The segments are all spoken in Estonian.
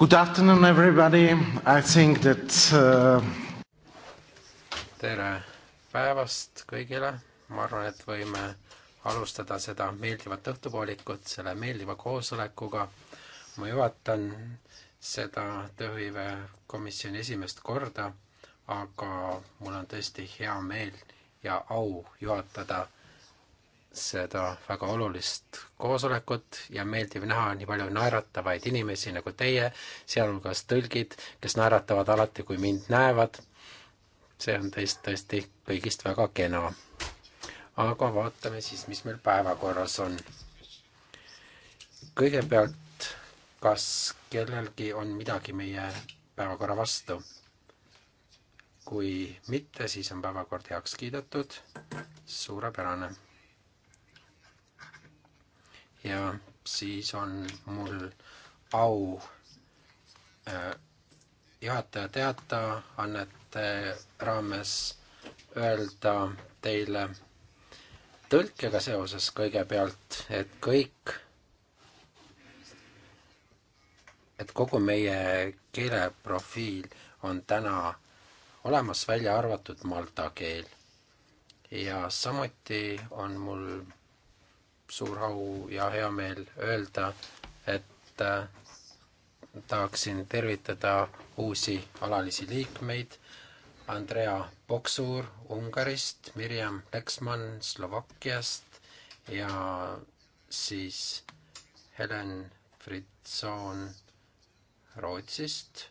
Good afternoon, everybody. I think that uh... tere päevast kõigile. ma arvan, et võime alustada seda meeldivat õhtupoolikut selle meeldiva koosolekuga. ma juhatan seda tööhõive komisjoni esimest korda, aga mul on tõesti hea meel ja au juhatada seda väga olulist koosolekut ja meeldiv näha nii palju naeratavaid inimesi nagu teie, sealhulgas tõlgid, kes naeratavad alati, kui mind näevad. see on teist tõesti kõigist väga kena. aga vaatame siis, mis meil päevakorras on. kõigepealt, kas kellelgi on midagi meie päevakorra vastu? kui mitte, siis on päevakord heaks kiidetud. suurepärane ja siis on mul au äh, juhataja teataannete raames öelda teile tõlkega seoses kõigepealt, et kõik, et kogu meie keeleprofiil on täna olemas, välja arvatud malta keel. ja samuti on mul suur au ja hea meel öelda, et äh, tahaksin tervitada uusi alalisi liikmeid, Andrea Boksur Ungarist, Mirjam Leksmann Slovakkiast ja siis Helen Fritson Rootsist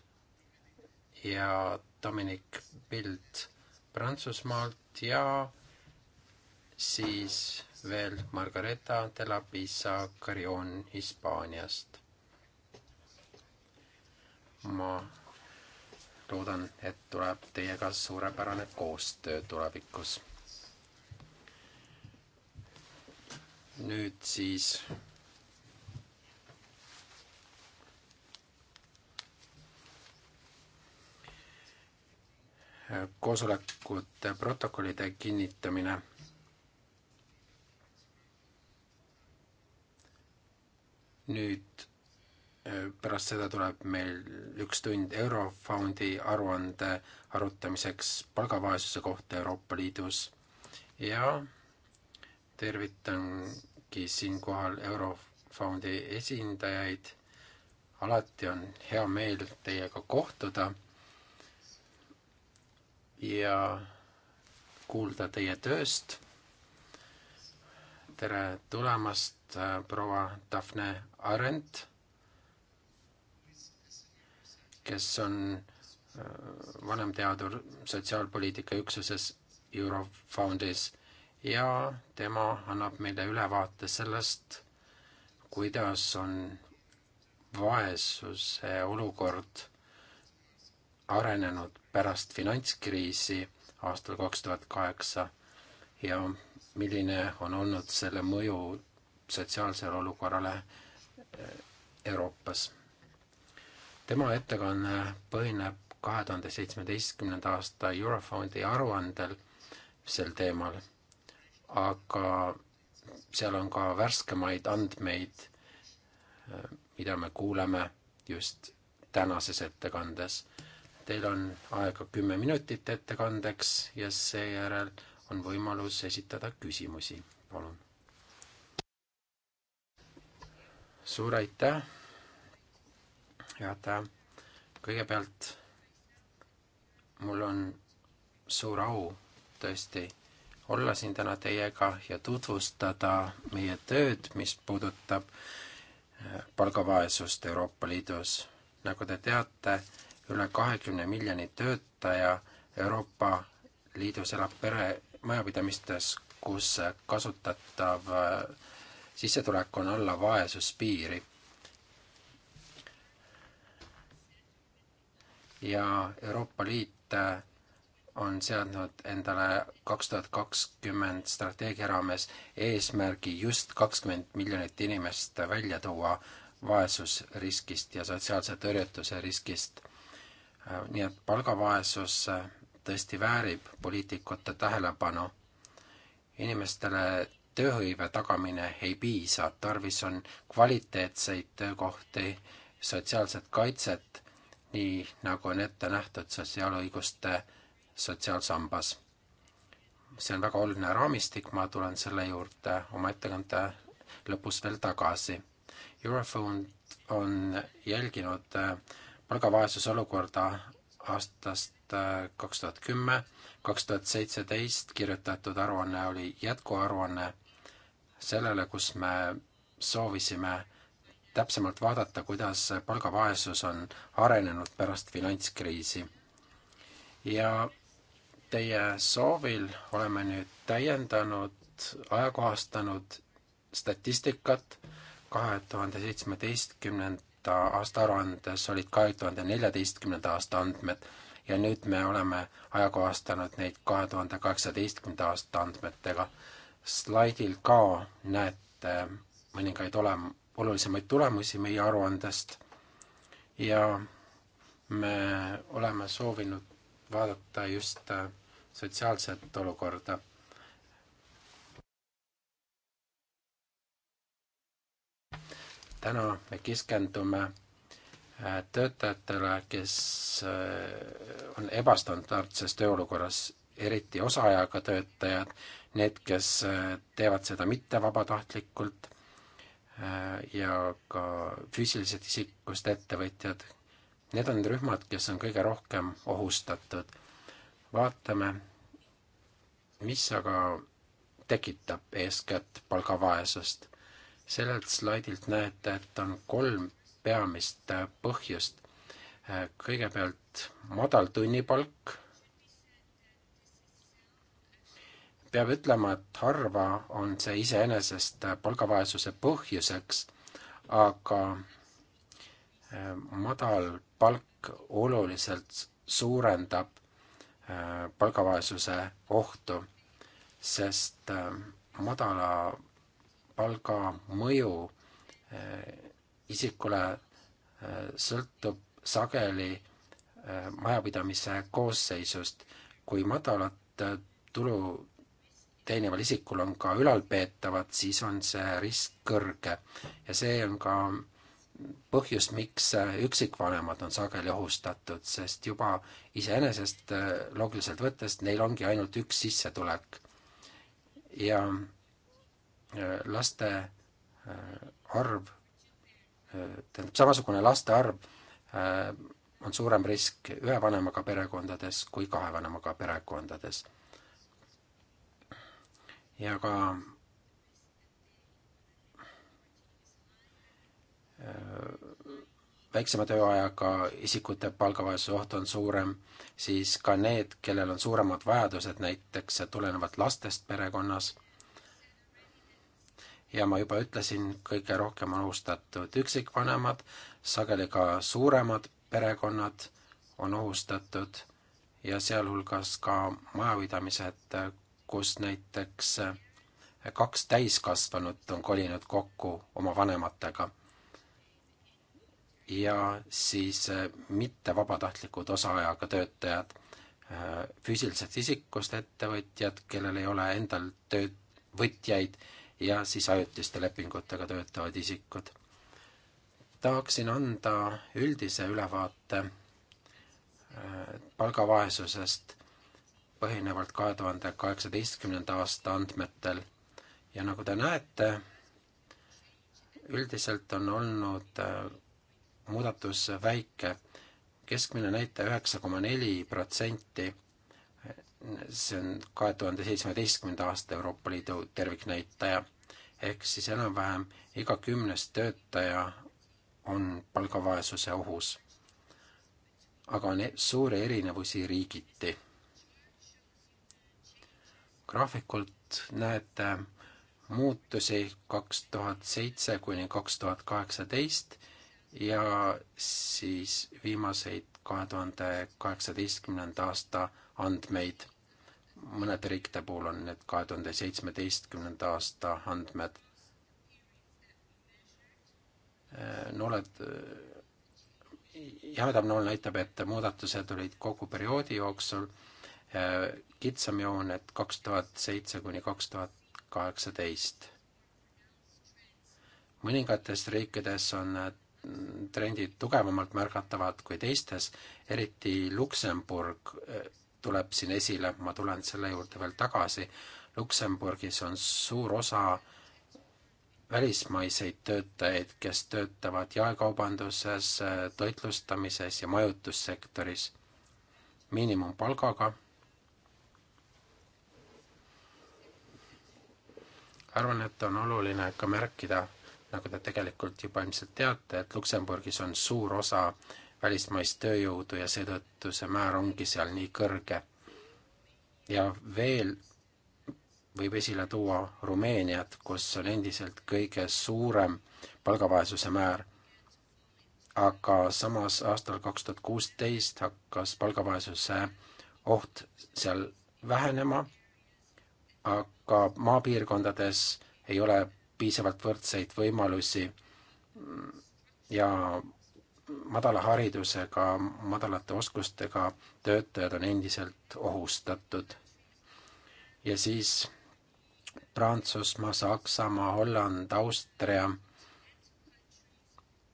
ja Dominic Pild Prantsusmaalt ja siis veel Margareta de la Pisa Carion Hispaaniast. ma loodan, et tuleb teiega suurepärane koostöö tulevikus. nüüd siis koosolekute protokollide kinnitamine nüüd äh, pärast seda tuleb meil üks tund Eurofondi aruande arutamiseks palgavaesuse kohta Euroopa Liidus ja tervitangi siinkohal Eurofondi esindajaid. alati on hea meel teiega kohtuda ja kuulda teie tööst. tere tulemast et äh, proua Daphne Arendt, kes on äh, vanemteadur sotsiaalpoliitika üksuses Eurofoundis ja tema annab meile ülevaate sellest, kuidas on vaesuse olukord arenenud pärast finantskriisi aastal kaks tuhat kaheksa ja milline on olnud selle mõju sotsiaalsele olukorrale eh, Euroopas. tema ettekanne põhineb kahe tuhande seitsmeteistkümnenda aasta Eurofondi aruandel sel teemal, aga seal on ka värskemaid andmeid, eh, mida me kuuleme just tänases ettekandes. Teil on aega kümme minutit ettekandeks ja seejärel on võimalus esitada küsimusi, palun suur aitäh, juhataja. kõigepealt mul on suur au tõesti olla siin täna teiega ja tutvustada meie tööd, mis puudutab äh, palgavaesust Euroopa Liidus. nagu te teate, üle kahekümne miljoni töötaja Euroopa Liidus elab pere majapidamistes, kus kasutatav äh, sissetulek on alla vaesuspiiri. ja Euroopa Liit on seadnud endale kaks tuhat kakskümmend strateegia raames eesmärgi just kakskümmend miljonit inimest välja tuua vaesusriskist ja sotsiaalse tõrjutuse riskist. nii et palgavaesus tõesti väärib poliitikute tähelepanu. inimestele tööhõive tagamine ei piisa, tarvis on kvaliteetseid töökohti, sotsiaalset kaitset, nii nagu on ette nähtud sotsiaalõiguste sotsiaalsambas. see on väga oluline raamistik, ma tulen selle juurde oma ettekande lõpus veel tagasi. Eurofond on jälginud äh, palgavaesuse olukorda aastast äh, kaks tuhat kümme, kaks tuhat seitseteist kirjutatud aruanne oli jätkuaruanne sellele, kus me soovisime täpsemalt vaadata, kuidas palgavaesus on arenenud pärast finantskriisi. ja teie soovil oleme nüüd täiendanud, ajakohastanud statistikat kahe tuhande seitsmeteistkümnenda aasta aruandes olid kahe tuhande neljateistkümnenda aasta andmed ja nüüd me oleme ajakohastanud neid kahe tuhande kaheksateistkümnenda aasta andmetega slaidil ka näete mõningaid olem-, olulisemaid tulemusi meie aruandest ja me oleme soovinud vaadata just äh, sotsiaalset olukorda. täna me keskendume äh, töötajatele, kes äh, on ebastandardses tööolukorras eriti osaajaga töötajad, need, kes äh, teevad seda mittevabatahtlikult äh, ja ka füüsilised isikust ettevõtjad, need on rühmad, kes on kõige rohkem ohustatud. vaatame, mis aga tekitab eeskätt palgavaesust. sellelt slaidilt näete, et on kolm peamist põhjust. Äh, kõigepealt madal tunnipalk peab ütlema, et harva on see iseenesest palgavaesuse põhjuseks, aga ähm, madal palk oluliselt suurendab äh, palgavaesuse ohtu, sest ähm, madala palga mõju äh, isikule äh, sõltub sageli majapidamise koosseisust. kui madalat tulu teenival isikul on ka ülalpeetavad, siis on see risk kõrge. ja see on ka põhjus, miks üksikvanemad on sageli ohustatud, sest juba iseenesest loogiliselt võttes neil ongi ainult üks sissetulek. ja e, laste e, arv, e, tähendab, samasugune laste arv on suurem risk ühe vanemaga perekondades kui kahe vanemaga perekondades ja ka äh, väiksema tööajaga isikute palgavaesuse oht on suurem, siis ka need, kellel on suuremad vajadused, näiteks tulenevad lastest perekonnas, ja ma juba ütlesin, kõige rohkem on ohustatud üksikvanemad, sageli ka suuremad perekonnad on ohustatud ja sealhulgas ka majapidamised kus näiteks eh, kaks täiskasvanut on kolinud kokku oma vanematega. ja siis eh, mittevabatahtlikud osaajaga töötajad, eh, füüsilisest isikust ettevõtjad, kellel ei ole endal töövõtjaid ja siis ajutiste lepingutega töötavad isikud. tahaksin anda üldise ülevaate palgavaesusest põhinevalt kahe tuhande kaheksateistkümnenda aasta andmetel ja nagu te näete, üldiselt on olnud äh, muudatus väike, keskmine näitaja üheksa koma neli protsenti, see on kahe tuhande seitsmeteistkümnenda aasta Euroopa Liidu terviknäitaja, ehk siis enam-vähem iga kümnes töötaja on palgavaesuse ohus. aga on e-, suuri erinevusi riigiti graafikult näete muutusi kaks tuhat seitse kuni kaks tuhat kaheksateist ja siis viimaseid kahe tuhande kaheksateistkümnenda aasta andmeid. mõnede riikide puhul on need kahe tuhande seitsmeteistkümnenda aasta andmed. nooled, jämedam nool näitab, et muudatused olid kogu perioodi jooksul Äh, kitsam joon, et kaks tuhat seitse kuni kaks tuhat kaheksateist. mõningates riikides on äh, trendid tugevamalt märgatavad kui teistes, eriti Luksemburg äh, tuleb siin esile, ma tulen selle juurde veel tagasi. Luksemburgis on suur osa välismaiseid töötajaid, kes töötavad jaekaubanduses, toitlustamises ja majutussektoris miinimumpalgaga arvan, et on oluline ka märkida, nagu te tegelikult juba ilmselt teate, et Luksemburgis on suur osa välismaist tööjõudu ja seetõttu see määr ongi seal nii kõrge. ja veel võib esile tuua Rumeeniat, kus on endiselt kõige suurem palgavaesuse määr. aga samas aastal kaks tuhat kuusteist hakkas palgavaesuse oht seal vähenema aga maapiirkondades ei ole piisavalt võrdseid võimalusi ja madala haridusega, madalate oskustega töötajad on endiselt ohustatud. ja siis Prantsusmaa, Saksamaa, Holland, Austria,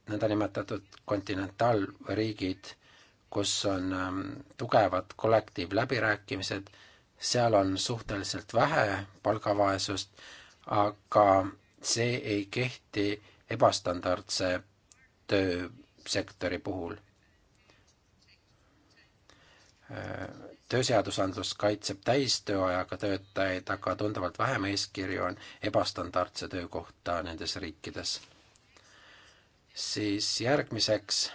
nõndanimetatud kontinentaalriigid, kus on ähm, tugevad kollektiivläbirääkimised seal on suhteliselt vähe palgavaesust, aga see ei kehti ebastandardse töösektori puhul. tööseadusandlus kaitseb täistööajaga töötajaid, aga tunduvalt vähem eeskirju on ebastandardse töö kohta nendes riikides. siis järgmiseks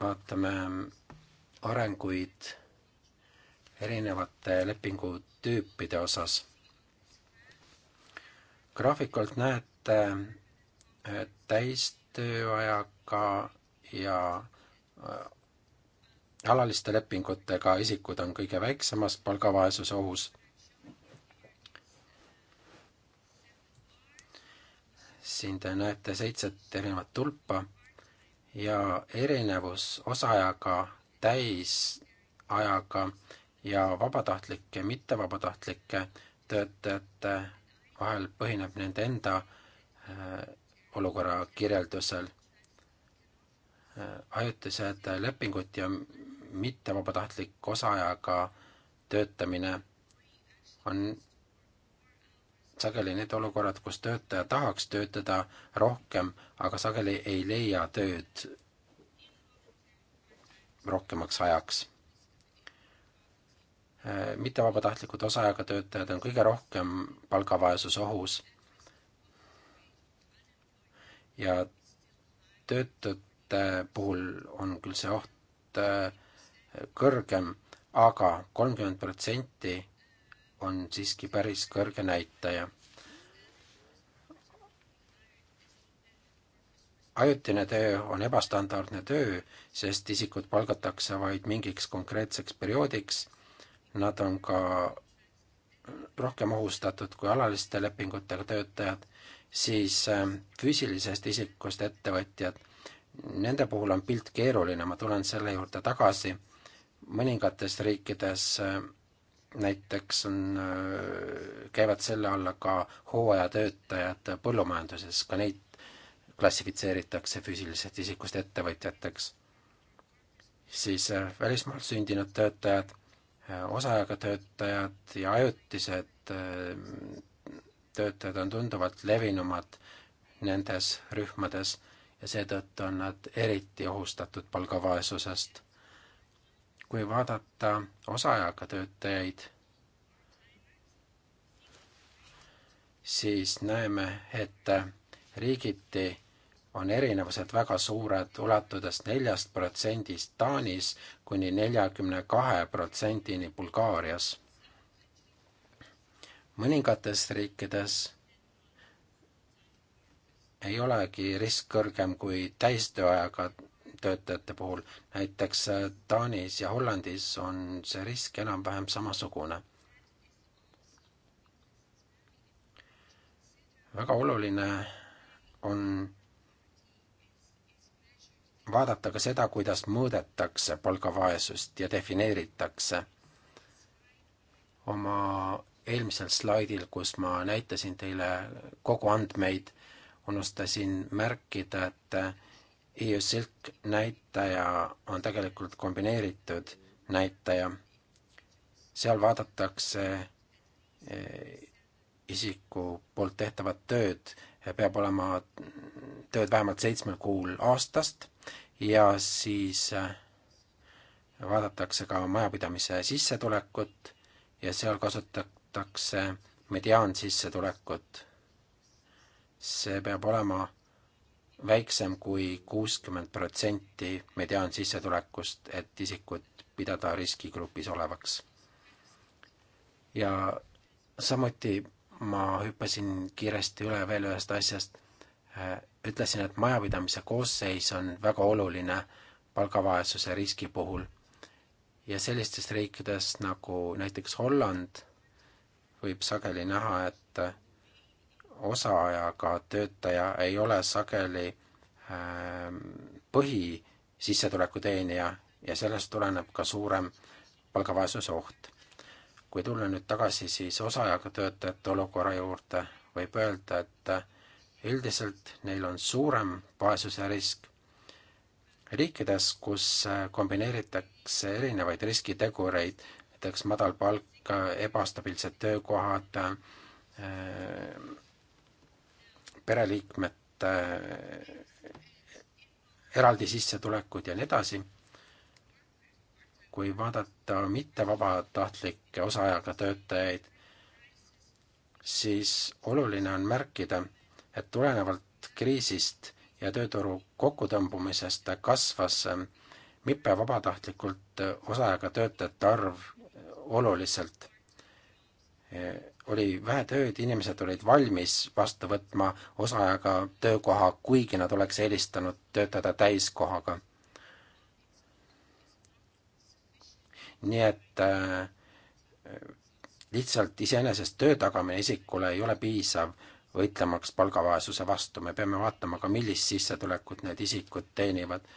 vaatame arenguid erinevate lepingutüüpide osas. graafikult näete täistööajaga ja äh, alaliste lepingutega isikud on kõige väiksemas palgavaesuse ohus. siin te näete seitset erinevat tulpa ja erinevus osaajaga täisajaga ja vabatahtlike, mittevabatahtlike töötajate vahel põhineb nende enda äh, olukorra kirjeldusel. Äh, ajutised lepingud ja mittevabatahtlik osaajaga töötamine on sageli need olukorrad, kus töötaja tahaks töötada rohkem, aga sageli ei leia tööd rohkemaks ajaks Äh, mittevabatahtlikud osaajaga töötajad on kõige rohkem palgavaesuse ohus. ja töötute puhul on küll see oht äh, kõrgem aga, aga kolmkümmend protsenti on siiski päris kõrge näitaja. ajutine töö on ebastandardne töö, sest isikud palgatakse vaid mingiks konkreetseks perioodiks Nad on ka rohkem ohustatud kui alaliste lepingutega töötajad, siis ähm, füüsilisest isikust ettevõtjad, nende puhul on pilt keeruline, ma tulen selle juurde tagasi, mõningates riikides ähm, näiteks on, äh, käivad selle alla ka hooajatöötajad põllumajanduses, ka neid klassifitseeritakse füüsilisest isikust ettevõtjateks. siis äh, välismaal sündinud töötajad osaajaga töötajad ja ajutised eh, töötajad on tunduvalt levinumad nendes rühmades ja seetõttu on nad eriti ohustatud palgavaesusest. kui vaadata osaajaga töötajaid, siis näeme, et riigiti on erinevused väga suured, ulatudes neljast protsendist Taanis kuni neljakümne kahe protsendini Bulgaarias. mõningates riikides ei olegi risk kõrgem kui täistööajaga töötajate puhul, näiteks äh, Taanis ja Hollandis on see risk enam-vähem samasugune väga oluline on vaadata ka seda, kuidas mõõdetakse palgavaesust ja defineeritakse. oma eelmisel slaidil, kus ma näitasin teile koguandmeid, unustasin märkida, et EU-SILK näitaja on tegelikult kombineeritud näitaja. seal vaadatakse eh, isiku poolt tehtavat tööd, peab olema tööd vähemalt seitsmel kuul aastast ja siis äh, vaadatakse ka majapidamise sissetulekut ja seal kasutatakse mediaansissetulekut. see peab olema väiksem kui kuuskümmend protsenti mediaansissetulekust, et isikut pidada riskigrupis olevaks. ja samuti ma hüppasin kiiresti üle veel ühest asjast, äh, ütlesin, et majapidamise koosseis on väga oluline palgavaesuse riski puhul. ja sellistes riikides nagu näiteks Holland võib sageli näha, et osaajaga töötaja ei ole sageli ähm, põhisissetuleku teenija ja sellest tuleneb ka suurem palgavaesuse oht. kui tulla nüüd tagasi siis osaajaga töötajate olukorra juurde, võib öelda, et üldiselt neil on suurem vaesuse risk. riikides, kus äh, kombineeritakse erinevaid riskitegureid, näiteks madal palk, ebastabiilsed töökohad, äh, pereliikmete äh, eraldi sissetulekud ja nii edasi. kui vaadata mittevabatahtlikke osaajaga töötajaid, siis oluline on märkida, et tulenevalt kriisist ja tööturu kokkutõmbumisest kasvas ähm, MIPE vabatahtlikult äh, osaajaga töötajate arv äh, oluliselt. Äh, oli vähe tööd, inimesed olid valmis vastu võtma osaajaga töökoha, kuigi nad oleks eelistanud töötada täiskohaga. nii et lihtsalt iseenesest töö tagamine isikule ei ole piisav võitlemaks palgavaesuse vastu, me peame vaatama ka, millist sissetulekut need isikud teenivad.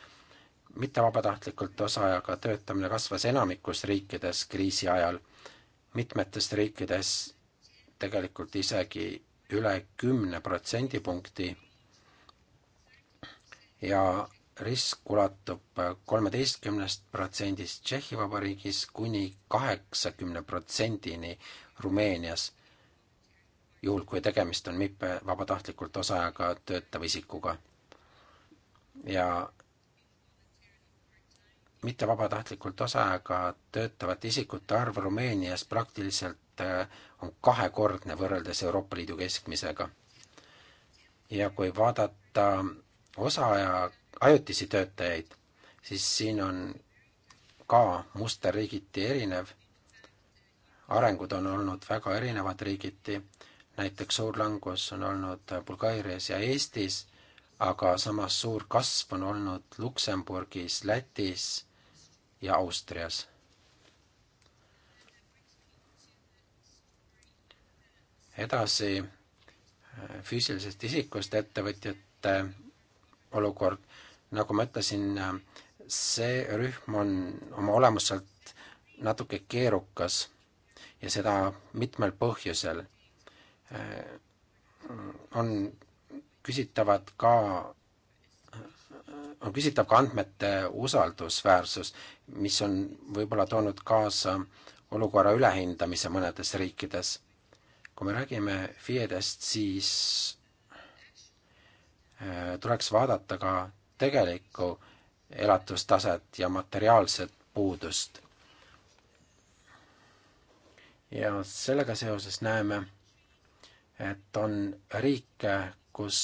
mittevabatahtlikult osaajaga töötamine kasvas enamikus riikides kriisi ajal, mitmetes riikides tegelikult isegi üle kümne protsendipunkti ja risk ulatub kolmeteistkümnest protsendist Tšehhi Vabariigis kuni kaheksakümne protsendini Rumeenias juhul kui tegemist on MIP vabatahtlikult osaajaga töötava isikuga. ja mitte vabatahtlikult osaajaga töötavate isikute arv Rumeenias praktiliselt äh, on kahekordne võrreldes Euroopa Liidu keskmisega. ja kui vaadata osaaja ajutisi töötajaid, siis siin on ka muster riigiti erinev. arengud on olnud väga erinevad riigiti näiteks suur langus on olnud Bulgaarias ja Eestis, aga samas suur kasv on olnud Luksemburgis, Lätis ja Austrias. edasi äh, füüsilisest isikust ettevõtjate olukord, nagu ma ütlesin, äh, see rühm on oma olemuselt natuke keerukas ja seda mitmel põhjusel Äh, on küsitavad ka, äh, on küsitav ka andmete usaldusväärsus, mis on võib-olla toonud kaasa olukorra ülehindamise mõnedes riikides. kui me räägime FIE-dest, siis äh, tuleks vaadata ka tegelikku elatustaset ja materiaalset puudust. ja sellega seoses näeme et on riike, kus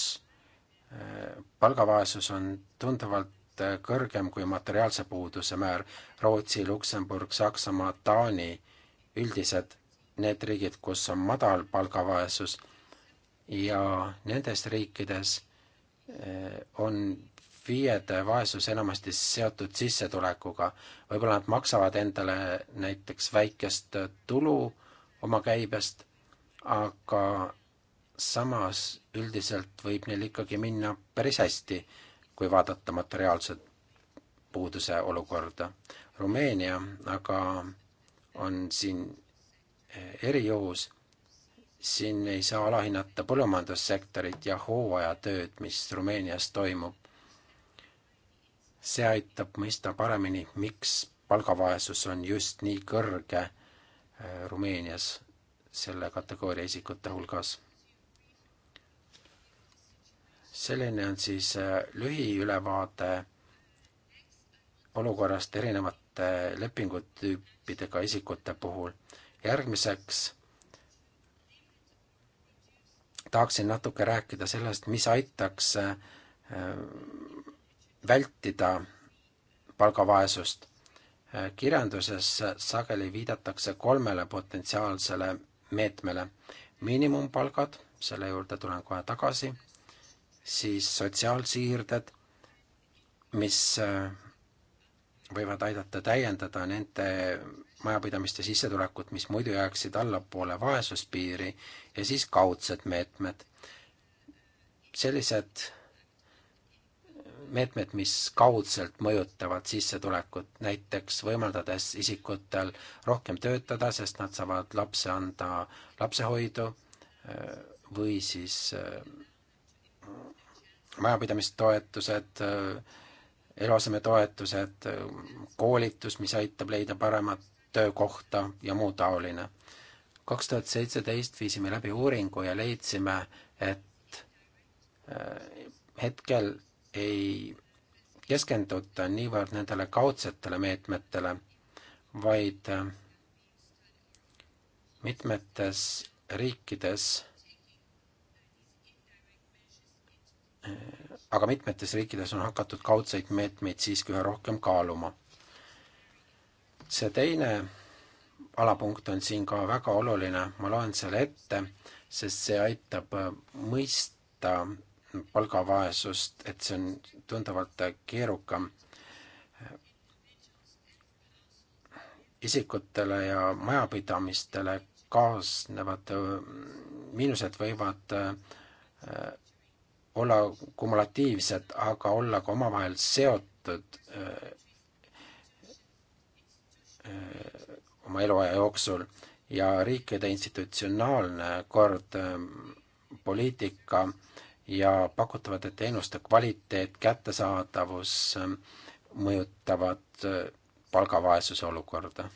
eh, palgavaesus on tunduvalt eh, kõrgem kui materiaalse puuduse määr. Rootsi, Luksemburg, Saksamaa, Taani, üldised need riigid, kus on madal palgavaesus ja nendes riikides eh, on FIE-de vaesus enamasti seotud sissetulekuga. võib-olla nad maksavad endale näiteks väikest tulu oma käibest, aga samas üldiselt võib neil ikkagi minna päris hästi, kui vaadata materiaalset puuduse olukorda. Rumeenia aga on siin eh, erijuhus, siin ei saa alahinnata põllumajandussektorit ja hooajatööd, mis Rumeenias toimub. see aitab mõista paremini, miks palgavaesus on just nii kõrge eh, Rumeenias selle kategooria isikute hulgas selline on siis äh, lühiülevaade olukorrast erinevate lepingutüüpidega isikute puhul. järgmiseks tahaksin natuke rääkida sellest, mis aitaks äh, vältida palgavaesust. Äh, kirjanduses sageli viidatakse kolmele potentsiaalsele meetmele. miinimumpalgad, selle juurde tulen kohe tagasi siis sotsiaalsiirded, mis äh, võivad aidata täiendada nende majapidamiste sissetulekut, mis muidu jääksid allapoole vaesuspiiri, ja siis kaudsed meetmed. sellised meetmed, mis kaudselt mõjutavad sissetulekut, näiteks võimaldades isikutel rohkem töötada, sest nad saavad lapse anda lapsehoidu äh, või siis äh, majapidamistoetused, äh, eluasemetoetused, äh, koolitus, mis aitab leida paremat töökohta ja muu taoline. kaks tuhat seitseteist viisime läbi uuringu ja leidsime, et äh, hetkel ei keskenduta niivõrd nendele kaudsetele meetmetele, vaid mitmetes riikides aga mitmetes riikides on hakatud kaudseid meetmeid siiski üha rohkem kaaluma. see teine alapunkt on siin ka väga oluline, ma loen selle ette, sest see aitab mõista palgavaesust, et see on tunduvalt keerukam isikutele ja majapidamistele kaasnevad miinused võivad olla kumulatiivsed, aga olla ka omavahel seotud öö, äh, öö, äh, oma eluaja jooksul ja riikide institutsionaalne kord, ähm, poliitika ja pakutavate teenuste kvaliteet, kättesaadavus ähm, mõjutavad äh, palgavaesuse olukorda.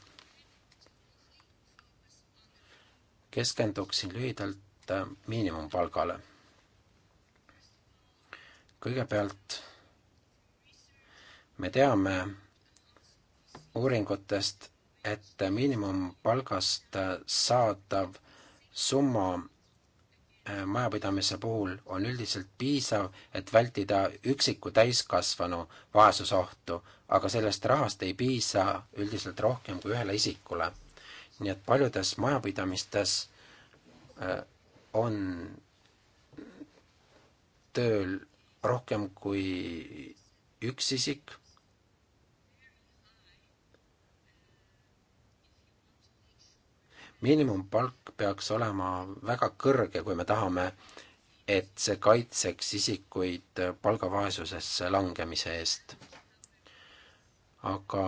keskenduksin lühidalt miinimumpalgale kõigepealt me teame uuringutest, et miinimumpalgast saadav summa äh, majapidamise puhul on üldiselt piisav, et vältida üksiku täiskasvanu vaesusohtu, aga sellest rahast ei piisa üldiselt rohkem kui ühele isikule. nii et paljudes majapidamistes äh, on tööl rohkem kui üks isik. miinimumpalk peaks olema väga kõrge, kui me tahame, et see kaitseks isikuid palgavaesusesse langemise eest. aga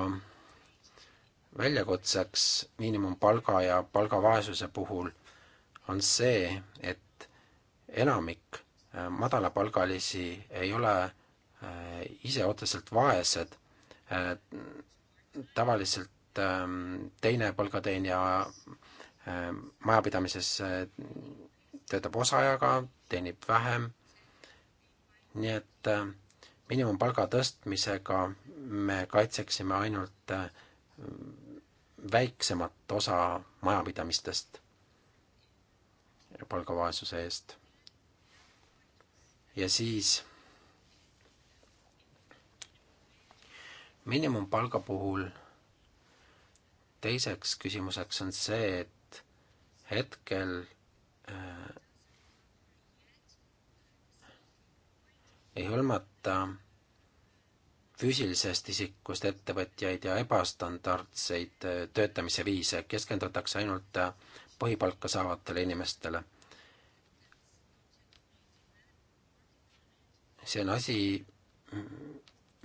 väljakutseks miinimumpalga ja palgavaesuse puhul on see, et enamik Äh, madalapalgalisi ei ole äh, ise otseselt vaesed, äh, tavaliselt ähm, teine palgateenija majapidamises töötab osaajaga, teenib vähem, nii et miinimumpalga tõstmisega me kaitseksime ainult väiksemat osa majapidamistest palgavaesuse eest ja siis miinimumpalga puhul teiseks küsimuseks on see, et hetkel äh, ei hõlmata füüsilisest isikust ettevõtjaid ja ebastandardseid äh, töötamise viise, keskendutakse ainult põhipalka saavatele inimestele. see on asi,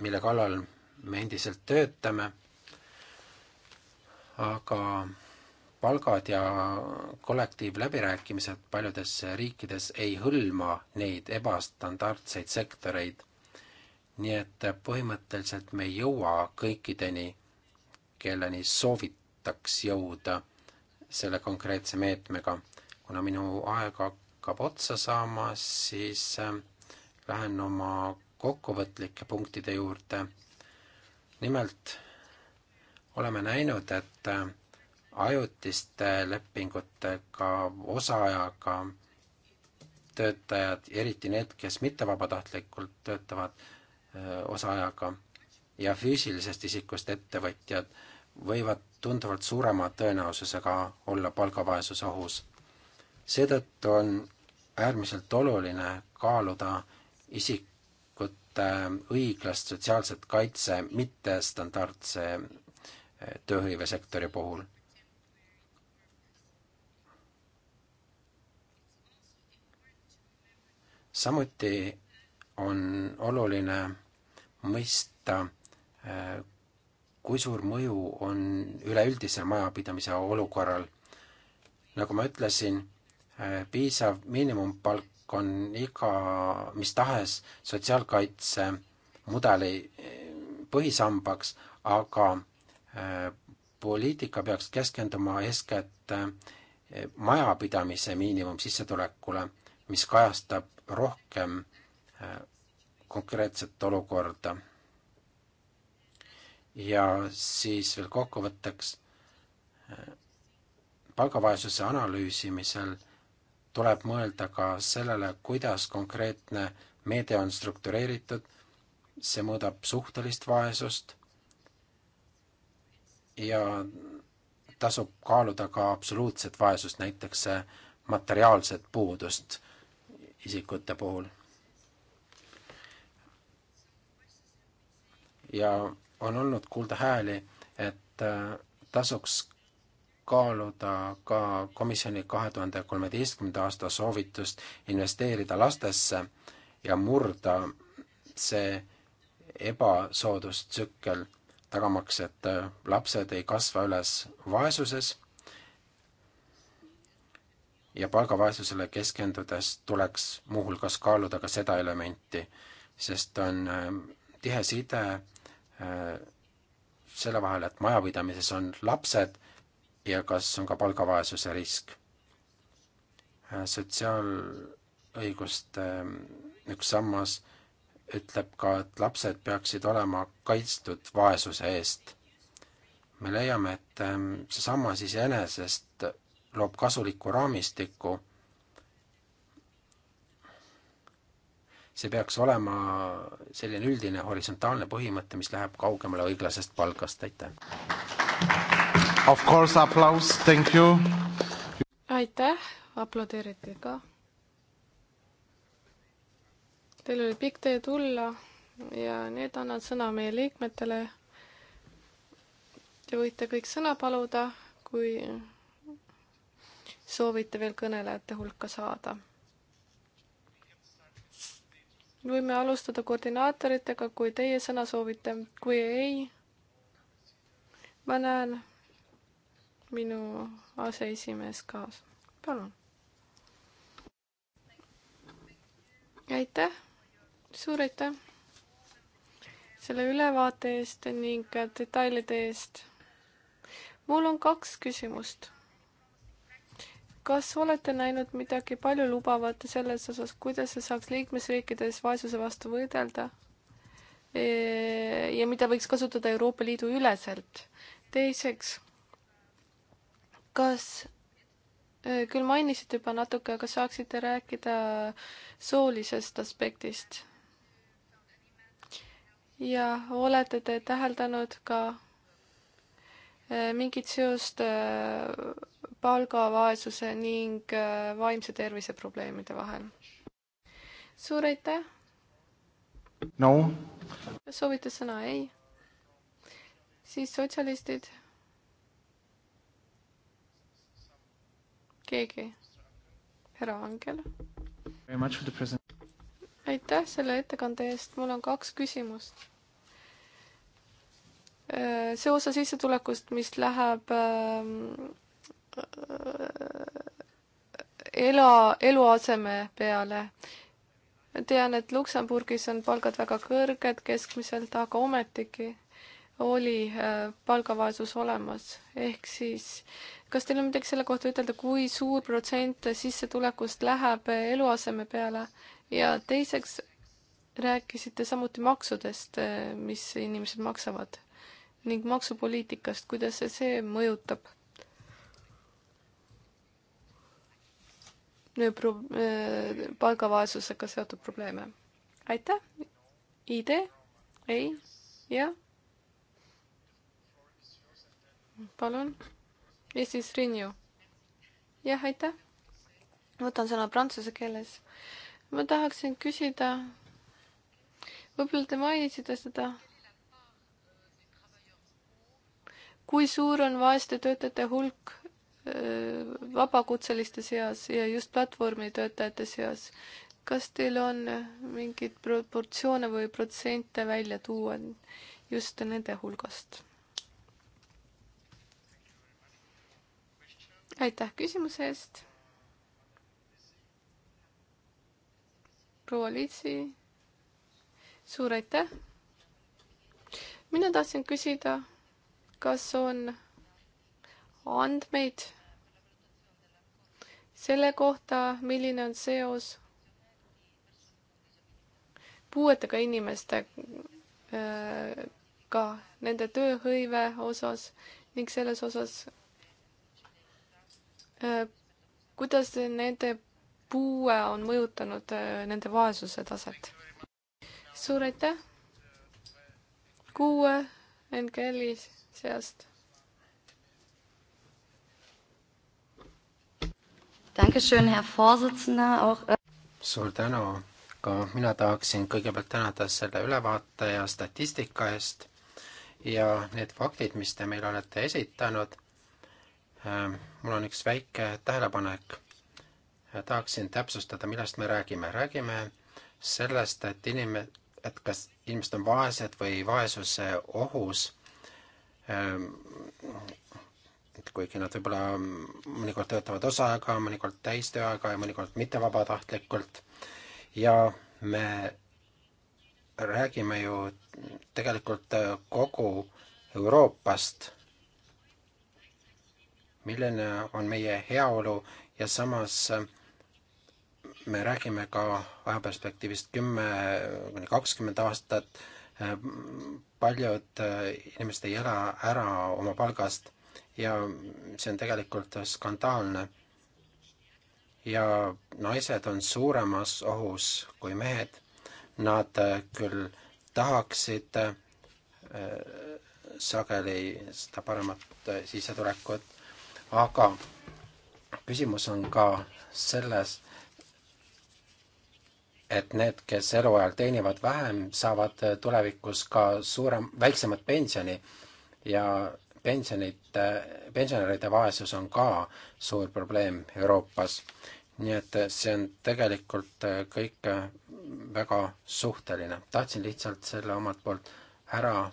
mille kallal me endiselt töötame, aga palgad ja kollektiivläbirääkimised paljudes riikides ei hõlma neid ebastandardseid sektoreid. nii et põhimõtteliselt me ei jõua kõikideni, kelleni soovitaks jõuda selle konkreetse meetmega. kuna minu aeg hakkab otsa saama, siis ähm, lähen oma kokkuvõtlike punktide juurde. nimelt oleme näinud, et äh, ajutiste lepingutega, osaajaga töötajad, eriti need, kes mitte vabatahtlikult töötavad äh, osaajaga ja füüsilisest isikust ettevõtjad, võivad tunduvalt suurema tõenäosusega olla palgavaesuse ohus. seetõttu on äärmiselt oluline kaaluda isikute õiglast sotsiaalset kaitse mittestandardse eh, tööhõivesektori puhul. samuti on oluline mõista, eh, kui suur mõju on üleüldise majapidamise olukorral. nagu ma ütlesin, eh, piisav miinimumpalk eesmärk on iga mis tahes sotsiaalkaitse mudeli eh, põhisambaks, aga eh, poliitika peaks keskenduma eeskätt eh, majapidamise miinimumsissetulekule, mis kajastab rohkem konkreetset olukorda. ja siis veel kokkuvõtteks, palgavaesuse analüüsimisel tuleb mõelda ka sellele, kuidas konkreetne meede on struktureeritud, see mõõdab suhtelist vaesust ja tasub kaaluda ka absoluutset vaesust, näiteks materiaalset puudust isikute puhul. ja on olnud kuulda hääli, et äh, tasuks kaaluda ka komisjoni kahe tuhande kolmeteistkümnenda aasta soovitust investeerida lastesse ja murda see ebasoodustsükkel, tagamaks, et äh, lapsed ei kasva üles vaesuses ja palgavaesusele keskendudes tuleks muuhulgas kaaluda ka seda elementi, sest on äh, tihe side äh, selle vahel, et majapidamises on lapsed ja kas on ka palgavaesuse risk. Äh, sotsiaalõiguste äh, üks sammas ütleb ka, et lapsed peaksid olema kaitstud vaesuse eest. me leiame, et ähm, see sammas iseenesest loob kasuliku raamistiku. see peaks olema selline üldine horisontaalne põhimõte, mis läheb kaugemale õiglasest palgast, aitäh. Of course applause, thank you. aitäh, aplodeeriti ka. Teil oli pikk tee tulla ja nüüd annan sõna meie liikmetele. Te võite kõik sõna paluda, kui soovite veel kõnelejate hulka saada. võime alustada koordinaatoritega, kui teie sõna soovite, kui ei, ma näen, minu aseesimees kaasa. palun. aitäh, suur aitäh selle ülevaate eest ning detailide eest. mul on kaks küsimust. kas olete näinud midagi paljulubavat selles osas, kuidas saaks liikmesriikides vaesuse vastu võidelda? Eh, ja mida võiks kasutada Euroopa Liidu üleselt. teiseks kas, küll mainisite juba natuke, aga saaksite rääkida soolisest aspektist? ja olete te täheldanud ka mingit seost palgavaesuse ning vaimse tervise probleemide vahel? suur aitäh! no. kas soovite sõna? ei? siis sotsialistid keegi? härra Angel. aitäh selle ettekande eest, mul on kaks küsimust. Äh, see osa sissetulekust, mis läheb ähm, äh, ela, eluaseme peale. tean, et Luksemburgis on palgad väga kõrged keskmiselt, aga ometigi oli äh, palgavaesus olemas, ehk siis kas teil on midagi selle kohta ütelda, kui suur protsent sissetulekust läheb äh, eluaseme peale ja teiseks rääkisite samuti maksudest, äh, mis inimesed maksavad ning maksupoliitikast, kuidas see, see mõjutab pro-, palgavaesusega seotud probleeme. aitäh, idee, ei, jah palun. ja siis Renew. jah, aitäh. võtan sõna prantsuse keeles. ma tahaksin küsida, võib-olla te mainisite seda, kui suur on vaeste töötajate hulk äh, vabakutseliste seas ja just platvormitöötajate seas. kas teil on mingeid proportsioone või protsente välja tuua just nende hulgast? aitäh küsimuse eest. proua Liitsi, suur aitäh. mina tahtsin küsida, kas on andmeid selle kohta, milline on seos puuetega inimestega nende tööhõive osas ning selles osas, Äh, kuidas nende puue on mõjutanud äh, nende vaesuse taset? suur aitäh! kuue NKL-i seast. Äh, suur tänu, ka mina tahaksin kõigepealt tänada selle ülevaate ja statistika eest ja need faktid, mis te meile olete esitanud Äh, mul on üks väike tähelepanek. Äh, tahaksin täpsustada, millest me räägime. räägime sellest, et inim-, et kas inimesed on vaesed või vaesuse ohus. Äh, et kuigi nad võib-olla mõnikord töötavad osaajaga, mõnikord täistööajaga ja mõnikord mitte vabatahtlikult. ja me räägime ju tegelikult kogu Euroopast milline on meie heaolu ja samas äh, me räägime ka ajaperspektiivist kümme kuni kakskümmend aastat, äh, paljud äh, inimesed ei ela ära oma palgast ja see on tegelikult skandaalne. ja naised on suuremas ohus kui mehed, nad küll tahaksid sageli seda paremat sissetulekut aga küsimus on ka selles, et need, kes eluajal teenivad vähem, saavad tulevikus ka suurem, väiksemat pensioni ja pensionite, pensionäride vaesus on ka suur probleem Euroopas. nii et see on tegelikult kõik väga suhteline. tahtsin lihtsalt selle omalt poolt ära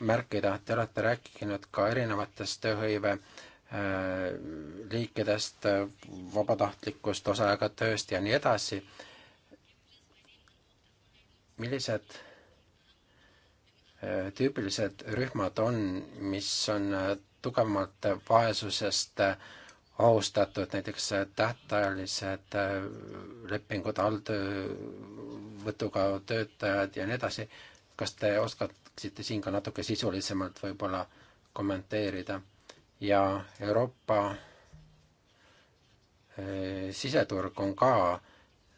märkida, te olete rääkinud ka erinevatest tööhõive äh, liikidest, vabatahtlikust osaajaga tööst ja nii edasi. millised äh, tüüpilised rühmad on, mis on äh, tugevamalt vaesusest ohustatud, näiteks tähtajalised lepingud, alltöövõtuga töötajad ja nii edasi. kas te oskate saaksite siin ka natuke sisulisemalt võib-olla kommenteerida. ja Euroopa eh, siseturg on ka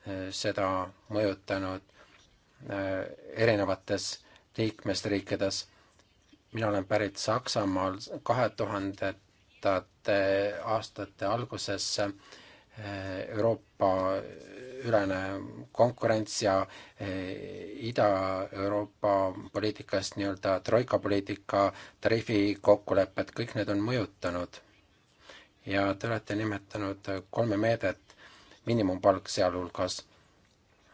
eh, seda mõjutanud eh, erinevates liikmesriikides. mina olen pärit Saksamaal kahe tuhandendate aastate alguses Euroopa ülene konkurents ja eh, Ida-Euroopa poliitikast nii-öelda troika poliitika, tariifikokkulepped, kõik need on mõjutanud. ja te olete nimetanud kolme meedet, miinimumpalk sealhulgas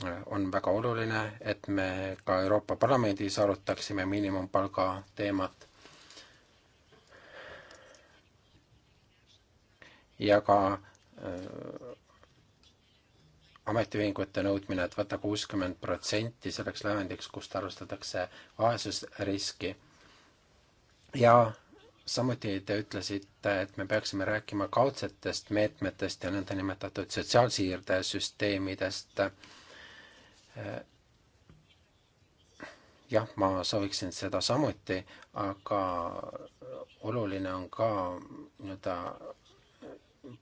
eh, on väga oluline, et me ka Euroopa Parlamendis arutaksime miinimumpalga teemat. ja ka eh, ametiühingute nõudmine, et võtta kuuskümmend protsenti selleks lävendiks, kust alustatakse vaesusriski. ja samuti te ütlesite, et me peaksime rääkima kaudsetest meetmetest ja nõndanimetatud sotsiaalsiirdesüsteemidest. jah, ma sooviksin seda samuti, aga oluline on ka nii-öelda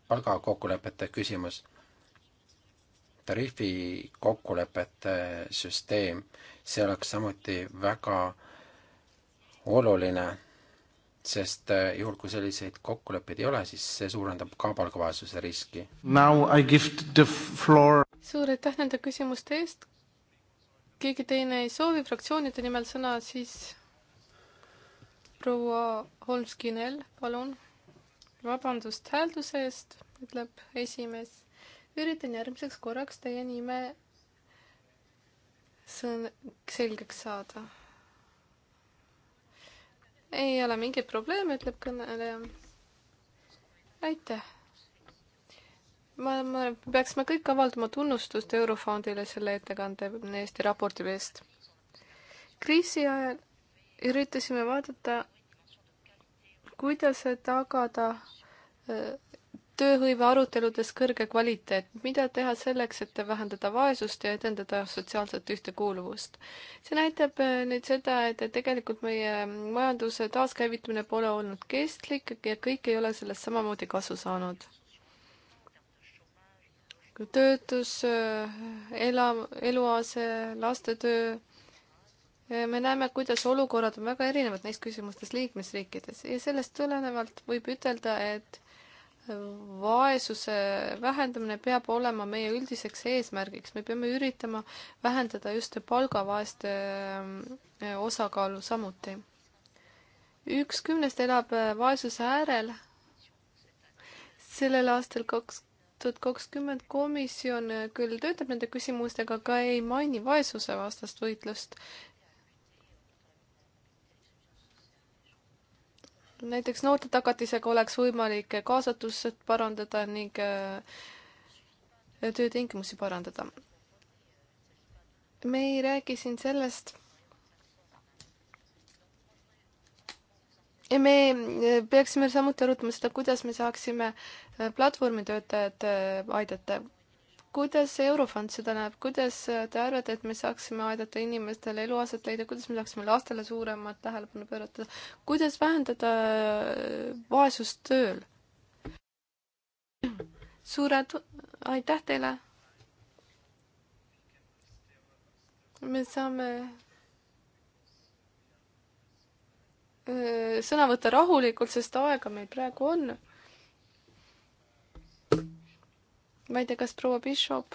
palgakokkulepete küsimus tariifikokkulepete süsteem, see oleks samuti väga oluline, sest äh, juhul, kui selliseid kokkuleppeid ei ole, siis see suurendab ka palgavaesuse riski. suur aitäh nende küsimuste eest. keegi teine ei soovi fraktsioonide nimel sõna, siis proua Holmski-Nell, palun. vabandust häälduse eest, ütleb esimees üritan järgmiseks korraks teie nime sõn-, selgeks saada. ei ole mingeid probleeme, ütleb kõneleja. aitäh. ma, ma, peaksime kõik avaldama tunnustust Eurofondile selle ettekande eest ja raporti eest. kriisi ajal üritasime vaadata, kuidas tagada tööhõive aruteludes kõrge kvaliteet, mida teha selleks, et vähendada vaesust ja edendada sotsiaalset ühtekuuluvust. see näitab äh, nüüd seda, et tegelikult meie majanduse taaskäivitamine pole olnud kestlik ja kõik ei ole sellest samamoodi kasu saanud. töötus, äh, ela, eluase, lastetöö äh, me näeme, kuidas olukorrad on väga erinevad neis küsimustes liikmesriikides ja sellest tulenevalt võib ütelda, et vaesuse vähendamine peab olema meie üldiseks eesmärgiks, me peame üritama vähendada just palgavaeste ähm, osakaalu samuti. üks kümnest elab äh, vaesuse äärel. sellel aastal kaks tuhat kakskümmend komisjon äh, küll töötab nende küsimustega, aga ei maini vaesusevastast võitlust näiteks noortetagatisega oleks võimalik kaasatust parandada ning äh, töötingimusi parandada. me ei räägi siin sellest, me äh, peaksime samuti arutama seda, kuidas me saaksime äh, platvormitöötajad aidata kuidas Eurofond seda näeb, kuidas te arvate, et me saaksime aidata inimestel eluaset leida, kuidas me saaksime lastele suuremat tähelepanu pöörata, kuidas vähendada äh, vaesust tööl? suure aitäh teile. me saame äh, sõna võtta rahulikult, sest aega meil praegu on ma ei tea, kas proua Bishop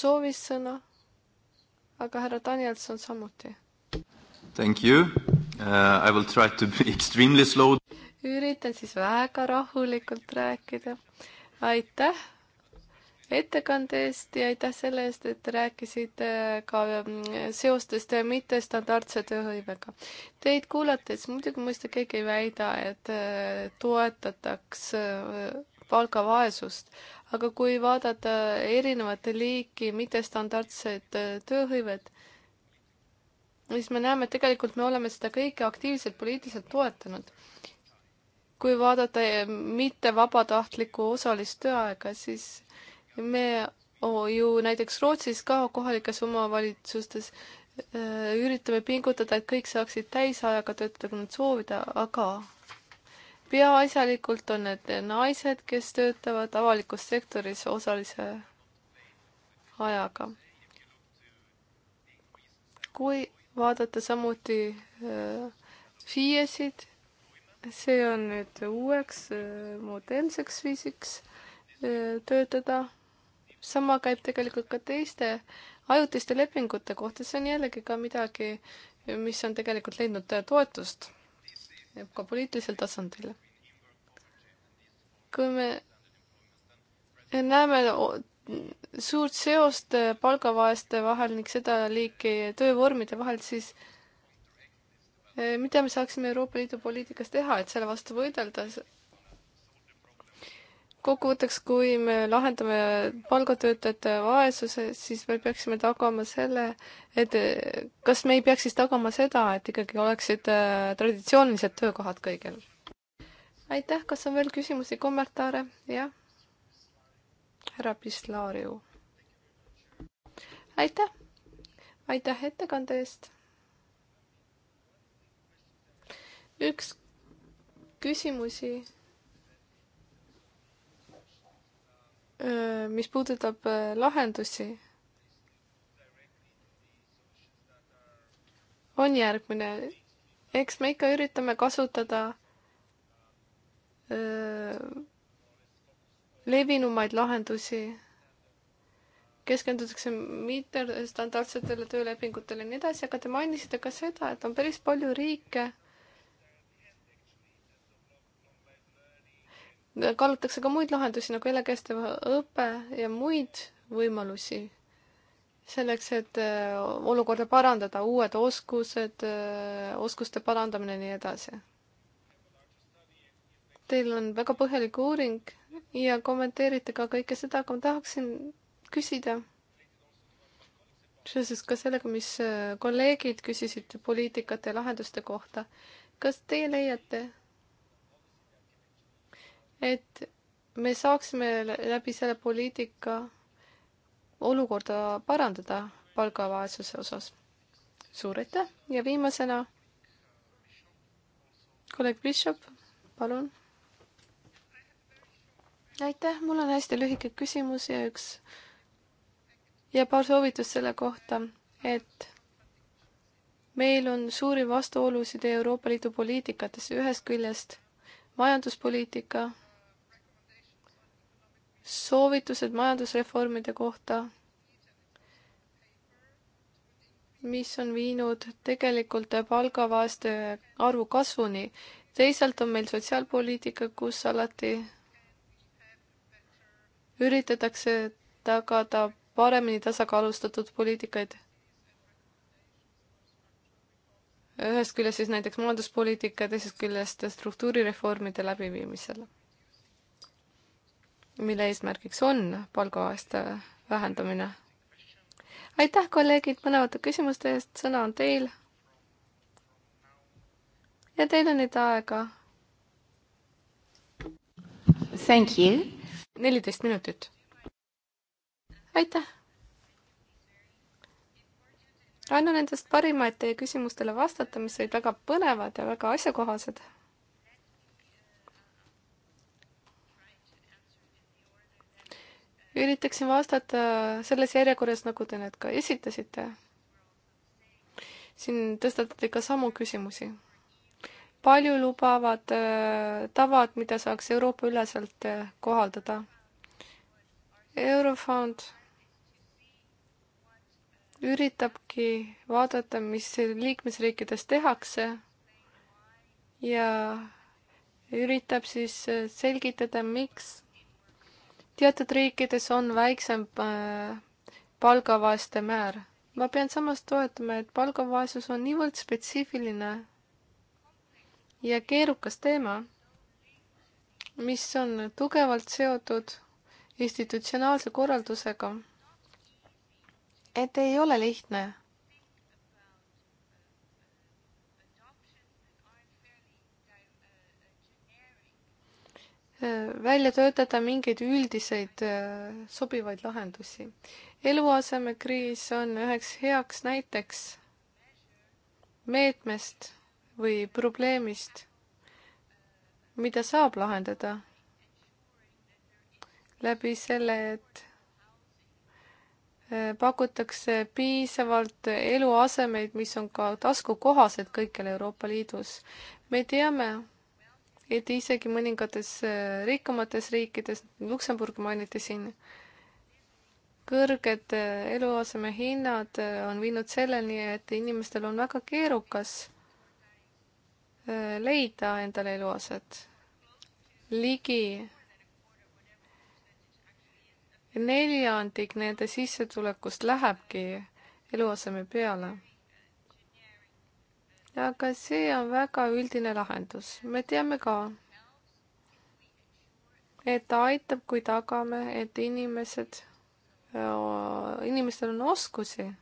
soovis sõna, aga härra Danielson samuti. Thank you uh,. I will try to be extremely slow. üritan siis väga rahulikult rääkida. aitäh ettekande eest ja aitäh selle eest, et rääkisite ka mm, seostest mittestandardse tööhõivega. Teid kuulates muidugi mõista keegi ei väida, et äh, toetataks palgavaesust. aga kui vaadata erinevate liiki mittestandardset äh, tööhõivet, siis me näeme, et tegelikult me oleme seda kõike aktiivselt poliitiliselt toetanud. kui vaadata äh, mitte vabatahtlikku osalist tööaega, siis me oh, ju näiteks Rootsis ka kohalikes omavalitsustes äh, üritame pingutada, et kõik saaksid täisajaga töötada, kui nad soovida, aga peaasjalikult on need naised, kes töötavad avalikus sektoris osalise ajaga. kui vaadata samuti äh, FIE-sid, see on nüüd uueks äh, modernseks viisiks äh, töötada. sama käib tegelikult ka teiste ajutiste lepingute kohta, see on jällegi ka midagi, mis on tegelikult leidnud toetust ka poliitilisel tasandil. kui me näeme suurt seost palgavaeste vahel ning seda liiki töövormide vahel, siis eh, mida me saaksime Euroopa Liidu poliitikas teha, et selle vastu võidelda, kokkuvõtteks, kui me lahendame palgatöötajate vaesuse, siis me peaksime tagama selle, et kas me ei peaks siis tagama seda, et ikkagi oleksid äh, traditsioonilised töökohad kõigil? aitäh, kas on veel küsimusi, kommentaare? jah? härra Pislaariu. aitäh, aitäh ettekande eest. üks küsimusi Äh, mis puudutab äh, lahendusi, on järgmine. eks me ikka üritame kasutada öö, äh, levinumaid lahendusi. keskendutakse mittestandardsetele töölepingutele ja nii edasi, aga te mainisite ka seda, et on päris palju riike kaalutakse ka muid lahendusi nagu elakestev õpe ja muid võimalusi selleks, et äh, olukorda parandada, uued oskused, äh, oskuste parandamine ja nii edasi. Teil on väga põhjalik uuring ja kommenteerite ka kõike seda, aga ma tahaksin küsida seoses ka sellega, mis äh, kolleegid küsisid poliitikate ja lahenduste kohta. kas teie leiate, et me saaksime läbi selle poliitika olukorda parandada palgavaesuse osas. suur aitäh ja viimasena kolleeg Bishop, palun. aitäh, mul on hästi lühike küsimus ja üks ja paar soovitust selle kohta, et meil on suuri vastuolusid Euroopa Liidu poliitikates, ühest küljest majanduspoliitika soovitused majandusreformide kohta, mis on viinud tegelikult palgavaeste arvu kasvuni. teisalt on meil sotsiaalpoliitika, kus alati üritatakse tagada paremini tasakaalustatud poliitikaid ühest küljest siis näiteks majanduspoliitika, teisest küljest struktuurireformide läbiviimisel mille eesmärgiks on palgaaasta vähendamine. aitäh, kolleegid, põnevate küsimuste eest, sõna on teil. ja teil on nüüd aega. Thank you. neliteist minutit. aitäh. annan endast parimaid teie küsimustele vastata, mis olid väga põnevad ja väga asjakohased üritaksin vastata selles järjekorras, nagu te need ka esitasite. siin tõstatati ka samu küsimusi. palju lubavad äh, tavad, mida saaks Euroopa üleselt äh, kohaldada? Eurofond üritabki vaadata, mis liikmesriikides tehakse ja üritab siis äh, selgitada, miks teatud riikides on väiksem äh, palgavaeste määr. ma pean samas toetama, et palgavaesus on niivõrd spetsiifiline ja keerukas teema, mis on tugevalt seotud institutsionaalse korraldusega, et ei ole lihtne välja töötada mingeid üldiseid äh, sobivaid lahendusi. eluasemekriis on üheks heaks näiteks meetmest või probleemist, mida saab lahendada läbi selle, et äh, pakutakse piisavalt eluasemeid, mis on ka taskukohased kõikjal Euroopa Liidus. me teame, et isegi mõningates äh, rikkamates riikides, Luksemburg mainiti siin, kõrged äh, eluasemehinnad äh, on viinud selleni, et inimestel on väga keerukas leida endale eluaset. ligi neljandik nende sissetulekust lähebki eluaseme peale aga see on väga üldine lahendus. me teame ka, et ta aitab, kui tagame, et inimesed, äh, inimestel on oskusi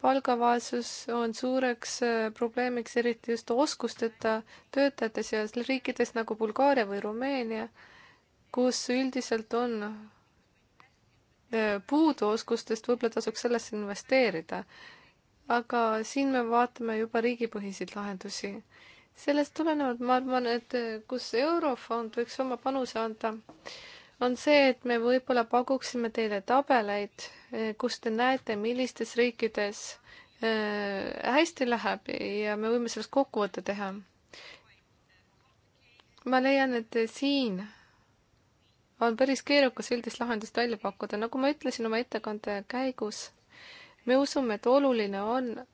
palgavaesus on suureks äh, probleemiks eriti just oskusteta töötajate seas riikides nagu Bulgaaria või Rumeenia, kus üldiselt on äh, puudu oskustest, võib-olla tasuks sellesse investeerida aga siin me vaatame juba riigipõhiseid lahendusi. sellest tulenevalt ma arvan, et kus Eurofond võiks oma panuse anda, on see, et me võib-olla pakuksime teile tabeleid, kus te näete, millistes riikides äh, hästi läheb ja me võime sellest kokkuvõtte teha. ma leian, et siin on päris keerukas üldist lahendust välja pakkuda, nagu ma ütlesin oma ettekande käigus, me usume, et oluline on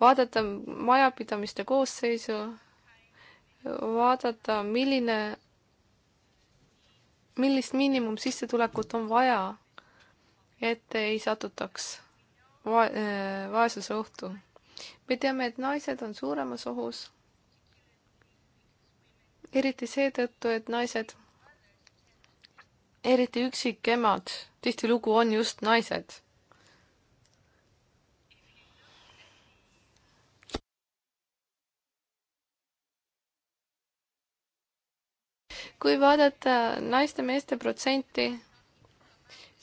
vaadata majapidamiste koosseisu, vaadata, milline, millist miinimumsissetulekut on vaja, et ei satutaks va-, äh, vaesuse ohtu. me teame, et naised on suuremas ohus, eriti seetõttu, et naised, eriti üksikemad, tihtilugu on just naised kui vaadata naiste-meeste protsenti,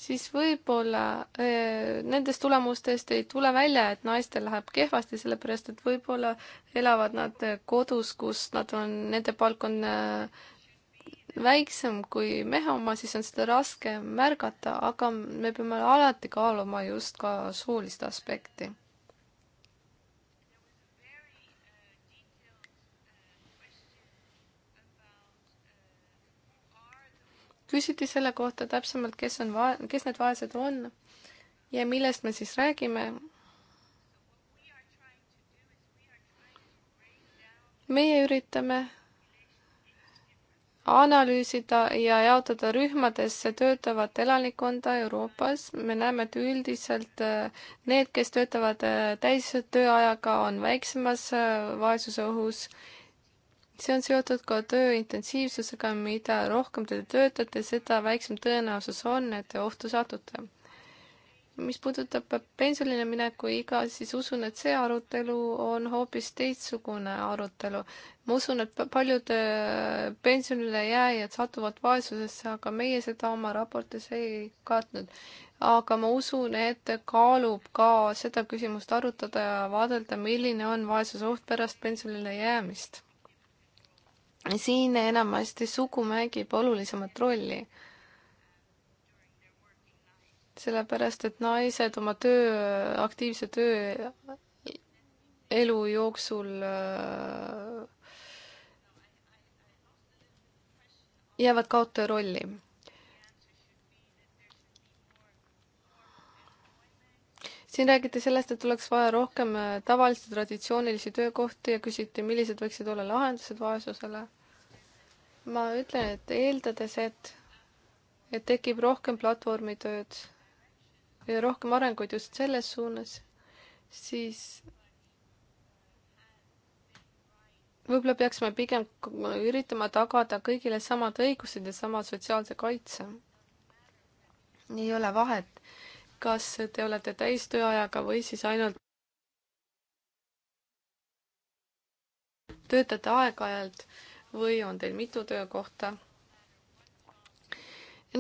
siis võib-olla äh, nendest tulemustest ei tule välja, et naistel läheb kehvasti, sellepärast et võib-olla elavad nad äh, kodus, kus nad on, nende palk on äh, väiksem kui mehe oma, siis on seda raske märgata, aga me peame alati kaaluma just ka soolist aspekti. küsiti selle kohta täpsemalt, kes on va-, kes need vaesed on ja millest me siis räägime. meie üritame analüüsida ja jaotada rühmadesse töötavat elanikkonda Euroopas. me näeme, et üldiselt äh, need, kes töötavad äh, täistööajaga, on väiksemas äh, vaesuse ohus see on seotud ka töö intensiivsusega, mida rohkem te töötate, seda väiksem tõenäosus on, et te ohtu satute. mis puudutab pensionile mineku iga, siis usun, et see arutelu on hoopis teistsugune arutelu. ma usun, et paljud äh, pensionile jääjad satuvad vaesusesse, aga meie seda oma raportis ei katnud. aga ma usun, et kaalub ka seda küsimust arutada ja vaadelda, milline on vaesuse oht pärast pensionile jäämist siin enamasti sugu mängib olulisemat rolli. sellepärast, et naised oma töö, aktiivse töö elu jooksul äh, jäävad kaotaja rolli. siin räägiti sellest, et oleks vaja rohkem äh, tavalisi traditsioonilisi töökohti ja küsiti, millised võiksid olla lahendused vaesusele ma ütlen, et eeldades, et, et tekib rohkem platvormitööd ja rohkem arenguid just selles suunas, siis võib-olla peaksime pigem üritama tagada kõigile samad õigused ja sama sotsiaalse kaitse. ei ole vahet, kas te olete täistööajaga või siis ainult töötate aeg-ajalt või on teil mitu töökohta.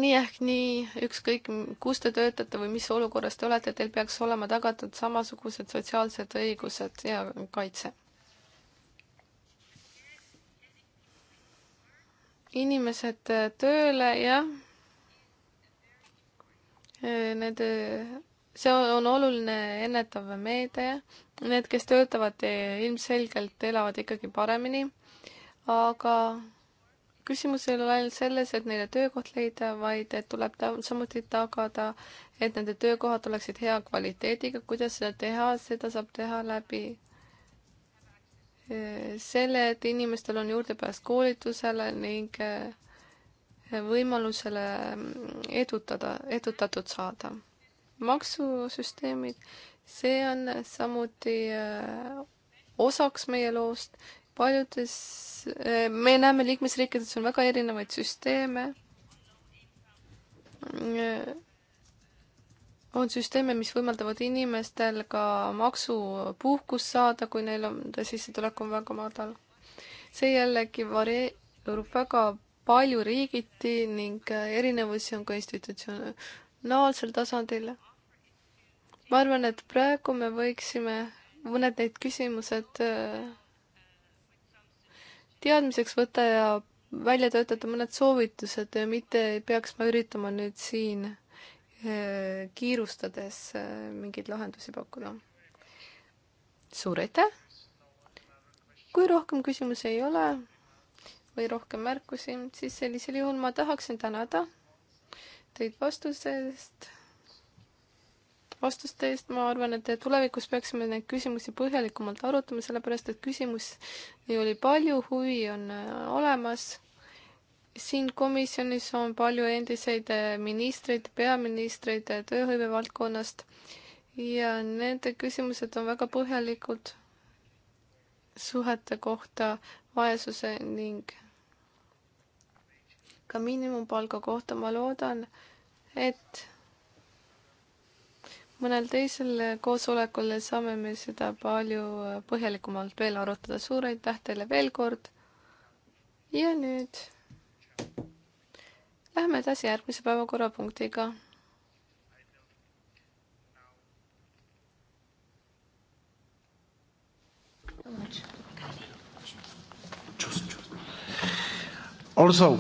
nii ehk nii, ükskõik kus te töötate või mis olukorras te olete, teil peaks olema tagatud samasugused sotsiaalsed õigused ja kaitse. inimesed tööle, jah. E, need see on oluline ennetav meede. Need, kes töötavad, e, ilmselgelt elavad ikkagi paremini aga küsimus ei ole ainult selles, et neile töökoht leida, vaid et tuleb ta samuti tagada, et nende töökohad oleksid hea kvaliteediga, kuidas seda teha, seda saab teha läbi eh, selle, et inimestel on juurdepääs koolitusele ning eh, võimalusele mm, edutada, edutatud saada. maksusüsteemid, see on samuti eh, osaks meie loost paljudes, me näeme liikmesriikides on väga erinevaid süsteeme. on süsteeme, mis võimaldavad inimestel ka maksupuhkust saada, kui neil on, sissetulek on väga madal. see jällegi varieerub väga palju riigiti ning erinevusi on ka institutsionaalsel tasandil. ma arvan, et praegu me võiksime mõned need küsimused teadmiseks võtta ja välja töötada mõned soovitused ja mitte ei peaks ma üritama nüüd siin eh, kiirustades eh, mingeid lahendusi pakkuda. suur aitäh! kui rohkem küsimusi ei ole või rohkem märkusi, siis sellisel juhul ma tahaksin tänada teid vastuse eest vastuste eest, ma arvan, et tulevikus peaksime neid küsimusi põhjalikumalt arutama, sellepärast et küsimusi oli palju, huvi on äh, olemas. siin komisjonis on palju endiseid äh, ministreid, peaministreid äh, tööhõive valdkonnast ja nende küsimused on väga põhjalikud suhete kohta vaesuse ning ka miinimumpalga kohta ma loodan, et mõnel teisel koosolekul saame me seda palju äh, põhjalikumalt veel arutada. suur aitäh teile veel kord. ja nüüd lähme edasi järgmise päevakorrapunktiga Also,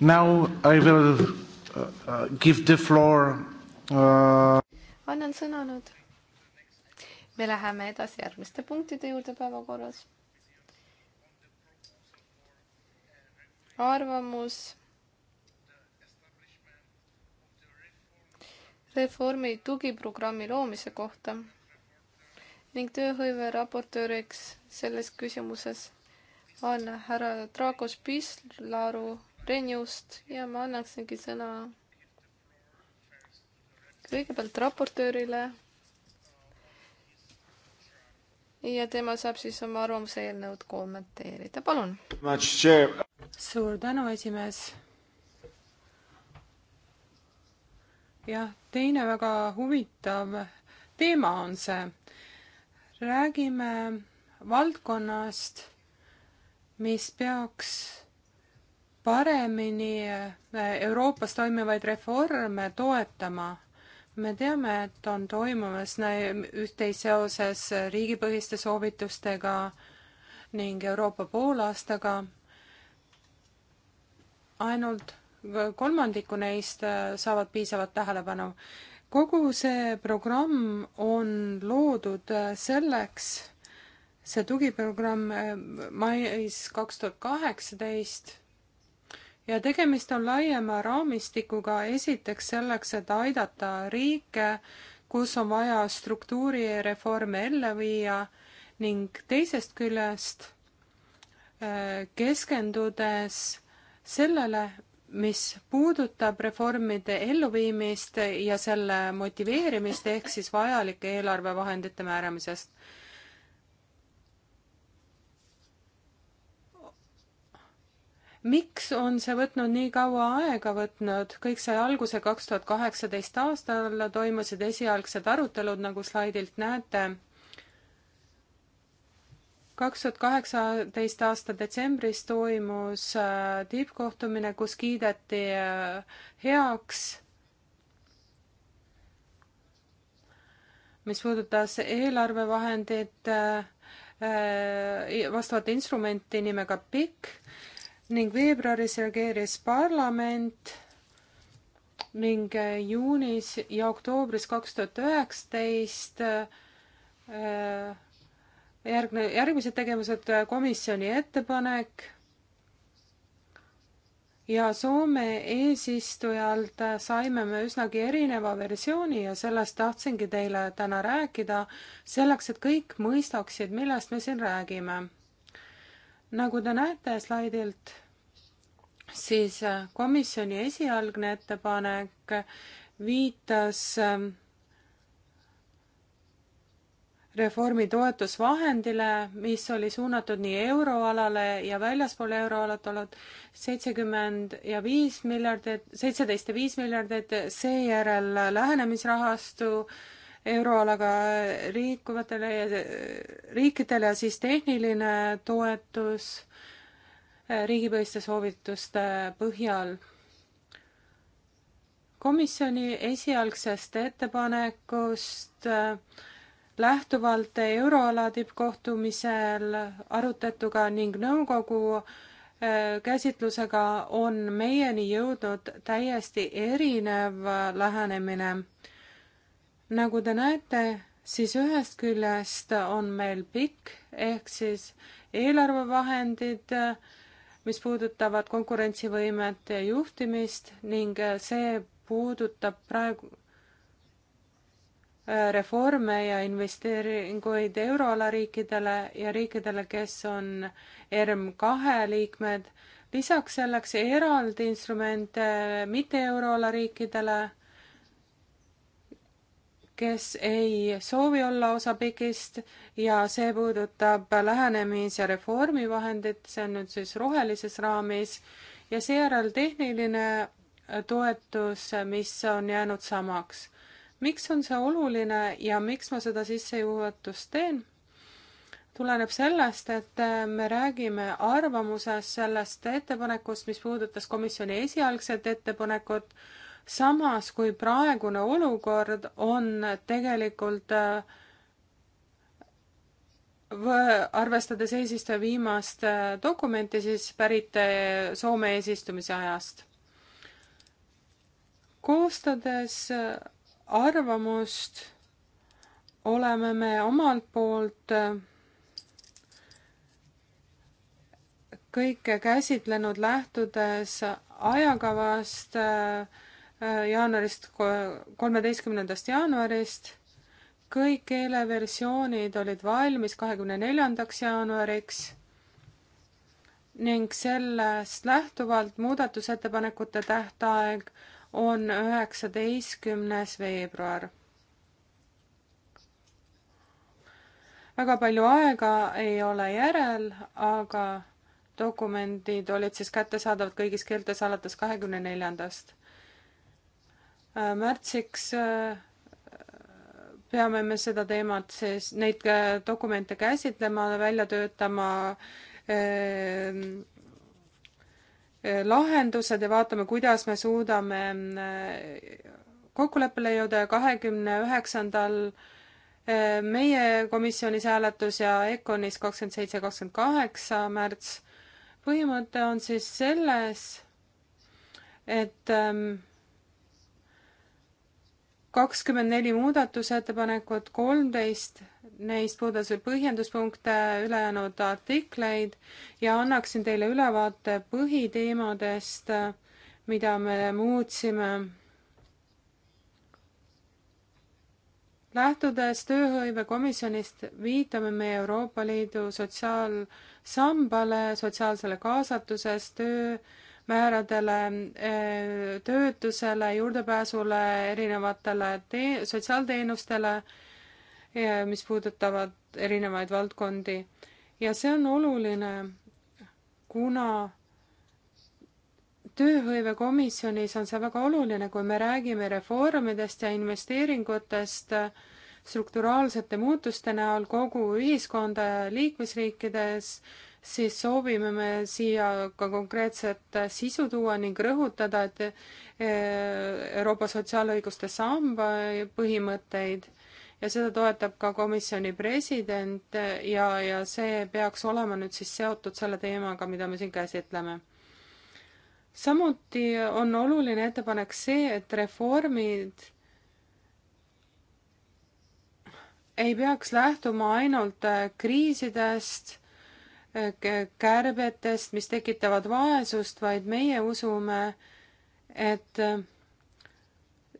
now I will uh, uh give the floor Äh. annan sõna nüüd. me läheme edasi järgmiste punktide juurde päevakorras. arvamus. reformi tugiprogrammi loomise kohta ning tööhõive raportööriks selles küsimuses on härra Dragos Pislaru Renjust ja ma annaksingi sõna kõigepealt raportöörile. ja tema saab siis oma arvamuse eelnõud kommenteerida, palun. suur tänu, esimees. jah, teine väga huvitav teema on see. räägime valdkonnast, mis peaks paremini Euroopas toimivaid reforme toetama me teame, et on toimumas ühteseoses riigipõhiste soovitustega ning Euroopa poolaastaga. ainult kolmandiku neist äh, saavad piisavat tähelepanu. kogu see programm on loodud äh, selleks, see tugiprogramm äh, mais kaks tuhat kaheksateist ja tegemist on laiema raamistikuga esiteks selleks, et aidata riike, kus on vaja struktuurireforme ellu viia ning teisest küljest äh, keskendudes sellele, mis puudutab reformide elluviimist ja selle motiveerimist ehk siis vajalike eelarvevahendite määramisest miks on see võtnud nii kaua aega võtnud, kõik sai alguse kaks tuhat kaheksateist aastal, toimusid esialgsed arutelud, nagu slaidilt näete. kaks tuhat kaheksateist aasta detsembris toimus äh, tippkohtumine, kus kiideti äh, heaks, mis puudutas eelarvevahendit, äh, vastavat instrumenti nimega PIK ning veebruaris reageeris parlament ning äh, juunis ja oktoobris kaks tuhat üheksateist äh, järgne, järgmised tegevused, äh, komisjoni ettepanek ja Soome eesistujalt saime me üsnagi erineva versiooni ja sellest tahtsingi teile täna rääkida, selleks et kõik mõistaksid, millest me siin räägime nagu te näete slaidilt, siis äh, komisjoni esialgne ettepanek viitas ähm, reformi toetusvahendile, mis oli suunatud nii euroalale ja väljaspool euroalat olnud seitsekümmend ja viis miljardit, seitseteist ja viis miljardit, seejärel lähenemisrahastu euroalaga liikuvatele riikidele ja siis tehniline toetus äh, riigipõhiste soovituste põhjal komisjoni esialgsest ettepanekust äh, lähtuvalt euroala tippkohtumisel arutatuga ning nõukogu äh, käsitlusega on meieni jõudnud täiesti erinev lähenemine nagu te näete, siis ühest küljest on meil pikk ehk siis eelarvevahendid, mis puudutavad konkurentsivõimet ja juhtimist ning see puudutab praegu äh, reforme ja investeeringuid euroala riikidele ja riikidele, kes on ERM kahe liikmed. lisaks selleks eraldi instrumente mitte euroala riikidele kes ei soovi olla osa PIK-ist ja see puudutab lähenemis- ja reformivahendit, see on nüüd siis rohelises raamis, ja seejärel tehniline toetus, mis on jäänud samaks. miks on see oluline ja miks ma seda sissejuhatust teen? tuleneb sellest, et me räägime arvamuses sellest ettepanekust, mis puudutas komisjoni esialgset ettepanekut, samas kui praegune olukord on tegelikult äh, arvestades eesistuja viimast äh, dokumenti, siis pärit äh, Soome eesistumise ajast. koostades arvamust oleme me omalt poolt kõike käsitlenud lähtudes ajakavast äh, Äh, jaanuarist, kolmeteistkümnendast jaanuarist. kõik keeleversioonid olid valmis kahekümne neljandaks jaanuariks ning sellest lähtuvalt muudatusettepanekute tähtaeg on üheksateistkümnes veebruar. väga palju aega ei ole järel, aga dokumendid olid siis kättesaadavad kõigis keeltes alates kahekümne neljandast Äh, märtsiks äh, peame me seda teemat, siis neid äh, dokumente käsitlema, välja töötama eh, lahendused ja vaatame, kuidas me suudame kokkuleppele jõuda ja kahekümne üheksandal meie komisjonis hääletus ja EKONis kakskümmend seitse, kakskümmend kaheksa märts. põhimõte on siis selles, et ähm, kakskümmend neli muudatusettepanekut, kolmteist neist puudutasid põhjenduspunkte, ülejäänud artikleid ja annaksin teile ülevaate põhiteemadest, mida me muutsime. lähtudes tööhõivekomisjonist, viitame me Euroopa Liidu sotsiaalsambale, sotsiaalsele kaasatusest, töö määradele, eh, töötusele, juurdepääsule erinevatele tee-, sotsiaalteenustele, eh, mis puudutavad erinevaid valdkondi. ja see on oluline, kuna tööhõivekomisjonis on see väga oluline, kui me räägime reformidest ja investeeringutest strukturaalsete muutuste näol kogu ühiskonda ja liikmesriikides siis soovime me siia ka konkreetset sisu tuua ning rõhutada, et e, Euroopa sotsiaalõiguste samba põhimõtteid ja seda toetab ka komisjoni president ja, ja see peaks olema nüüd siis seotud selle teemaga, mida me siin käsitleme. samuti on oluline ettepanek see, et reformid ei peaks lähtuma ainult kriisidest kärbetest, mis tekitavad vaesust, vaid meie usume, et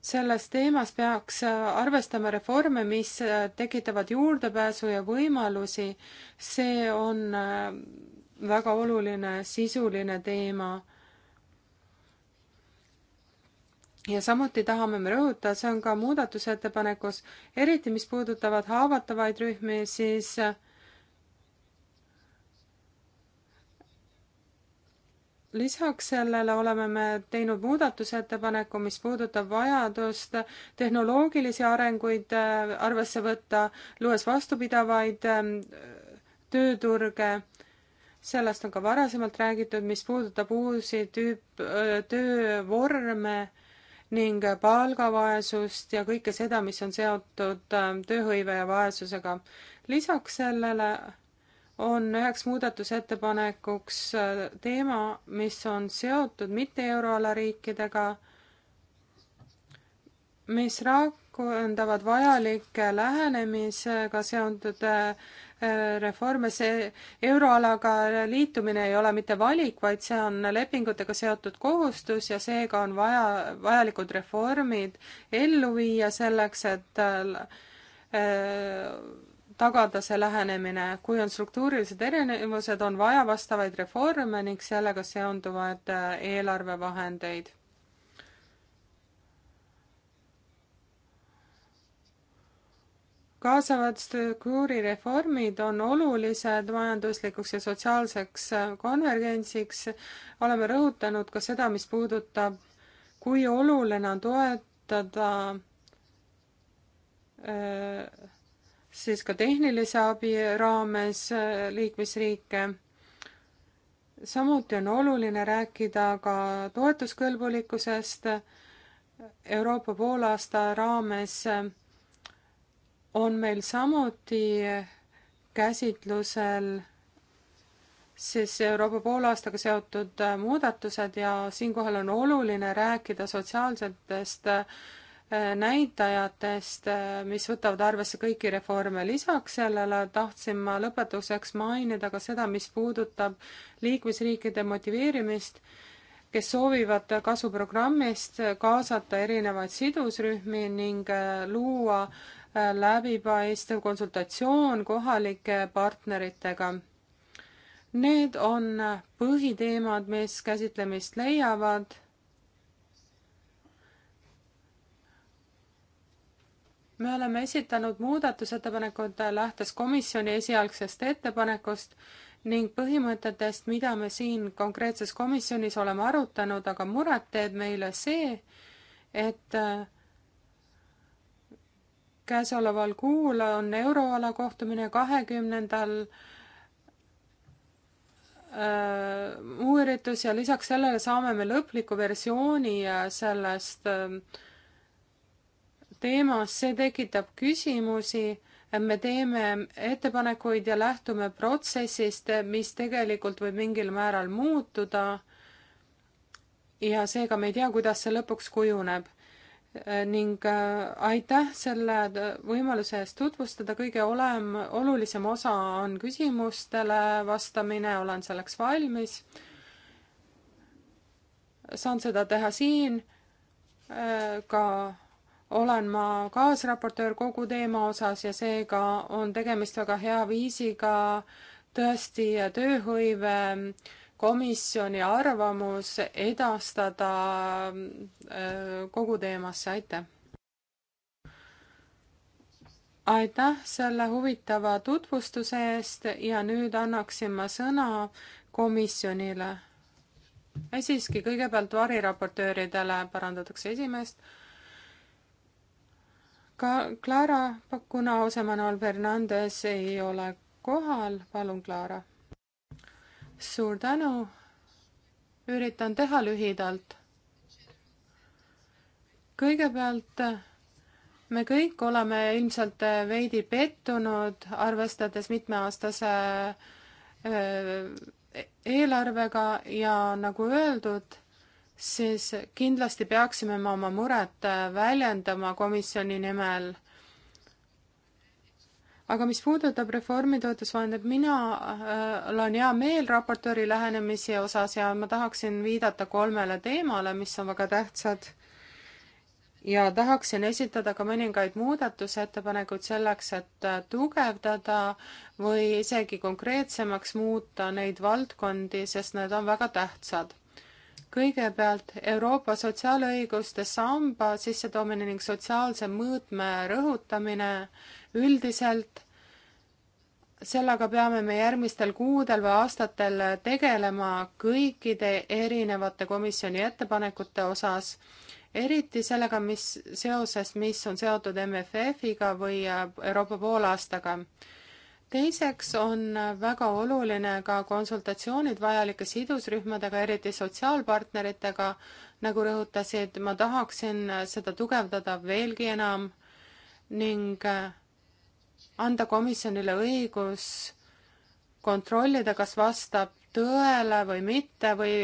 selles teemas peaks arvestama reforme, mis tekitavad juurdepääsu ja võimalusi. see on äh, väga oluline sisuline teema. ja samuti tahame me rõhutada, see on ka muudatusettepanekus, eriti mis puudutavad haavatavaid rühmi, siis äh, lisaks sellele oleme me teinud muudatusettepaneku, mis puudutab vajadust tehnoloogilisi arenguid äh, arvesse võtta, luues vastupidavaid ähm, tööturge. sellest on ka varasemalt räägitud, mis puudutab uusi tüüp, äh, töövorme ning palgavaesust ja kõike seda, mis on seotud äh, tööhõive ja vaesusega. lisaks sellele on üheks muudatusettepanekuks äh, teema, mis on seotud mitte euroala riikidega, mis rakendavad vajalikke lähenemisega seondud äh, reforme, see euroalaga liitumine ei ole mitte valik, vaid see on lepingutega seotud kohustus ja seega on vaja vajalikud reformid ellu viia selleks, et äh, tagada see lähenemine, kui on struktuurilised erinevused, on vaja vastavaid reforme ning sellega seonduvaid äh, eelarvevahendeid. kaasavad struktuurireformid on olulised majanduslikuks ja sotsiaalseks äh, konvergentsiks. oleme rõhutanud ka seda, mis puudutab, kui oluline on toetada öö, äh, siis ka tehnilise abi raames äh, liikmesriike. samuti on oluline rääkida ka toetuskõlbulikkusest. Euroopa poolaasta raames äh, on meil samuti käsitlusel siis Euroopa poolaastaga seotud äh, muudatused ja siinkohal on oluline rääkida sotsiaalsetest Äh, näitajatest, äh, mis võtavad arvesse kõiki reforme. lisaks sellele tahtsin ma lõpetuseks mainida ka seda, mis puudutab liikmesriikide motiveerimist, kes soovivad kasu programmist kaasata erinevaid sidusrühmi ning äh, luua läbipaistev konsultatsioon kohalike partneritega. Need on põhiteemad, mis käsitlemist leiavad me oleme esitanud muudatusettepanekud lähtes komisjoni esialgsest ettepanekust ning põhimõtetest, mida me siin konkreetses komisjonis oleme arutanud, aga muret teeb meile see, et äh, käesoleval kuul on euroala kohtumine kahekümnendal äh, uuritus ja lisaks sellele saame me lõpliku versiooni äh, sellest äh, teemas, see tekitab küsimusi, me teeme ettepanekuid ja lähtume protsessist, mis tegelikult võib mingil määral muutuda. ja seega me ei tea, kuidas see lõpuks kujuneb. ning äh, aitäh selle võimaluse eest tutvustada, kõige olem-, olulisem osa on küsimustele vastamine, olen selleks valmis. saan seda teha siin äh, ka olen ma kaasraportöör kogu teema osas ja seega on tegemist väga hea viisiga tõesti tööhõive komisjoni arvamus edastada äh, kogu teemasse, aitäh! aitäh selle huvitava tutvustuse eest ja nüüd annaksin ma sõna komisjonile. ja siiski kõigepealt variraportööridele parandatakse esimeest ka Clara, kuna Jose Manuel Fernandez ei ole kohal, palun, Clara. suur tänu. üritan teha lühidalt. kõigepealt me kõik oleme ilmselt veidi pettunud, arvestades mitmeaastase e-, eelarvega ja nagu öeldud, siis kindlasti peaksime me oma muret väljendama komisjoni nimel. aga mis puudutab reformi toetusvahendeid, mina äh, olen hea meel raportööri lähenemisi osas ja ma tahaksin viidata kolmele teemale, mis on väga tähtsad. ja tahaksin esitada ka mõningaid muudatusettepanekuid selleks, et äh, tugevdada või isegi konkreetsemaks muuta neid valdkondi, sest need on väga tähtsad kõigepealt Euroopa sotsiaalõiguste samba sissetoomine ning sotsiaalse mõõtme rõhutamine üldiselt, sellega peame me järgmistel kuudel või aastatel tegelema kõikide erinevate komisjoni ettepanekute osas, eriti sellega, mis seoses, mis on seotud MFF-iga või Euroopa poolaastaga teiseks on väga oluline ka konsultatsioonid vajalike sidusrühmadega, eriti sotsiaalpartneritega, nagu rõhutasid, ma tahaksin seda tugevdada veelgi enam ning anda komisjonile õigus kontrollida, kas vastab tõele või mitte või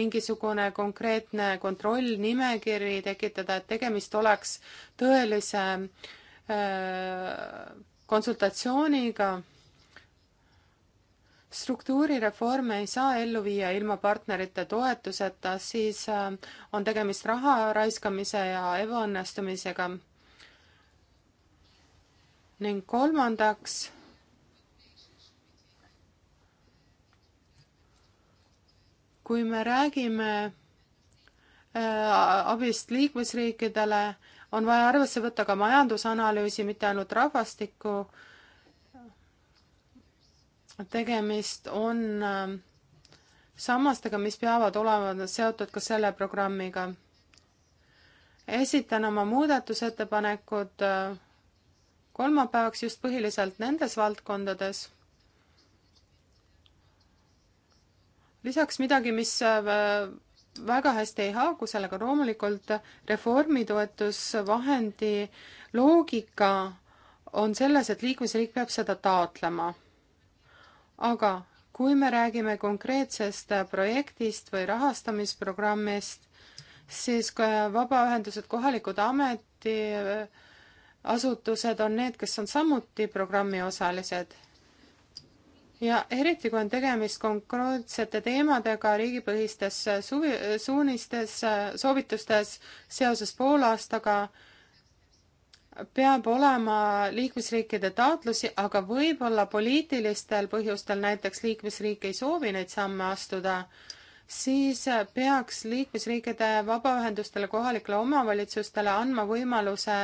mingisugune konkreetne kontrollnimekiri tekitada, et tegemist oleks tõelise öö, äh, konsultatsiooniga struktuurireforme ei saa ellu viia ilma partnerite toetuseta, siis äh, on tegemist raha raiskamise ja ebaõnnestumisega. ning kolmandaks, kui me räägime Äh, abist liikmesriikidele, on vaja arvesse võtta ka majandusanalüüsi, mitte ainult rahvastikku. tegemist on äh, sammastega, mis peavad olema seotud ka selle programmiga. esitan oma muudatusettepanekud äh, kolmapäevaks just põhiliselt nendes valdkondades. lisaks midagi, mis väga hästi ei haagu sellega, loomulikult reformitoetusvahendi loogika on selles, et liikmesriik peab seda taotlema. aga kui me räägime konkreetsest projektist või rahastamisprogrammist, siis ka vabaühendused, kohalikud ametiasutused on need, kes on samuti programmi osalised ja eriti, kui on tegemist konkreetsete teemadega riigipõhistes suvi-, suunistes, soovitustes seoses poolaastaga, peab olema liikmesriikide taotlusi, aga võib-olla poliitilistel põhjustel näiteks liikmesriik ei soovi neid samme astuda, siis peaks liikmesriikide vabaühendustele, kohalikele omavalitsustele andma võimaluse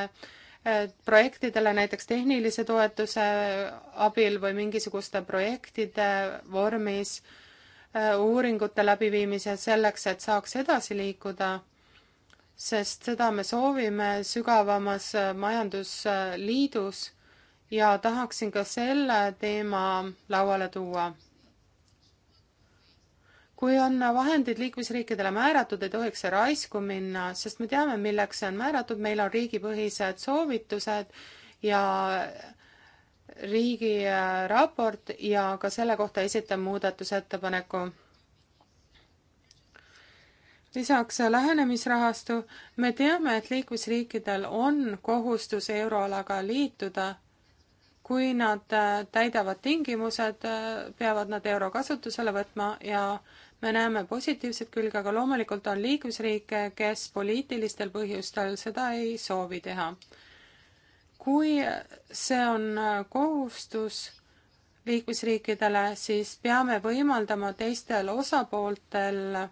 Äh, projektidele näiteks tehnilise toetuse abil või mingisuguste projektide vormis äh, uuringute läbiviimise selleks, et saaks edasi liikuda, sest seda me soovime sügavamas äh, majandusliidus ja tahaksin ka selle teema lauale tuua kui on vahendid liikmesriikidele määratud, ei tohiks see raisku minna, sest me teame, milleks see on määratud, meil on riigipõhised soovitused ja riigi äh, raport ja ka selle kohta esitan muudatusettepaneku. lisaks lähenemisrahastu, me teame, et liikmesriikidel on kohustus euroalaga liituda kui nad äh, täidavad tingimused, äh, peavad nad euro kasutusele võtma ja me näeme positiivset külge, aga loomulikult on liikmesriike, kes poliitilistel põhjustel seda ei soovi teha. kui see on kohustus liikmesriikidele, siis peame võimaldama teistel osapooltel äh,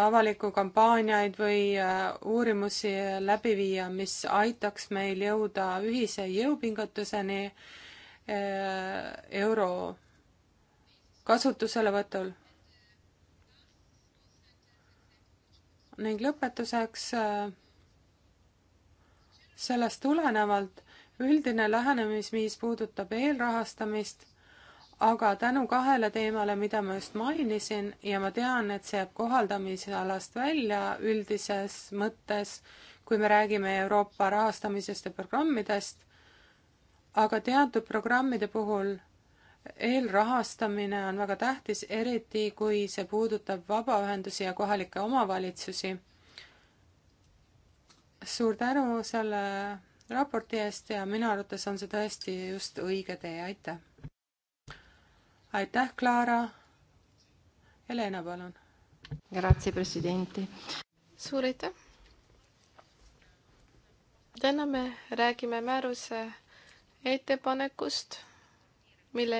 avalikku kampaaniaid või äh, uurimusi läbi viia, mis aitaks meil jõuda ühise jõupingutuseni äh, euro kasutuselevõtul. ning lõpetuseks äh, sellest tulenevalt üldine lähenemisviis puudutab eelrahastamist, aga tänu kahele teemale, mida ma just mainisin ja ma tean, et see jääb kohaldamisalast välja üldises mõttes, kui me räägime Euroopa rahastamisest ja programmidest, aga teatud programmide puhul eelrahastamine on väga tähtis, eriti kui see puudutab vabaühendusi ja kohalikke omavalitsusi. suur tänu selle raporti eest ja minu arvates on see tõesti just õige tee, aitäh! aitäh, Klaara! Helena, palun! Grazie, presidenti! suur aitäh! täna me räägime määruse ettepanekust mille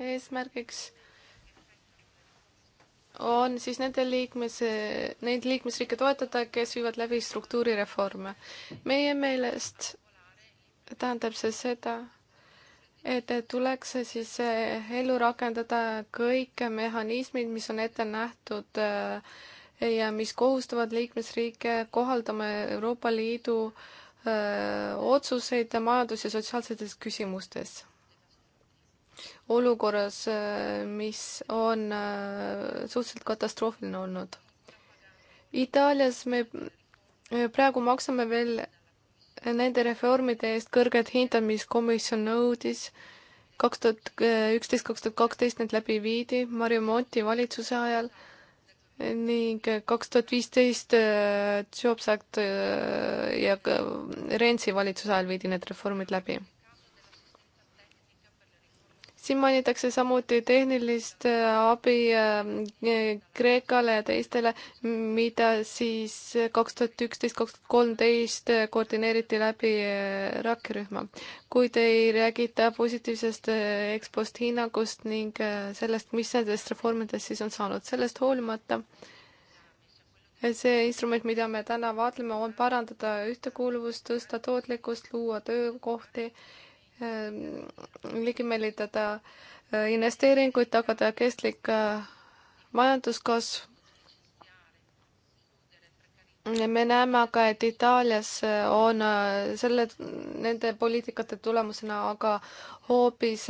eesmärgiks on siis nende liikmes, neid liikmesriike toetada, kes viivad läbi struktuurireforme. meie meelest tähendab see seda, et tuleks siis ellu rakendada kõik mehhanismid, mis on ette nähtud äh, ja mis kohustavad liikmesriike kohaldama Euroopa Liidu öö, äh, otsuseid majandus- ja sotsiaalsetes küsimustes olukorras, äh, mis on äh, suhteliselt katastroofiline olnud. Itaalias me äh, praegu maksame veel nende reformide eest kõrget hinda, mis komisjon nõudis. kaks tuhat üksteist, kaks tuhat kaksteist need läbi viidi Mario Monti valitsuse ajal ning kaks tuhat viisteist Jobs Act ja Rensi valitsuse ajal viidi need reformid läbi siin mainitakse samuti tehnilist äh, abi äh, Kreekale ja teistele, mida siis kaks tuhat üksteist, kaks tuhat kolmteist äh, koordineeriti läbi rakkerühma, kuid ei räägita positiivsest ekspost hinnangust ning sellest, mis nendest reformidest siis on saanud, sellest hoolimata see instrument, mida me täna vaatleme, on parandada ühtekuuluvust, tõsta tootlikkust, luua töökohti Ähm, ligi meelitada äh, investeeringuid, tagada kestlik äh, majanduskasv. me näeme aga, et Itaalias äh, on selle, nende poliitikate tulemusena aga hoopis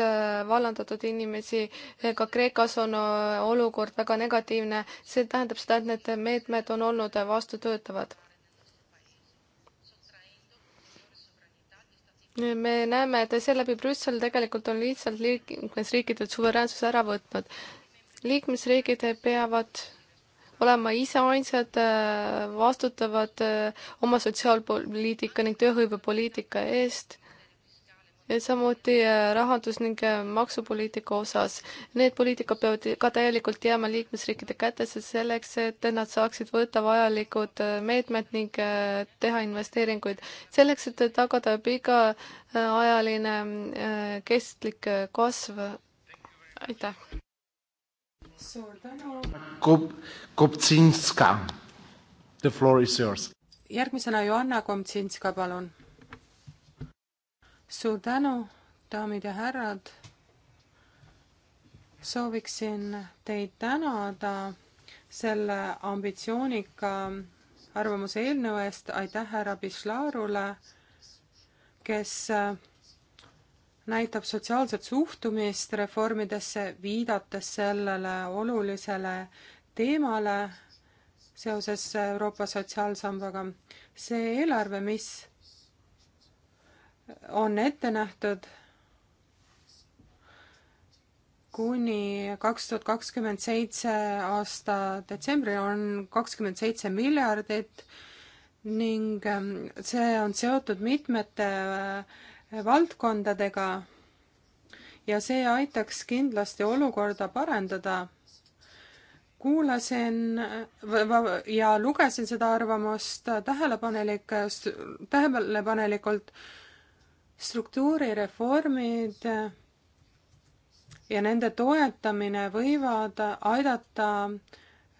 vallandatud inimesi. ka Kreekas on olukord väga negatiivne, see tähendab seda, et need meetmed on olnud vastutöötavad me näeme, et seeläbi Brüssel tegelikult on lihtsalt liikmesriikidelt suveräänsuse ära võtnud. liikmesriigid peavad olema ise ainsad vastutavad äh, oma sotsiaalpoliitika ning tööhõivepoliitika eest samuti äh, rahandus- ning äh, maksupoliitika osas. Need poliitikad peavad ka täielikult jääma liikmesriikide kätesse selleks, et nad saaksid võtta vajalikud äh, meetmed ning teha investeeringuid. selleks, et tagada pikaajaline kestlik kasv. aitäh! suur tänu! Koptsinska, the floor is yours. järgmisena Johanna Koptsinska, palun suur tänu, daamid ja härrad. sooviksin teid tänada selle ambitsioonika arvamuse eelnõu eest, aitäh härra Bislarule, kes näitab sotsiaalset suhtumist reformidesse, viidates sellele olulisele teemale seoses Euroopa sotsiaalsambaga. see eelarve, mis on ette nähtud kuni kaks tuhat kakskümmend seitse aasta detsembril on kakskümmend seitse miljardit ning ähm, see on seotud mitmete äh, valdkondadega ja see aitaks kindlasti olukorda parendada. kuulasin äh, ja lugesin seda arvamust tähelepanelik, tähelepanelikult struktuurireformid ja nende toetamine võivad aidata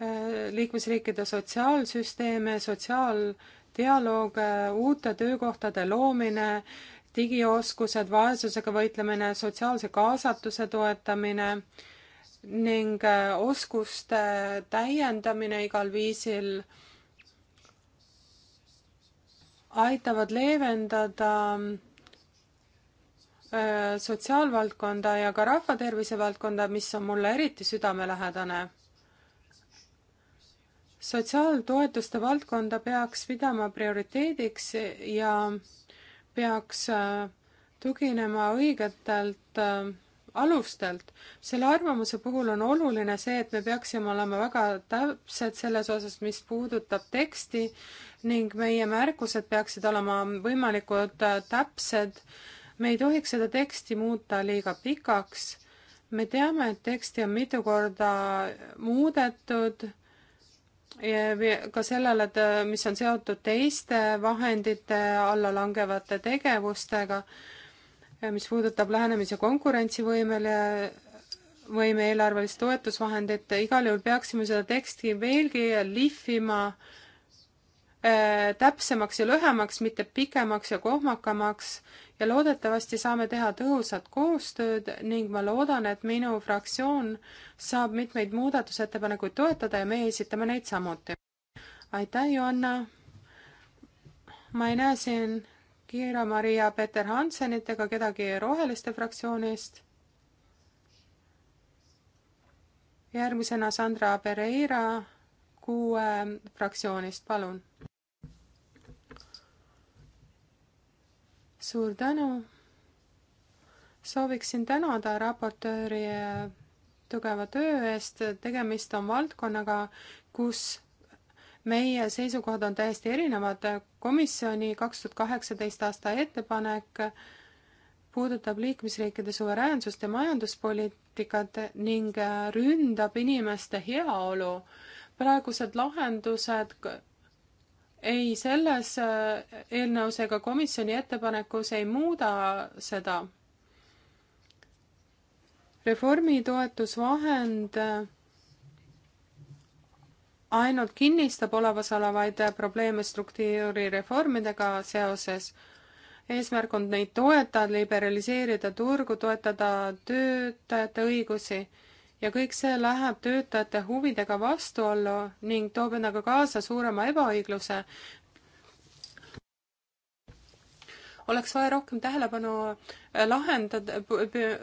eh, liikmesriikide sotsiaalsüsteeme, sotsiaaldialoog, uute töökohtade loomine, digioskused, vaesusega võitlemine, sotsiaalse kaasatuse toetamine ning eh, oskuste täiendamine igal viisil aitavad leevendada Äh, sotsiaalvaldkonda ja ka rahvatervise valdkonda, mis on mulle eriti südamelähedane. sotsiaaltoetuste valdkonda peaks pidama prioriteediks ja peaks äh, tuginema õigetelt äh, alustelt. selle arvamuse puhul on oluline see, et me peaksime olema väga täpsed selles osas, mis puudutab teksti ning meie märkused peaksid olema võimalikult täpsed me ei tohiks seda teksti muuta liiga pikaks. me teame, et teksti on mitu korda muudetud ka sellele, et mis on seotud teiste vahendite alla langevate tegevustega, mis puudutab lähenemise konkurentsivõimele võime eelarvelist toetusvahendit, igal juhul peaksime seda teksti veelgi lihvima äh, täpsemaks ja lühemaks, mitte pikemaks ja kohmakamaks ja loodetavasti saame teha tõhusat koostööd ning ma loodan, et minu fraktsioon saab mitmeid muudatusettepanekuid toetada ja meie esitame neid samuti. aitäh, Joanna! ma ei näe siin Kiira-Maria Peter Hansenit ega kedagi Roheliste fraktsioonist. järgmisena Sandra Pereira kuue fraktsioonist, palun suur tänu. sooviksin tänada raportööri tugeva töö eest, tegemist on valdkonnaga, kus meie seisukohad on täiesti erinevad. komisjoni kaks tuhat kaheksateist aasta ettepanek puudutab liikmesriikide suveräänsust ja majanduspoliitikat ning ründab inimeste heaolu. praegused lahendused ei, selles äh, eelnõus ega komisjoni ettepanekus ei muuda seda. reformi toetusvahend äh, ainult kinnistab olemasolevaid äh, probleeme struktuurireformidega seoses. eesmärk on neid toetada, liberaliseerida turgu, toetada töötajate õigusi ja kõik see läheb töötajate huvidega vastuollu ning toob endaga kaasa suurema ebaõigluse. oleks vaja rohkem tähelepanu äh, lahendada,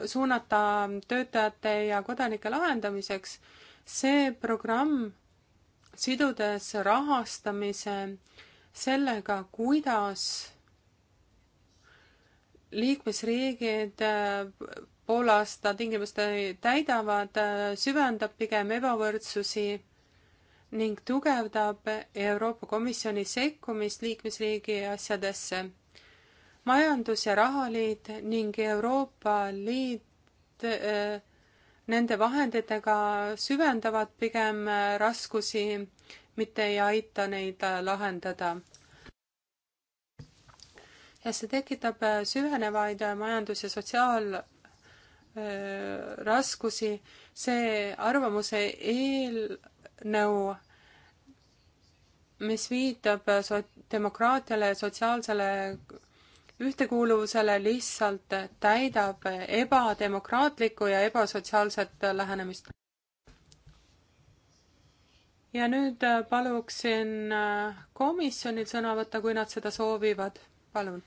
suunata töötajate ja kodanike lahendamiseks. see programm, sidudes rahastamise sellega, kuidas liikmesriigid äh, pool aasta tingimuste täidavad, süvendab pigem ebavõrdsusi ning tugevdab Euroopa Komisjoni sekkumist liikmesriigi asjadesse. majandus- ja rahaliit ning Euroopa Liit äh, nende vahenditega süvendavad pigem eh, raskusi, mitte ei aita neid eh, lahendada ja see tekitab süvenevaid majandus- ja sotsiaal- raskusi. see arvamuse eelnõu, mis viitab so-, demokraatiale, sotsiaalsele ühtekuuluvusele, lihtsalt täidab ebademokraatlikku ja ebasotsiaalset lähenemist. ja nüüd äh, paluksin äh, komisjonil sõna võtta, kui nad seda soovivad. palun.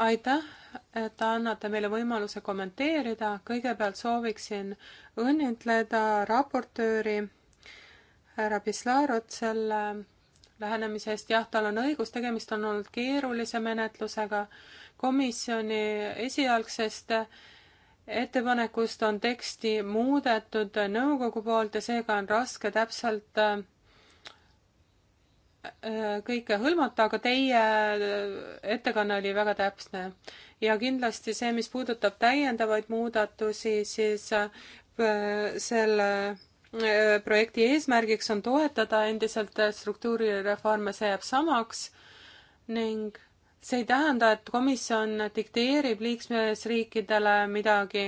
aitäh, et annate meile võimaluse kommenteerida. kõigepealt sooviksin õnnitleda raportööri härra Pislarot selle lähenemise eest. jah, tal on õigus, tegemist on olnud keerulise menetlusega. komisjoni esialgsest ettepanekust on teksti muudetud nõukogu poolt ja seega on raske täpselt äh, kõike hõlmata, aga teie ettekanne oli väga täpne. ja kindlasti see, mis puudutab täiendavaid muudatusi, siis äh, selle äh, projekti eesmärgiks on toetada endiselt struktuurireforme, see jääb samaks ning see ei tähenda, et komisjon dikteerib liikmesriikidele midagi,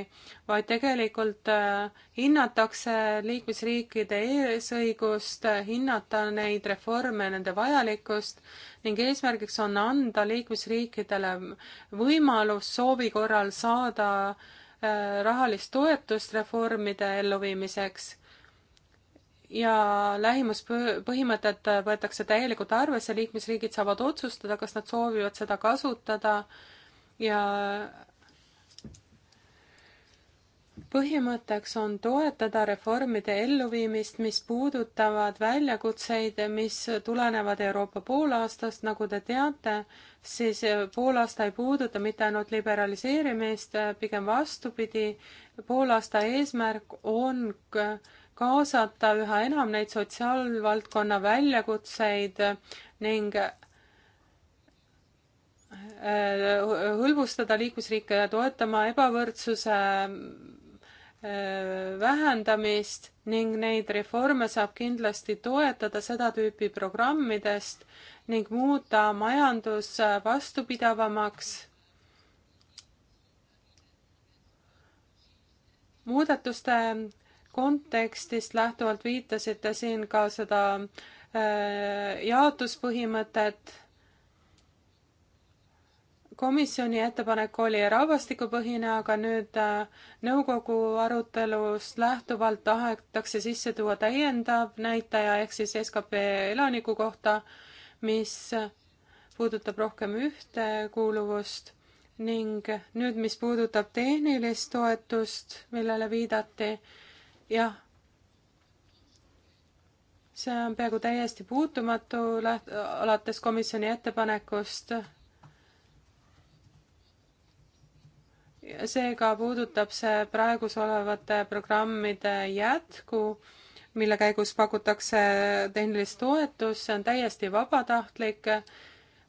vaid tegelikult äh, hinnatakse liikmesriikide eesõigust, hinnata neid reforme, nende vajalikkust ning eesmärgiks on anda liikmesriikidele võimalus soovi korral saada äh, rahalist toetust reformide elluviimiseks ja lähimuspõhimõtet võetakse täielikult arvesse, liikmesriigid saavad otsustada, kas nad soovivad seda kasutada ja põhimõtteks on toetada reformide elluviimist, mis puudutavad väljakutseid, mis tulenevad Euroopa poolaastast, nagu te teate, siis poolaasta ei puuduta mitte ainult liberaliseerimist, pigem vastupidi, poolaasta eesmärk on kaasata üha enam neid sotsiaalvaldkonna väljakutseid ning äh, hõlbustada liikmesriike toetama ebavõrdsuse äh, vähendamist ning neid reforme saab kindlasti toetada seda tüüpi programmidest ning muuta majandus vastupidavamaks. muudatuste kontekstist lähtuvalt viitasite siin ka seda äh, jaotuspõhimõtet. komisjoni ettepanek oli rahvastikupõhine, aga nüüd äh, nõukogu arutelust lähtuvalt tahetakse sisse tuua täiendav näitaja ehk siis skp elaniku kohta, mis puudutab rohkem ühtekuuluvust ning nüüd, mis puudutab tehnilist toetust, millele viidati jah, see on peaaegu täiesti puutumatu läht-, alates komisjoni ettepanekust. seega puudutab see praegus olevate programmide jätku mille käigus pakutakse tehnilist toetust, see on täiesti vabatahtlik.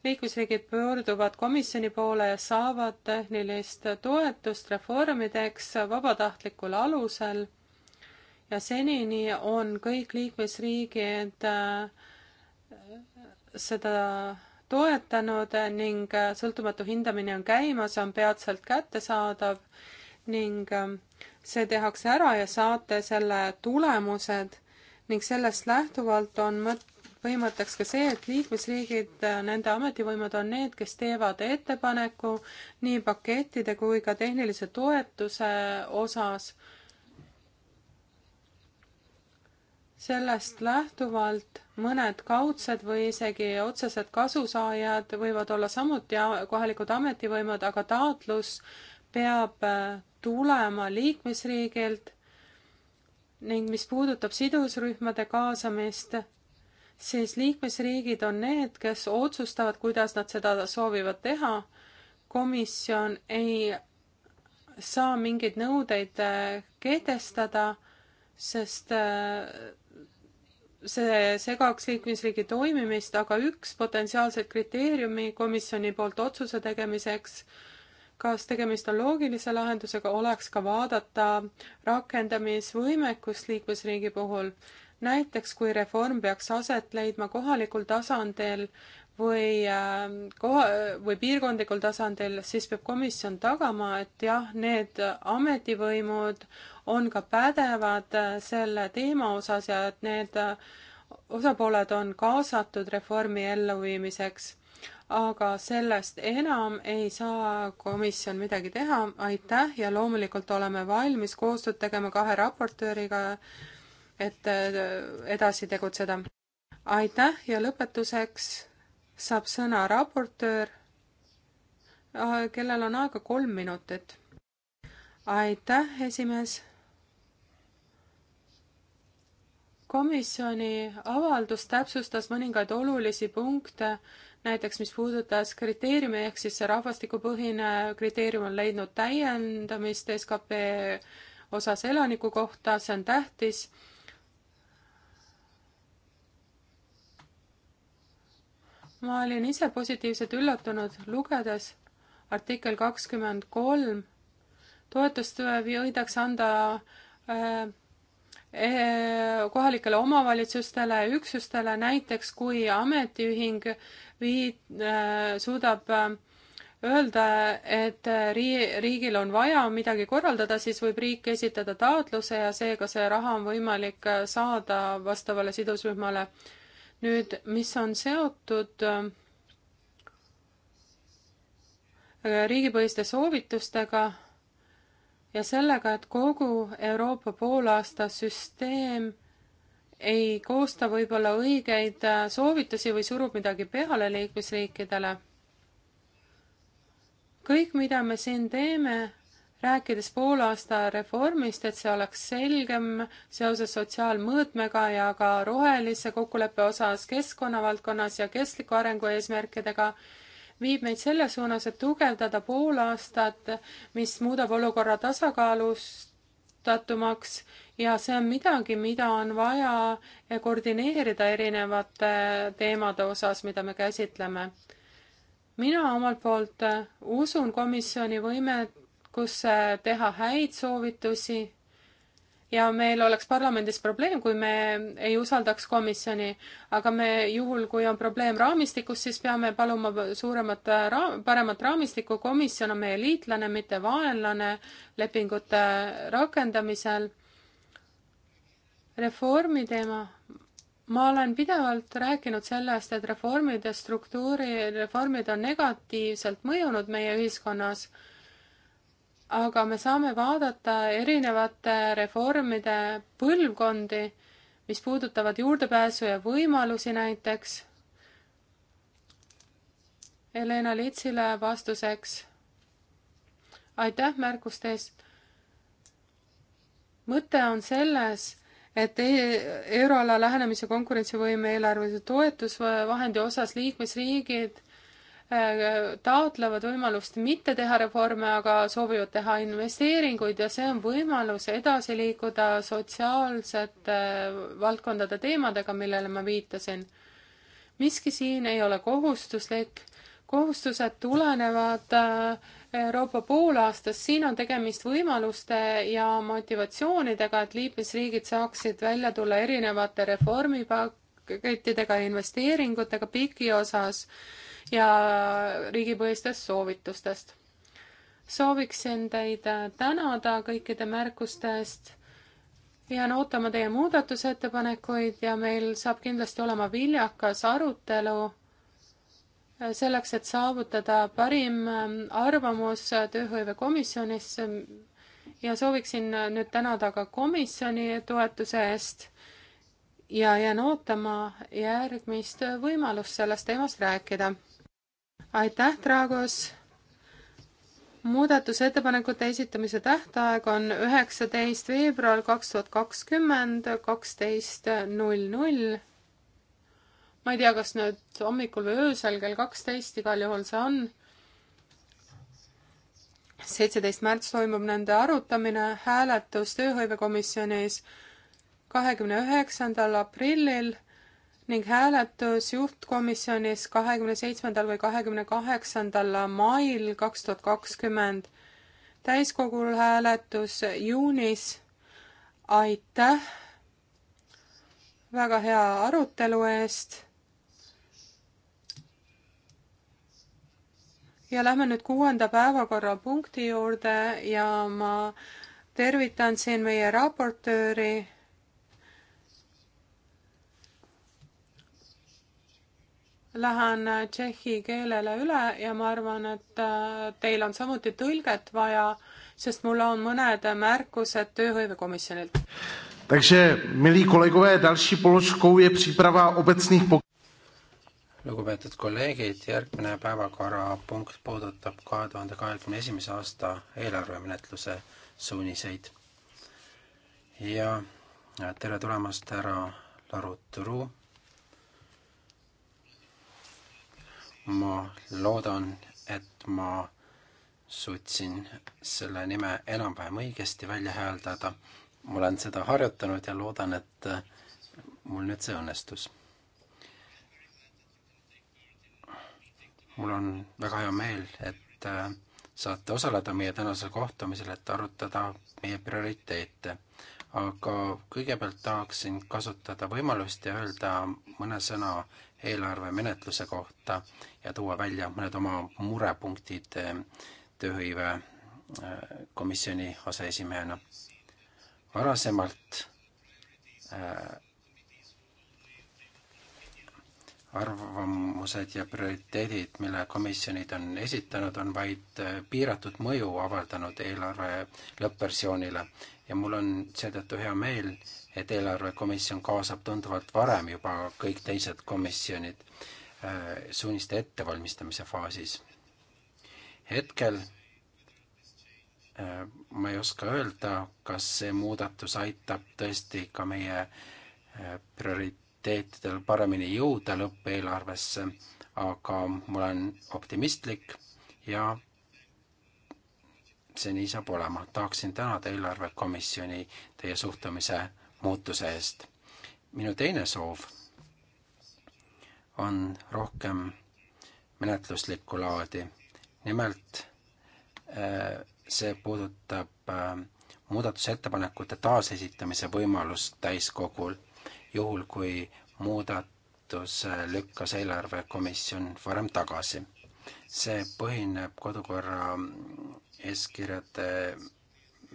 liikmesriigid pöörduvad komisjoni poole ja saavad tehnilist toetust reformideks vabatahtlikul alusel ja senini on kõik liikmesriigid äh, seda toetanud ning äh, sõltumatu hindamine on käimas, on peatselt kättesaadav ning äh, see tehakse ära ja saate selle tulemused ning sellest lähtuvalt on mõt-, põhimõtteks ka see, et liikmesriigid, nende ametivõimed on need, kes teevad ettepaneku nii pakettide kui ka tehnilise toetuse osas sellest lähtuvalt mõned kaudsed või isegi otsesed kasusaajad võivad olla samuti kohalikud ametivõimud, aga taotlus peab äh, tulema liikmesriigilt ning mis puudutab sidusrühmade kaasamist, siis liikmesriigid on need, kes otsustavad, kuidas nad seda soovivad teha. komisjon ei saa mingeid nõudeid äh, kehtestada, sest äh, see segaks liikmesriigi toimimist, aga üks potentsiaalseid kriteeriumi komisjoni poolt otsuse tegemiseks, kas tegemist on loogilise lahendusega, oleks ka vaadata rakendamisvõimekust liikmesriigi puhul. näiteks kui reform peaks aset leidma kohalikul tasandil või ähm, koha- või piirkondlikul tasandil, siis peab komisjon tagama, et jah, need ametivõimud on ka pädevad äh, selle teema osas ja et need äh, osapooled on kaasatud reformi elluviimiseks. aga sellest enam ei saa komisjon midagi teha, aitäh ja loomulikult oleme valmis koostööd tegema kahe raportööriga, et äh, edasi tegutseda. aitäh ja lõpetuseks saab sõna raportöör, ah, kellel on aega kolm minutit. aitäh, esimees. komisjoni avaldus täpsustas mõningaid olulisi punkte, näiteks mis puudutas kriteeriumi, ehk siis see rahvastikupõhine kriteerium on leidnud täiendamist SKP osas elaniku kohta, see on tähtis ma olin ise positiivselt üllatunud, lugedes artikkel kakskümmend kolm, toetust võidakse anda äh, eh, kohalikele omavalitsustele, üksustele, näiteks kui ametiühing vii- äh,, suudab äh, öelda, et äh, rii-, riigil on vaja midagi korraldada, siis võib riik esitada taotluse ja seega see raha on võimalik äh, saada vastavale sidusrühmale äh, nüüd, mis on seotud äh, riigipõhiste soovitustega ja sellega, et kogu Euroopa poolaasta süsteem ei koosta võib-olla õigeid äh, soovitusi või surub midagi peale liikmesriikidele. kõik, mida me siin teeme, rääkides poolaasta reformist, et see oleks selgem seoses sotsiaalmõõtmega ja ka rohelise kokkuleppe osas keskkonnavaldkonnas ja kestliku arengu eesmärkidega, viib meid selle suunas, et tugevdada poolaastat, mis muudab olukorra tasakaalustatumaks ja see on midagi, mida on vaja koordineerida erinevate teemade osas, mida me käsitleme mina omalt poolt usun komisjoni võimet kus äh, teha häid soovitusi ja meil oleks parlamendis probleem, kui me ei usaldaks komisjoni, aga me juhul, kui on probleem raamistikus, siis peame paluma suuremat äh, ra-, paremat raamistikku, komisjon on meie liitlane, mitte vaenlane lepingute rakendamisel. reformi teema. ma olen pidevalt rääkinud sellest, et reformide struktuuri, reformid on negatiivselt mõjunud meie ühiskonnas aga me saame vaadata erinevate reformide põlvkondi, mis puudutavad juurdepääsu ja võimalusi näiteks. Helena Litsile vastuseks. aitäh märkuste eest. mõte on selles, et e-, euroala lähenemise konkurentsivõime eelarvelise toetusvahendi osas liikmesriigid Äh, taotlevad võimalust mitte teha reforme, aga soovivad teha investeeringuid ja see on võimalus edasi liikuda sotsiaalsete äh, valdkondade teemadega, millele ma viitasin. miski siin ei ole kohustuslik, kohustused tulenevad äh, Euroopa poolaastast, siin on tegemist võimaluste ja motivatsioonidega, et liikmesriigid saaksid välja tulla erinevate reformipakettidega, investeeringutega PIK-i osas ja riigipõhistest soovitustest. sooviksin teid tänada kõikide märkuste eest. jään ootama teie muudatusettepanekuid ja meil saab kindlasti olema viljakas arutelu selleks, et saavutada parim ähm, arvamus tööhõivekomisjonis ja sooviksin nüüd tänada ka komisjoni toetuse eest ja jään ootama järgmist võimalust sellest teemast rääkida aitäh, Dragos! muudatusettepanekute esitamise tähtaeg on üheksateist veebruar kaks tuhat kakskümmend kaksteist null null. ma ei tea, kas nüüd hommikul või öösel kell kaksteist, igal juhul see on. seitseteist märts toimub nende arutamine, hääletus tööhõivekomisjonis kahekümne üheksandal aprillil ning hääletus juhtkomisjonis kahekümne seitsmendal või kahekümne kaheksandal mail kaks tuhat kakskümmend. täiskogul hääletus juunis. aitäh väga hea arutelu eest. ja lähme nüüd kuuenda päevakorrapunkti juurde ja ma tervitan siin meie raportööri lähen äh, tšehhi keelele üle ja ma arvan, et äh, teil on samuti tõlget vaja, sest mul on mõned märkused tööhõivekomisjonilt. Takže, milí kolegové, další položkou je příprava obecných pok- lugupeetud kolleegid, järgmine päevakorrapunkt puudutab kahe tuhande kahekümne esimese aasta eelarvemenetluse suuniseid. ja tere tulemast, härra Laru Turu ma loodan, et ma suutsin selle nime enam-vähem õigesti välja hääldada. ma olen seda harjutanud ja loodan, et mul nüüd see õnnestus. mul on väga hea meel, et saate osaleda meie tänasel kohtumisel, et arutada meie prioriteete aga kõigepealt tahaksin kasutada võimalust ja öelda mõne sõna eelarve menetluse kohta ja tuua välja mõned oma murepunktid eh, tööhõive eh, komisjoni aseesimehena. varasemalt eh, arvamused ja prioriteedid, mille komisjonid on esitanud, on vaid äh, piiratud mõju avaldanud eelarve lõppversioonile ja mul on seetõttu hea meel, et eelarvekomisjon kaasab tunduvalt varem juba kõik teised komisjonid äh, suuniste ettevalmistamise faasis. hetkel äh, ma ei oska öelda, kas see muudatus aitab tõesti ka meie priori-, prioriteetidel paremini jõuda lõppeelarvesse, aga ma olen optimistlik ja see nii saab olema. tahaksin tänada eelarvekomisjoni teie suhtumise muutuse eest. minu teine soov on rohkem menetluslikku laadi. nimelt äh, see puudutab äh, muudatusettepanekute taasesitamise võimalust täiskogul juhul kui muudatus lükkas eelarvekomisjon varem tagasi. see põhineb kodukorra eeskirjade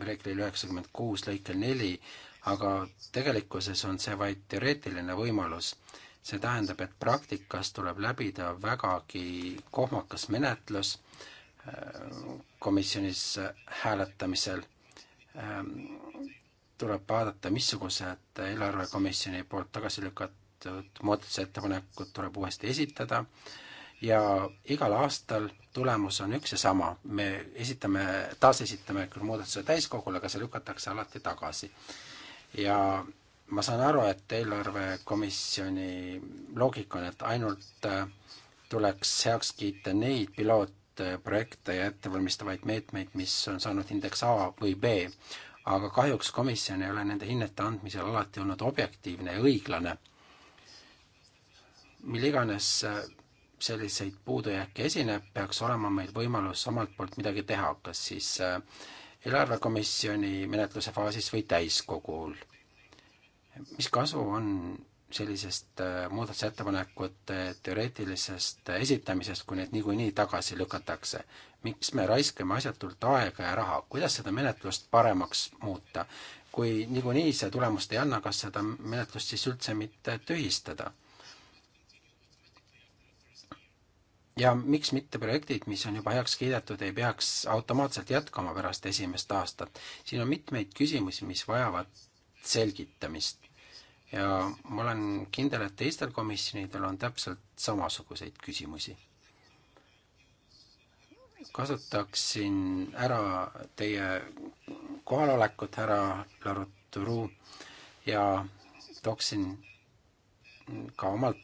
reeglil üheksakümmend kuus lõikel neli, aga tegelikkuses on see vaid teoreetiline võimalus. see tähendab, et praktikas tuleb läbida vägagi kohmakas menetlus äh, komisjonis hääletamisel äh, tuleb vaadata, missugused eelarvekomisjoni poolt tagasi lükatud muudatusettepanekud tuleb uuesti esitada ja igal aastal tulemus on üks ja sama, me esitame, taasesitame küll muudatuse täiskogule, aga see lükatakse alati tagasi. ja ma saan aru, et eelarvekomisjoni loogika on, et ainult äh, tuleks heaks kiita neid pilootprojekte ja ettevalmistavaid meetmeid, mis on saanud indeks A või B aga kahjuks komisjon ei ole nende hinnete andmisel alati olnud objektiivne ja õiglane. mil iganes äh, selliseid puudujääke esineb, peaks olema meil võimalus omalt poolt midagi teha, kas siis äh, eelarvekomisjoni menetluse faasis või täiskogul. mis kasu on sellisest äh, muudatusettepanekute teoreetilisest esitamisest, kui need niikuinii tagasi lükatakse. miks me raiskame asjatult aega ja raha, kuidas seda menetlust paremaks muuta? kui niikuinii see tulemust ei anna, kas seda menetlust siis üldse mitte tühistada? ja miks mitte projektid, mis on juba heaks kiidetud, ei peaks automaatselt jätkama pärast esimest aastat? siin on mitmeid küsimusi, mis vajavad selgitamist ja ma olen kindel, et teistel komisjonidel on täpselt samasuguseid küsimusi. kasutaksin ära teie kohalolekut, härra Laruturu, ja tooksin ka omalt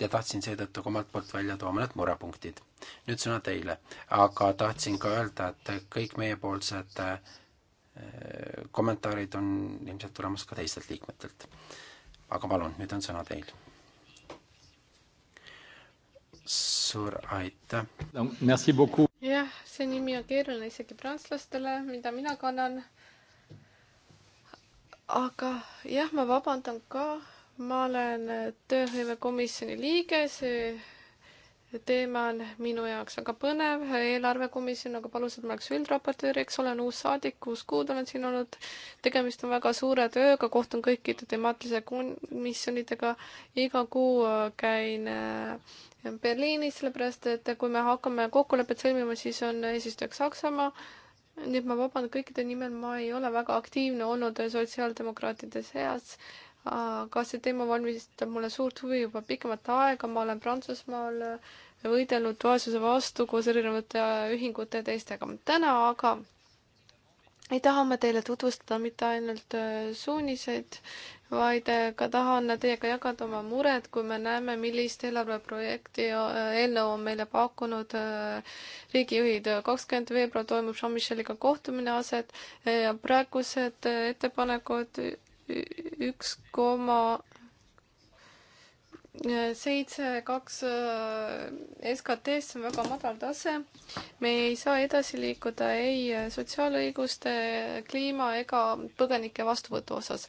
ja tahtsin seetõttu ka omalt poolt välja tuua mõned murepunktid. nüüd sõna teile, aga tahtsin ka öelda, et kõik meiepoolsed äh, kommentaarid on ilmselt tulemas ka teistelt liikmetelt aga palun, nüüd on sõna teil. suur aitäh! jah, see nimi on keeruline isegi prantslastele, mida mina kannan. aga jah, ma vabandan ka ma olen tööhõivekomisjoni liige, see teema on minu jaoks väga põnev, eelarvekomisjon aga palus, et ma oleks üldraportöör, eks olen uus saadik, kuus kuud olen siin olnud. tegemist on väga suure tööga, kohtun kõikide temaatilise komisjonidega. iga kuu äh, käin äh, Berliinis, sellepärast et kui me hakkame kokkulepet sõlmima, siis on eesistujaks Saksamaa. nii et ma vabandan kõikide nimel, ma ei ole väga aktiivne olnud sotsiaaldemokraatide seas aga see teema valmistab mulle suurt huvi juba pikemat aega, ma olen Prantsusmaal võidelnud vaesuse vastu koos erinevate ühingute ja teistega. täna aga ei taha ma teile tutvustada mitte ainult äh, suuniseid, vaid äh, ka tahan teiega jagada oma mured, kui me näeme, millist eelarveprojekti äh, eelnõu on meile pakkunud riigijuhid. kakskümmend veebruar toimub Jean-Micheliga kohtumine aset ja praegused ettepanekud üks koma seitse, kaks äh, SKT-st, see on väga madal tase. me ei saa edasi liikuda ei sotsiaalõiguste, kliima ega põgenike vastuvõtu osas.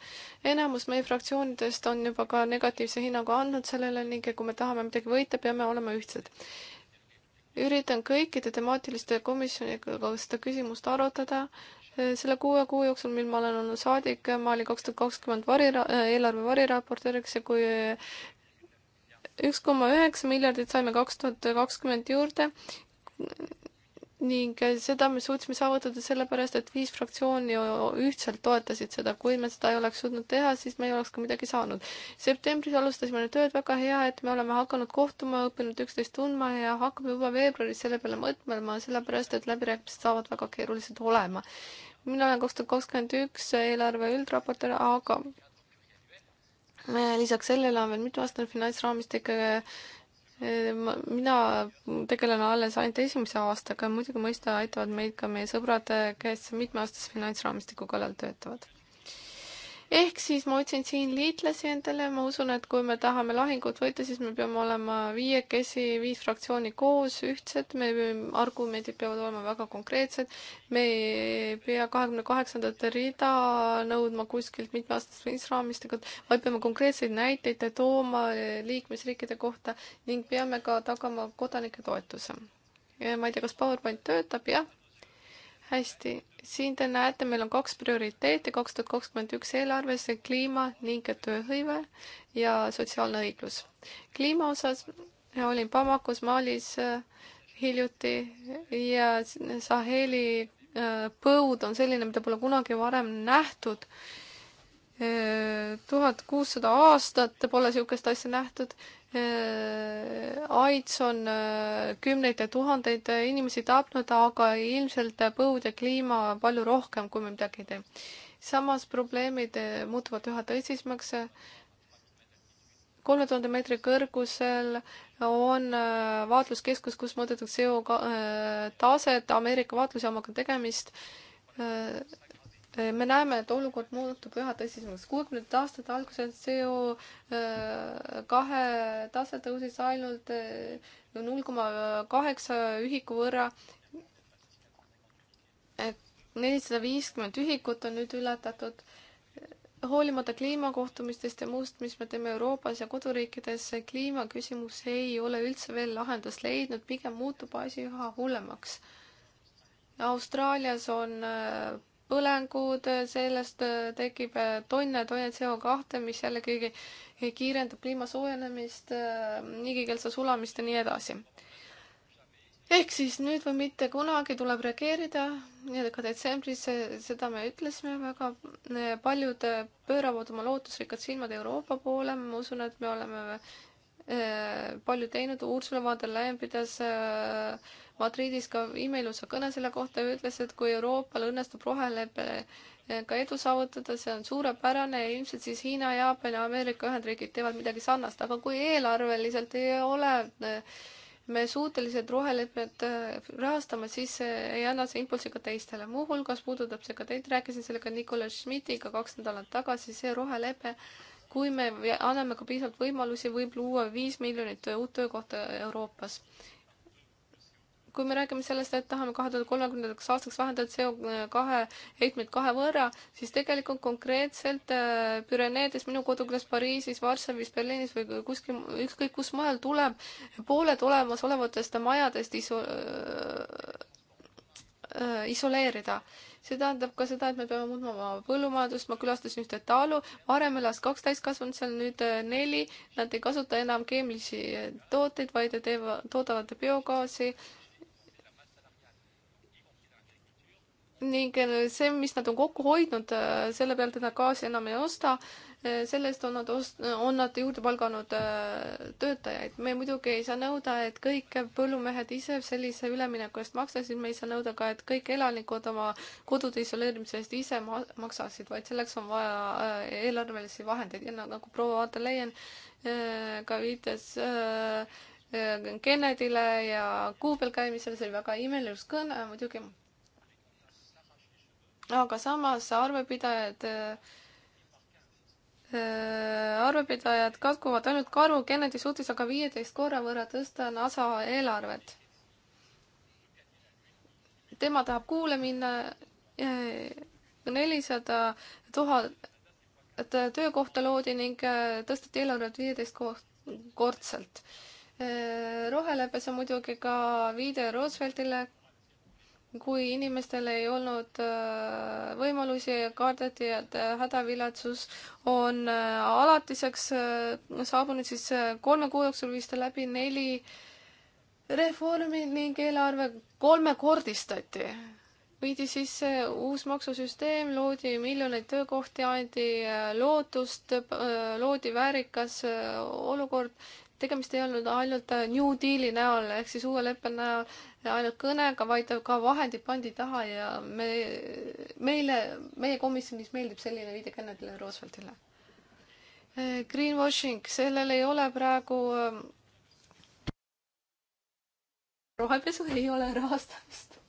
enamus meie fraktsioonidest on juba ka negatiivse hinnangu andnud sellele ning kui me tahame midagi võita, peame olema ühtsed. üritan kõikide temaatiliste komisjonidega seda küsimust arutada Äh, selle kuue kuu jooksul, mil ma olen olnud saadik, ma olin kaks tuhat kakskümmend vari, äh, eelarve variraportööriks ja kui üks koma üheksa miljardit saime kaks tuhat kakskümmend juurde ning seda me suutsime saavutada sellepärast, et viis fraktsiooni ühtselt toetasid seda, kui me seda ei oleks suutnud teha, siis me ei oleks ka midagi saanud. septembris alustasime nüüd tööd, väga hea, et me oleme hakanud kohtuma, õppinud üksteist tundma ja hakkame juba veebruaris selle peale mõtlema, sellepärast et läbirääkimised saavad väga keerulised olema mina olen kaks tuhat kakskümmend üks eelarve üldraportöör, aga lisaks sellele on veel mitmeaastane finantsraamistik. Eh, mina tegelen alles ainult esimese aastaga, muidugi mõista aitavad meid ka meie sõbrad, kes mitmeaastase finantsraamistiku kallal töötavad ehk siis ma otsin siin liitlasi endale, ma usun, et kui me tahame lahingut võita, siis me peame olema viiekesi, viis fraktsiooni koos, ühtsed, me, argumendid peavad olema väga konkreetsed, me ei pea kahekümne kaheksandat rida nõudma kuskilt mitmeaastast finantsraamistikut, vaid peame konkreetseid näiteid tooma liikmesriikide kohta ning peame ka tagama kodanike toetuse. ma ei tea, kas PowerPoint töötab, jah hästi, siin te näete, meil on kaks prioriteeti, kaks tuhat kakskümmend üks eelarves, kliima ning tööhõive ja sotsiaalne õiglus. kliima osas olin Bamakos, Malis äh, hiljuti ja Saheli äh, põud on selline, mida pole kunagi varem nähtud. Äh, tuhat kuussada aastat pole niisugust asja nähtud Äh, AIDS on äh, kümneid ja tuhandeid äh, inimesi tapnud, aga ilmselt põud ja kliima palju rohkem, kui me midagi ei tee. samas probleemid muutuvad üha tõsisemaks. kolme tuhande meetri kõrgusel on vaatluskeskus, kus mõõdetakse CO taset, Ameerika vaatlusjaamaga tegemist me näeme, et olukord muutub üha tõsisemaks. kuuekümnendate aastate alguses CO äh, kahe tase tõusis ainult äh, null koma kaheksa ühiku võrra. et nelisada viiskümmend ühikut on nüüd ületatud. hoolimata kliimakohtumistest ja muust, mis me teeme Euroopas ja koduriikides, kliimaküsimus ei ole üldse veel lahendust leidnud, pigem muutub asi üha hullemaks. Austraalias on äh, põlengud, sellest äh, tekib äh, tonne, tonne CO2, mis jällegi kiirendab kliima soojenemist, äh, igikeelse sulamist ja nii edasi. ehk siis nüüd või mitte kunagi tuleb reageerida, ka detsembris seda me ütlesime väga, paljud pööravad oma lootusrikkad silmad Euroopa poole, ma usun, et me oleme palju teinud, Ursula von der Leyen pidas äh, Madridis ka imeilusa kõne selle kohta ja ütles, et kui Euroopal õnnestub roheleppele eh, ka edu saavutada, see on suurepärane ja ilmselt siis Hiina, Jaapan ja Ameerika Ühendriigid teevad midagi sarnast, aga kui eelarveliselt ei ole eh, me suutelised rohelepet eh, rahastama, siis ei anna see impulssi ka teistele. muuhulgas puudutab see ka teid, rääkisin sellega Nicolas Schmidtiga kaks nädalat tagasi, see rohelepe kui me anname ka piisavalt võimalusi, võib luua viis miljonit uut töökohta Euroopas kui me räägime sellest, et tahame kahe tuhande kolmekümnendaks aastaks vähendada CO2 heitmeid kahe võrra, siis tegelikult konkreetselt äh, Püreneedes, minu kodukülas Pariisis, Varssavis, Berliinis või kuskil, ükskõik kus mujal tuleb pooled olemasolevatest majadest iso-, äh, isoleerida. see tähendab ka seda, et me peame muutma oma põllumajandust, ma külastasin ühte talu, varem elas kaks täiskasvanut seal, nüüd äh, neli, nad ei kasuta enam keemilisi tooteid, vaid teevad, toodavad biogaasi äh,, ning äh, see, mis nad on kokku hoidnud äh, selle pealt, et nad gaasi enam ei osta, äh, selle eest on nad ost-, on nad juurde palganud töötajaid. me muidugi ei saa nõuda, et kõik põllumehed ise sellise ülemineku eest maksasid, me ei saa nõuda ka, et kõik elanikud oma kodude isoleerimise eest ise ma-, maksaksid, vaid selleks on vaja eelarvelisi vahendeid ja nagu proua Aata Leien ka viitas, Kennedyle ja Kuubel käimisel, see oli väga imeline kõne muidugi aga samas arvepidajad äh, äh, arvepidajad katkuvad ainult karu Kennedy suhtes, aga viieteist korra võrra tõsta NASA eelarvet. tema tahab kuule minna äh, nelisada tuhat töökohta loodi ning tõsteti eelarvet viieteist kordselt. roheleppes on muidugi ka viide Rooseveltile, kui inimestel ei olnud äh, võimalusi ja kardeti, et äh, hädaviletsus on äh, alatiseks saabunud, siis kolme kuu jooksul viis ta läbi neli reformi ning eelarve kolmekordistati. viidi sisse uus maksusüsteem, loodi miljoneid töökohti, anti lootust, loodi väärikas olukord tegemist ei olnud ainult New Deali näol ehk siis uue leppe näol ainult kõnega, vaid ka vahendid pandi taha ja me, meile, meie komisjonis meeldib selline viide Kennedy'le ja Rooseveltile. Greenwashing, sellel ei ole praegu rohepesu, ei ole rahastamist.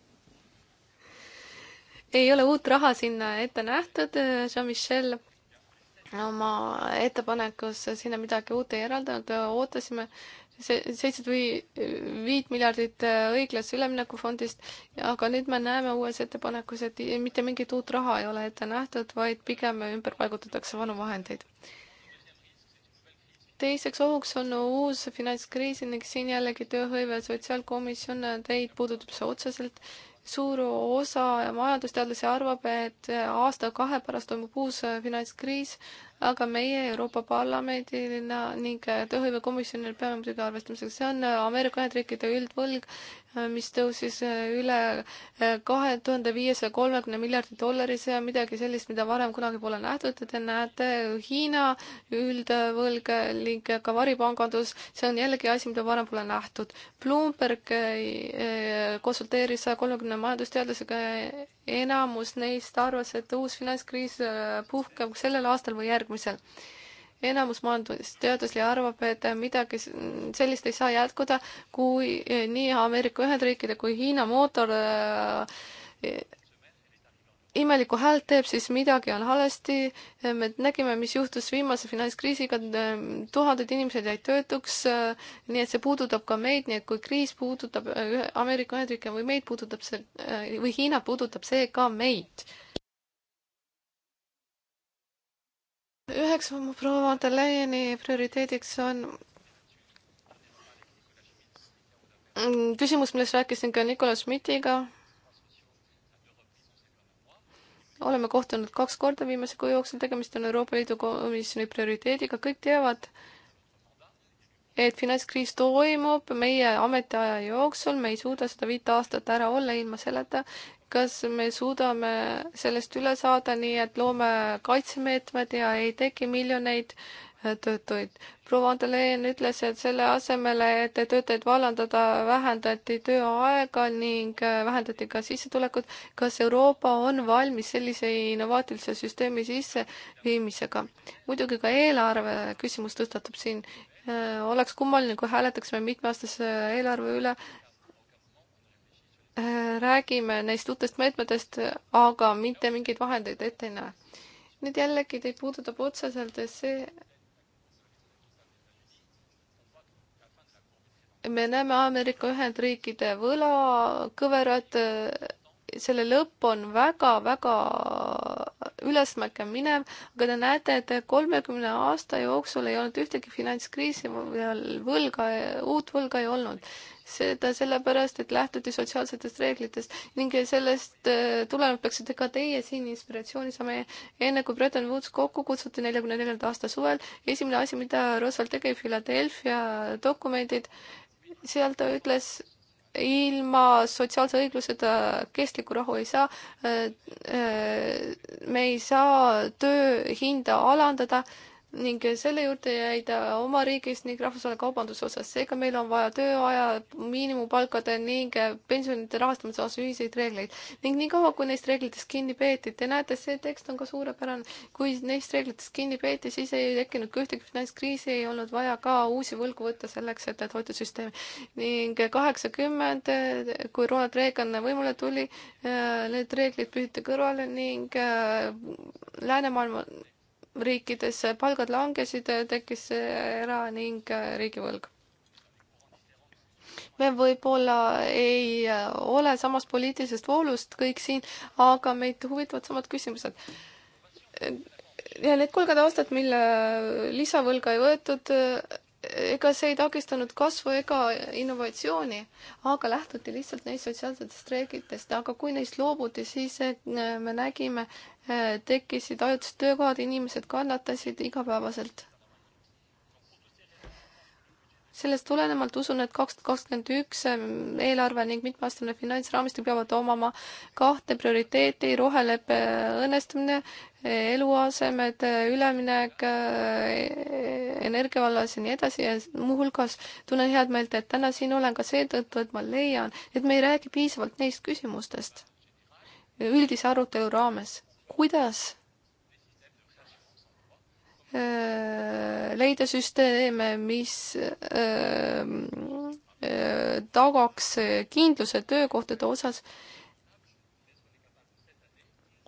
ei ole uut raha sinna ette nähtud, Jean-Michel oma ettepanekus sinna midagi uut ei eraldanud, ootasime see seitset või viit miljardit äh, õiglase üleminekufondist, aga nüüd me näeme uues ettepanekus, et mitte mingit uut raha ei ole ette nähtud, vaid pigem ümber paigutatakse vanu vahendeid. teiseks ohuks on uus finantskriis ning siin jällegi tööhõive sotsiaalkomisjon, teid puudutab see otseselt. suur osa majandusteadlasi arvab, et aasta-kahe pärast toimub uus finantskriis, aga meie Euroopa Parlamendina ning äh, tööhõivekomisjonil peame muidugi arvestama, see on äh, Ameerika Ühendriikide üldvõlg Äh, mis tõusis äh, üle äh, kahe tuhande viiesaja kolmekümne miljardi dollari, see on midagi sellist, mida varem kunagi pole nähtud ja te näete Hiina üldvõlg ning ka varipangandus, see on jällegi asi, mida varem pole nähtud. Bloomberg konsulteeris saja kolmekümne majandusteadlasega ja enamus neist arvas, et uus finantskriis puhkeb sellel aastal või järgmisel enamus majandusteadlasi arvab, et midagi sellist ei saa jätkuda, kui eh, nii Ameerika Ühendriikide kui Hiina mootor eh, eh, imelikku häält teeb, siis midagi on halvasti. me nägime, mis juhtus viimase finantskriisiga, tuhanded inimesed jäid töötuks. nii et see puudutab ka meid, nii et kui kriis puudutab Ameerika Ühendriike või meid puudutab see või Hiina puudutab see ka meid. üheks proua Madeleini prioriteediks on küsimus, millest rääkisin ka Nicolas Schmidtiga. oleme kohtunud kaks korda viimase kuu jooksul, tegemist on Euroopa Liidu komisjoni prioriteediga, kõik teavad, et finantskriis toimub meie ametiaja jooksul, me ei suuda seda viit aastat ära olla ilma selleta, kas me suudame sellest üle saada nii, et loome kaitsemeetmed ja ei teki miljoneid äh, töötuid. proua Andeleen ütles, et selle asemel, et töötajaid vallandada, vähendati tööaega ning äh, vähendati ka sissetulekut. kas Euroopa on valmis sellise innovaatilise süsteemi sisseviimisega? muidugi ka eelarve küsimus tõstatub siin äh, oleks kummaline, kui hääletaksime mitmeaastase eelarve üle Äh, räägime neist uutest meetmetest, aga mitte mingeid vahendeid ette ei näe. nüüd jällegi teid puudutab otseselt see, me näeme Ameerika Ühendriikide võlakõverat selle lõpp on väga-väga ülesmäge minev, aga te näete, et kolmekümne aasta jooksul ei olnud ühtegi finantskriisi, võlga, uut võlga ei olnud. seda sellepärast, et lähtuti sotsiaalsetest reeglitest ning sellest äh, tulenevalt peaksite ka teie siin inspiratsiooni saama. enne kui Bretton Woods kokku kutsuti neljakümne neljanda aasta suvel, esimene asi, mida Roosevelt tegi, Philadelphia dokumendid, seal ta ütles, ilma sotsiaalse õigluseta kestlikku rahu ei saa. Äh, äh, me ei saa töö hinda alandada ning selle juurde jäi ta oma riigis ning rahvusvahelise kaubanduse osas. seega meil on vaja tööaja, miinimumpalkade ning pensionide rahastamise osas ühiseid reegleid. ning niikaua, kui neist reeglitest kinni peeti, te näete, see tekst on ka suurepärane. kui neist reeglitest kinni peeti, siis ei tekkinud ka ühtegi finantskriisi, ei olnud vaja ka uusi võlgu võtta selleks, et toita süsteemi. ning kaheksakümmend, kui Ronald Reagan võimule tuli, äh, need reeglid püüti kõrvale ning äh, läänemaailma riikides palgad langesid, tekkis era- ning äh, riigivõlg. me võib-olla ei äh, ole samast poliitilisest voolust kõik siin, aga meid huvitavad samad küsimused. ja need kolmkümmend aastat, mille äh, lisavõlga ei võetud, ega see ei takistanud kasvu ega innovatsiooni, aga lähtuti lihtsalt neist sotsiaalsetest reeglitest, aga kui neist loobuti, siis äh, me nägime, äh, tekkisid ajutised töökohad, inimesed kannatasid igapäevaselt sellest tulenevalt usun, et kaks tuhat kakskümmend üks mm, eelarve ning mitmeaastane finantsraamistik peavad omama kahte prioriteeti, roheleppe õnnestumine, eluasemed, üleminek e-, energia vallas ja nii edasi ja muuhulgas tunnen head meelt, et täna siin olen ka seetõttu, et ma leian, et me ei räägi piisavalt neist küsimustest üldise arutelu raames. kuidas Äh, leida süsteeme, mis ähm, äh, tagaks kindluse töökohtade osas.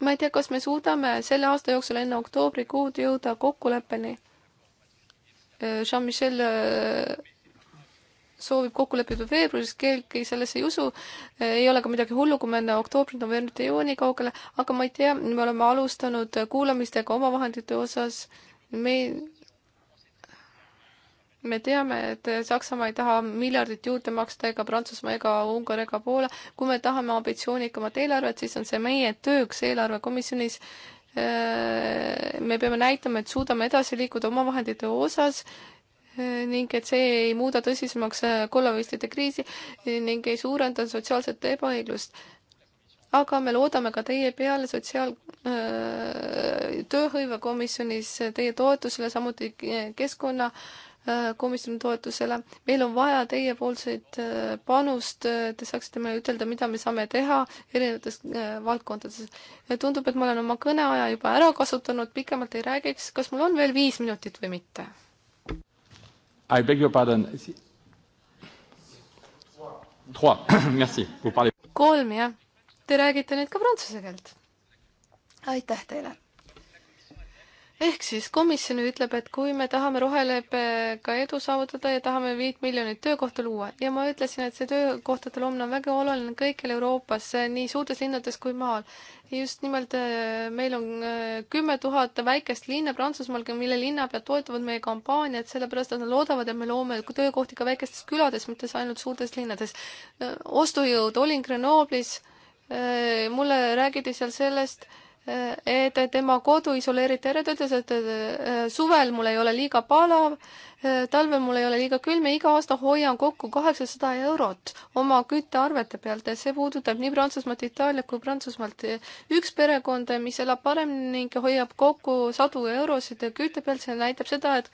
ma ei tea, kas me suudame selle aasta jooksul enne oktoobrikuud jõuda kokkuleppeni. Äh, Jean-Michel soovib kokku leppida veebruaris, keegi sellesse ei usu, ei ole ka midagi hullu, kui me enne oktoobrit, novembrit ja juuni kaugele, aga ma ei tea, me oleme alustanud kuulamistega omavahendite osas äh, meil me teame, et Saksamaa ei taha miljardit juurde maksta ega Prantsusmaa ega Ungari ega Poola. kui me tahame ambitsioonikamat eelarvet, siis on see meie tööks eelarvekomisjonis. Äh, me peame näitama, et suudame edasi liikuda omavahendite osas äh, ning et see ei muuda tõsisemaks äh, kollavõistlite kriisi ning ei suurenda sotsiaalset ebaõiglust aga me loodame ka teie peale sotsiaal- äh,, tööhõivekomisjonis teie toetusele, samuti keskkonna äh, komisjoni toetusele. meil on vaja teiepoolseid äh, panust, äh, te saaksite meile ütelda, mida me saame teha erinevates äh, valdkondades. tundub, et ma olen oma kõneaja juba ära kasutanud, pikemalt ei räägiks. kas mul on veel viis minutit või mitte? I beg your pardon. Trois, merci, vous parlez. kolm, jah Te räägite nüüd ka prantsuse keelt. aitäh teile. ehk siis komisjon ütleb, et kui me tahame roheleppega edu saavutada ja tahame viit miljonit töökohta luua ja ma ütlesin, et see töökohtade loomine on väga oluline kõikjal Euroopas, nii suurtes linnades kui maal. just nimelt äh, meil on äh, kümme tuhat väikest linna Prantsusmaal, mille linnapead toetavad meie kampaaniat, sellepärast et nad loodavad, et me loome töökohti ka väikestes külades, mitte ainult suurtes linnades. Äh, ostujõud, olin Grenoblis Äh, mulle räägiti seal sellest, äh, et tema kodu isoleeriti ära, ta ütles, et äh, suvel mul ei ole liiga palav, talvel mul ei ole liiga külm ja iga aasta hoian kokku kaheksasada eurot oma küttearvete pealt ja see puudutab nii Prantsusmaalt, Itaaliat kui Prantsusmaalt. üks perekond, mis elab paremini ning hoiab kokku sadu eurosid kütte pealt, see näitab seda, et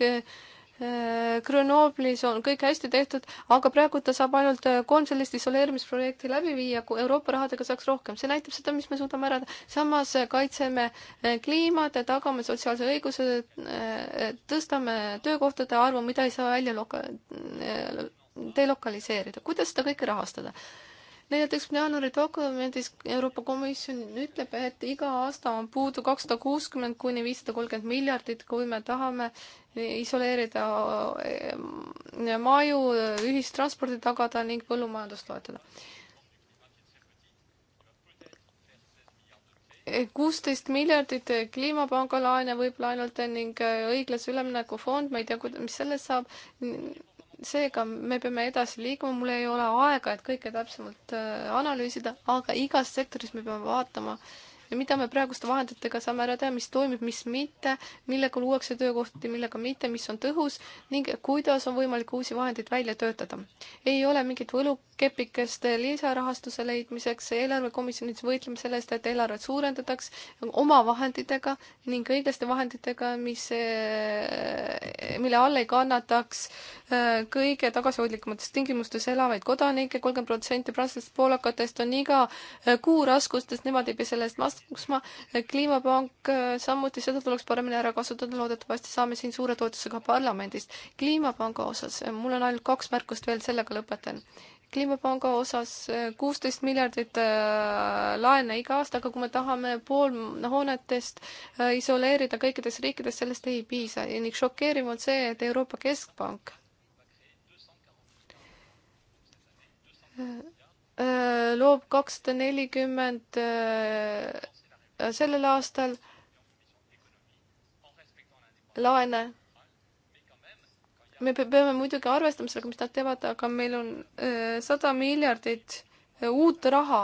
Äh, Grenoblis on kõik hästi tehtud, aga praegu ta saab ainult äh, kolm sellist isoleerimisprojekti läbi viia, kui Euroopa rahadega saaks rohkem. see näitab seda, mis me suudame ära teha. samas äh, kaitseme kliimat, tagame sotsiaalse õiguse, tõstame töökohtade arvu, mida ei saa välja loka-, delokaliseerida. kuidas seda kõike rahastada? neljateistkümne jaanuari dokumendis Euroopa Komisjon ütleb, et iga aasta on puudu kakssada kuuskümmend kuni viissada kolmkümmend miljardit, kui me tahame isoleerida eh, maju, ühistranspordi tagada ning põllumajandust toetada. kuusteist miljardit Kliimapanga laene võib-olla ainult ning eh, õiglase ülemineku fond, ma ei tea, mis sellest saab seega me peame edasi liikuma, mul ei ole aega, et kõike täpsemalt äh, analüüsida, aga igas sektoris me peame vaatama äh, mida me praeguste vahenditega saame ära teha, mis toimib, mis mitte, millega luuakse töökohti, millega mitte, mis on tõhus ning kuidas on võimalik uusi vahendeid välja töötada. ei ole mingit võlukepikest lisarahastuse leidmiseks, eelarvekomisjonis võitleme selle eest, et eelarvet suurendataks oma vahenditega ning õiglaste vahenditega, mis, mille all ei kannataks äh, kõige tagasihoidlikumates tingimustes elavaid kodanikke, kolmkümmend protsenti prantslastest, poolakatest on iga äh, kuu raskustes, nemad ei pea selle eest vast-, maksma. Eh, kliimapank eh, samuti, seda tuleks paremini ära kasutada, loodetavasti saame siin suure toetusega parlamendist. kliimapanga osas, eh, mul on ainult kaks märkust veel, sellega lõpetan. kliimapanga osas kuusteist miljardit laene iga aasta, aga kui me tahame pool noh, hoonetest isoleerida kõikides riikides, sellest ei piisa ning šokeeriv on see, et Euroopa Keskpank loob kakssada nelikümmend Äh, sellel aastal laene. me peame muidugi arvestama sellega, mis nad teevad, aga meil on äh, sada miljardit äh, uut raha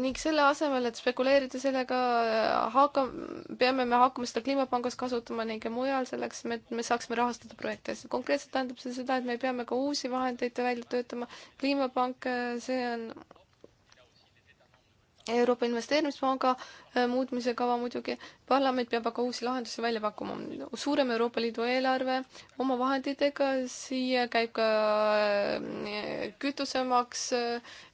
ning selle asemel, et spekuleerida sellega, hakka-, peame me hakkama seda Kliimapangas kasutama ning mujal selleks, et me saaksime rahastada projekte. konkreetselt tähendab see seda, et me peame ka uusi vahendeid välja töötama. kliimapank, see on Euroopa Investeerimispanga äh, muutmise kava muidugi, parlament peab aga uusi lahendusi välja pakkuma. suurem Euroopa Liidu eelarve oma vahenditega, siia käib ka äh, kütusemaks,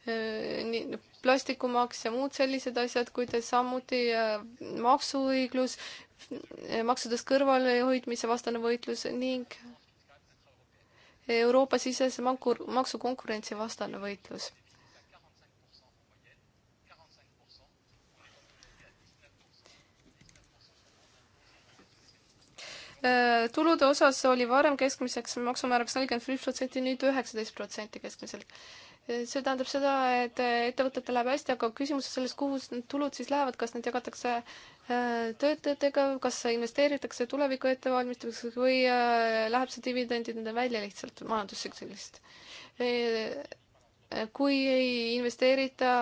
äh, plastikumaks ja muud sellised asjad, kuid samuti maksuõiglus, maksudest kõrvalehoidmise vastane võitlus ning Euroopa-sisese maksukonkurentsi vastane võitlus Äh, tulude osas oli varem keskmiseks maksumääraks nelikümmend viis protsenti, nüüd üheksateist protsenti keskmiselt. Äh, see tähendab seda, et äh, ettevõtetel läheb hästi, aga küsimus on selles, kuhu need tulud siis lähevad, kas need jagatakse töötajatega, kas investeeritakse tuleviku ettevalmistamiseks või läheb see dividendidena välja lihtsalt majandustsüklist kui ei investeerita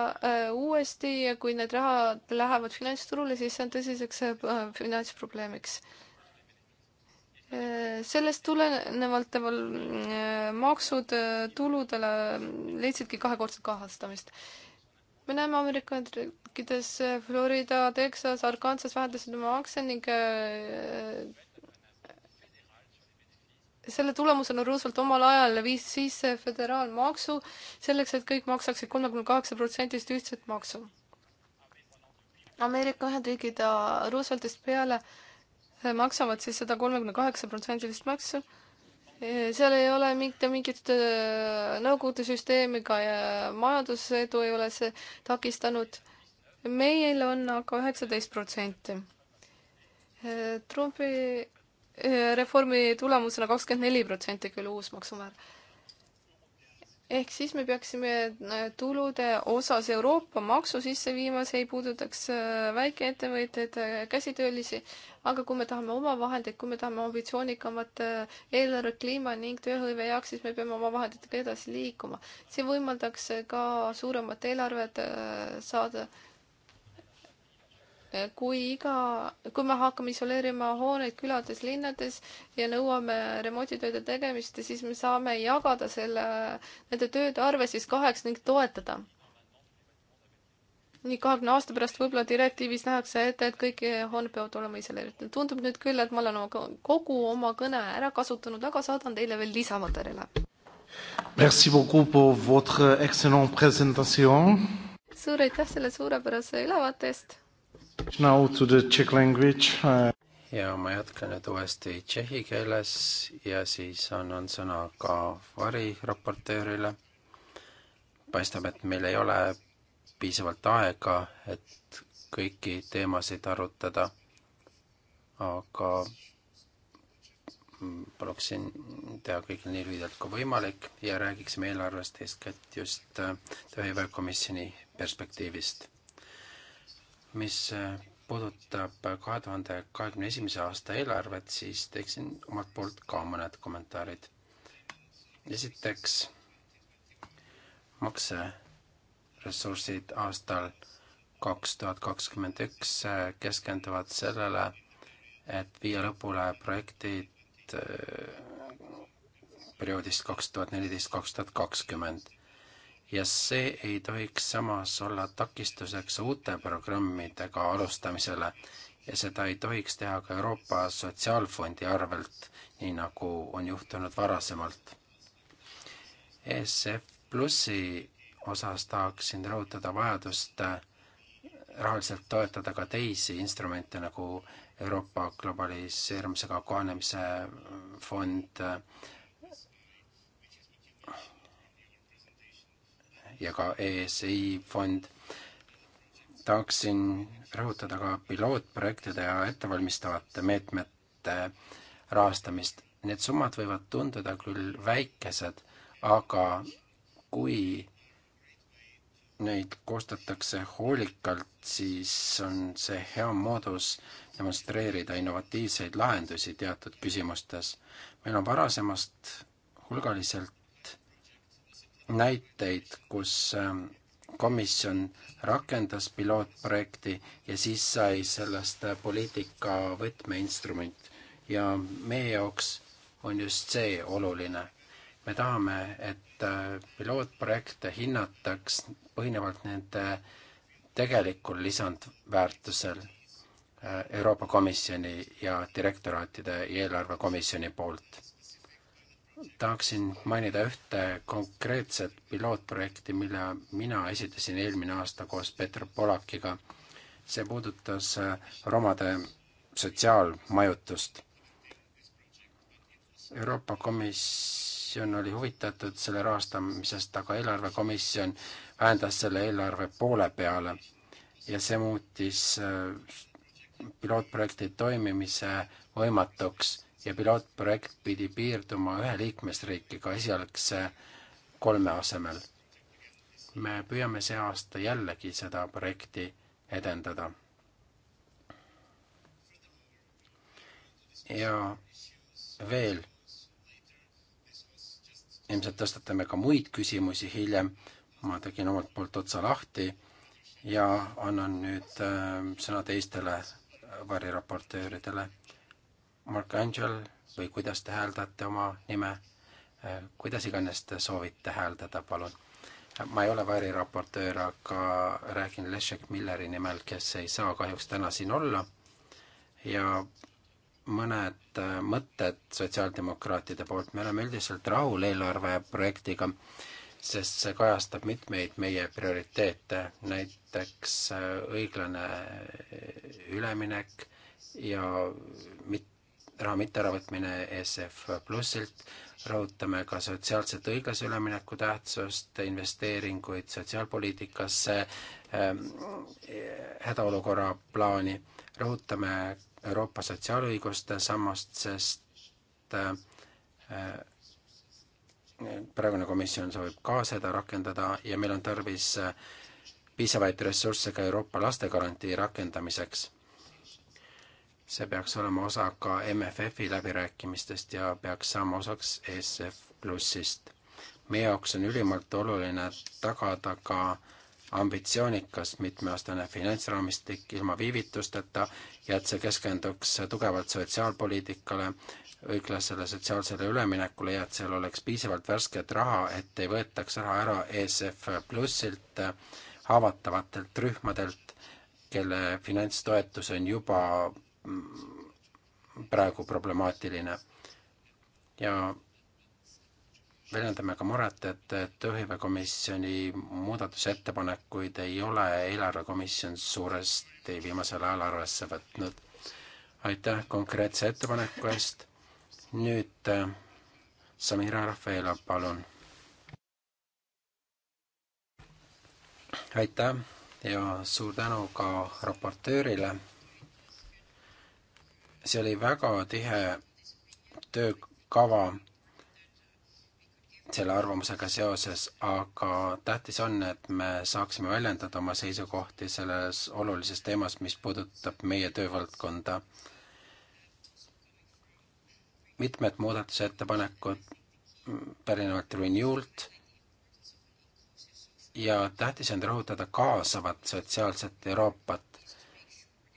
uuesti ja kui need rahad lähevad finantsturule, siis see on tõsiseks finantsprobleemiks sellest tulenevalt temal äh, maksud äh, tuludele leidsidki kahekordset kahastamist. me näeme Ameerika Ühendriikides äh, Florida, Texas, Arkansas vähendasid oma makse ning selle tulemusena Roosevelt omal ajal viis sisse föderaalmaksu selleks, et kõik maksaksid kolmekümne kaheksa protsendist ühtset maksu. Ameerika Ühendriigid Rooseveltist peale äh, maksavad siis seda kolmekümne kaheksa protsendilist maksu. seal ei ole mitte mingit äh, nõukogude süsteemi ega äh, majandusedu ei ole see takistanud. meil on aga üheksateist protsenti. Trumpi äh, reformi tulemusena kakskümmend neli protsenti küll uus maksumäär ehk siis me peaksime äh, tulude osas Euroopa maksu sisse viima, see ei puudutaks äh, väikeettevõtjaid, äh, käsitöölisi, aga kui me tahame oma vahendeid, kui me tahame ambitsioonikamat eelarvekliima ning tööhõive jaoks, siis me peame oma vahenditega edasi liikuma. see võimaldaks ka suuremat eelarvet saada kui iga, kui me hakkame isoleerima hooneid külades, linnades ja nõuame remonditööde tegemist, siis me saame jagada selle, nende tööde arve siis kaheks ning toetada. nii kahekümne aasta pärast võib-olla direktiivis nähakse ette, et kõik hooned peavad olema isoleeritud. tundub nüüd küll, et ma olen oma, kogu oma kõne ära kasutanud, aga saadan teile veel lisamaterjale. Merci beaucoup pour votre excellent présentation. suur aitäh selle suurepärase ülevaate eest Now to the Czech language uh.... ja ma jätkan nüüd uuesti tšehhi keeles ja siis annan sõna ka variraporteerile. paistab, et meil ei ole piisavalt aega, et kõiki teemasid arutada. aga paluksin teha kõigil nii lühidalt kui võimalik ja räägiksime eelarvest eeskätt just tööhõivekomisjoni perspektiivist mis äh, puudutab kahe tuhande kahekümne esimese aasta eelarvet, siis teeksin omalt poolt ka mõned kommentaarid. esiteks, makseressursid aastal kaks tuhat kakskümmend üks äh, keskenduvad sellele, et viia lõpule projektid äh, perioodist kaks tuhat neliteist, kaks tuhat kakskümmend ja see ei tohiks samas olla takistuseks uute programmidega alustamisele ja seda ei tohiks teha ka Euroopa Sotsiaalfondi arvelt, nii nagu on juhtunud varasemalt. ESF Plussi osas tahaksin rõhutada vajadust äh, rahaliselt toetada ka teisi instrumente nagu Euroopa globaliseerumisega kohanemise fond, ja ka ESI fond. tahaksin rõhutada ka pilootprojektide ja ettevalmistavate meetmete rahastamist. Need summad võivad tunduda küll väikesed, aga kui neid koostatakse hoolikalt, siis on see hea moodus demonstreerida innovatiivseid lahendusi teatud küsimustes. meil on varasemast hulgaliselt näiteid, kus ähm, komisjon rakendas pilootprojekti ja siis sai sellest äh, poliitika võtmeinstrument. ja meie jaoks on just see oluline. me tahame, et äh, pilootprojekte hinnataks põhinevalt nende tegelikul lisandväärtusel äh, Euroopa Komisjoni ja direktoraatide ja eelarvekomisjoni poolt tahaksin mainida ühte konkreetset pilootprojekti, mille mina esitasin eelmine aasta koos Peter Polakiga. see puudutas äh, romade sotsiaalmajutust. Euroopa Komisjon oli huvitatud selle rahastamisest, aga eelarvekomisjon vähendas selle eelarve poole peale ja see muutis äh, pilootprojekti toimimise võimatuks ja pilootprojekt pidi piirduma ühe liikmesriigiga esialgse kolme asemel. me püüame see aasta jällegi seda projekti edendada. ja veel, ilmselt tõstatame ka muid küsimusi hiljem, ma tegin omalt poolt otsa lahti ja annan nüüd äh, sõna teistele variraportööridele äh, Markangel või kuidas te hääldate oma nime, eh, kuidas iganes te soovite hääldada, palun. ma ei ole variraportöör, aga räägin Leszek Milleri nimel, kes ei saa kahjuks täna siin olla ja mõned eh, mõtted sotsiaaldemokraatide poolt, me oleme üldiselt rahul eelarve projektiga, sest see kajastab mitmeid meie prioriteete, näiteks eh, õiglane üleminek ja mit-, raha mitteäravõtmine ESF Plussilt, rõhutame ka sotsiaalset õiglase ülemineku tähtsust, investeeringuid sotsiaalpoliitikasse ähm,, hädaolukorra plaani, rõhutame Euroopa sotsiaalõiguste sammast, sest äh, praegune komisjon soovib ka seda rakendada ja meil on tarvis äh, piisavaid ressursse ka Euroopa lastegarantii rakendamiseks see peaks olema osa ka MFF-i läbirääkimistest ja peaks saama osaks ESF plussist. meie jaoks on ülimalt oluline tagada ka ambitsioonikas mitmeaastane finantsraamistik ilma viivitusteta ja et see keskenduks tugevalt sotsiaalpoliitikale, õiglasele sotsiaalsele üleminekule ja et seal oleks piisavalt värsket raha, et ei võetaks raha ära ESF plussilt haavatavatelt rühmadelt, kelle finantstoetus on juba praegu problemaatiline. ja väljendame ka muret, et, et tööhõivekomisjoni muudatusettepanekuid ei ole eelarvekomisjon suuresti viimasel ajal arvesse võtnud. aitäh konkreetse ettepaneku eest. nüüd äh, Samira Rafaela, palun. aitäh ja suur tänu ka raportöörile see oli väga tihe töökava selle arvamusega seoses, aga tähtis on, et me saaksime väljendada oma seisukohti selles olulises teemas, mis puudutab meie töövaldkonda. mitmed muudatusettepanekud pärinevad Renewlt ja tähtis on rõhutada kaasavat sotsiaalset Euroopat.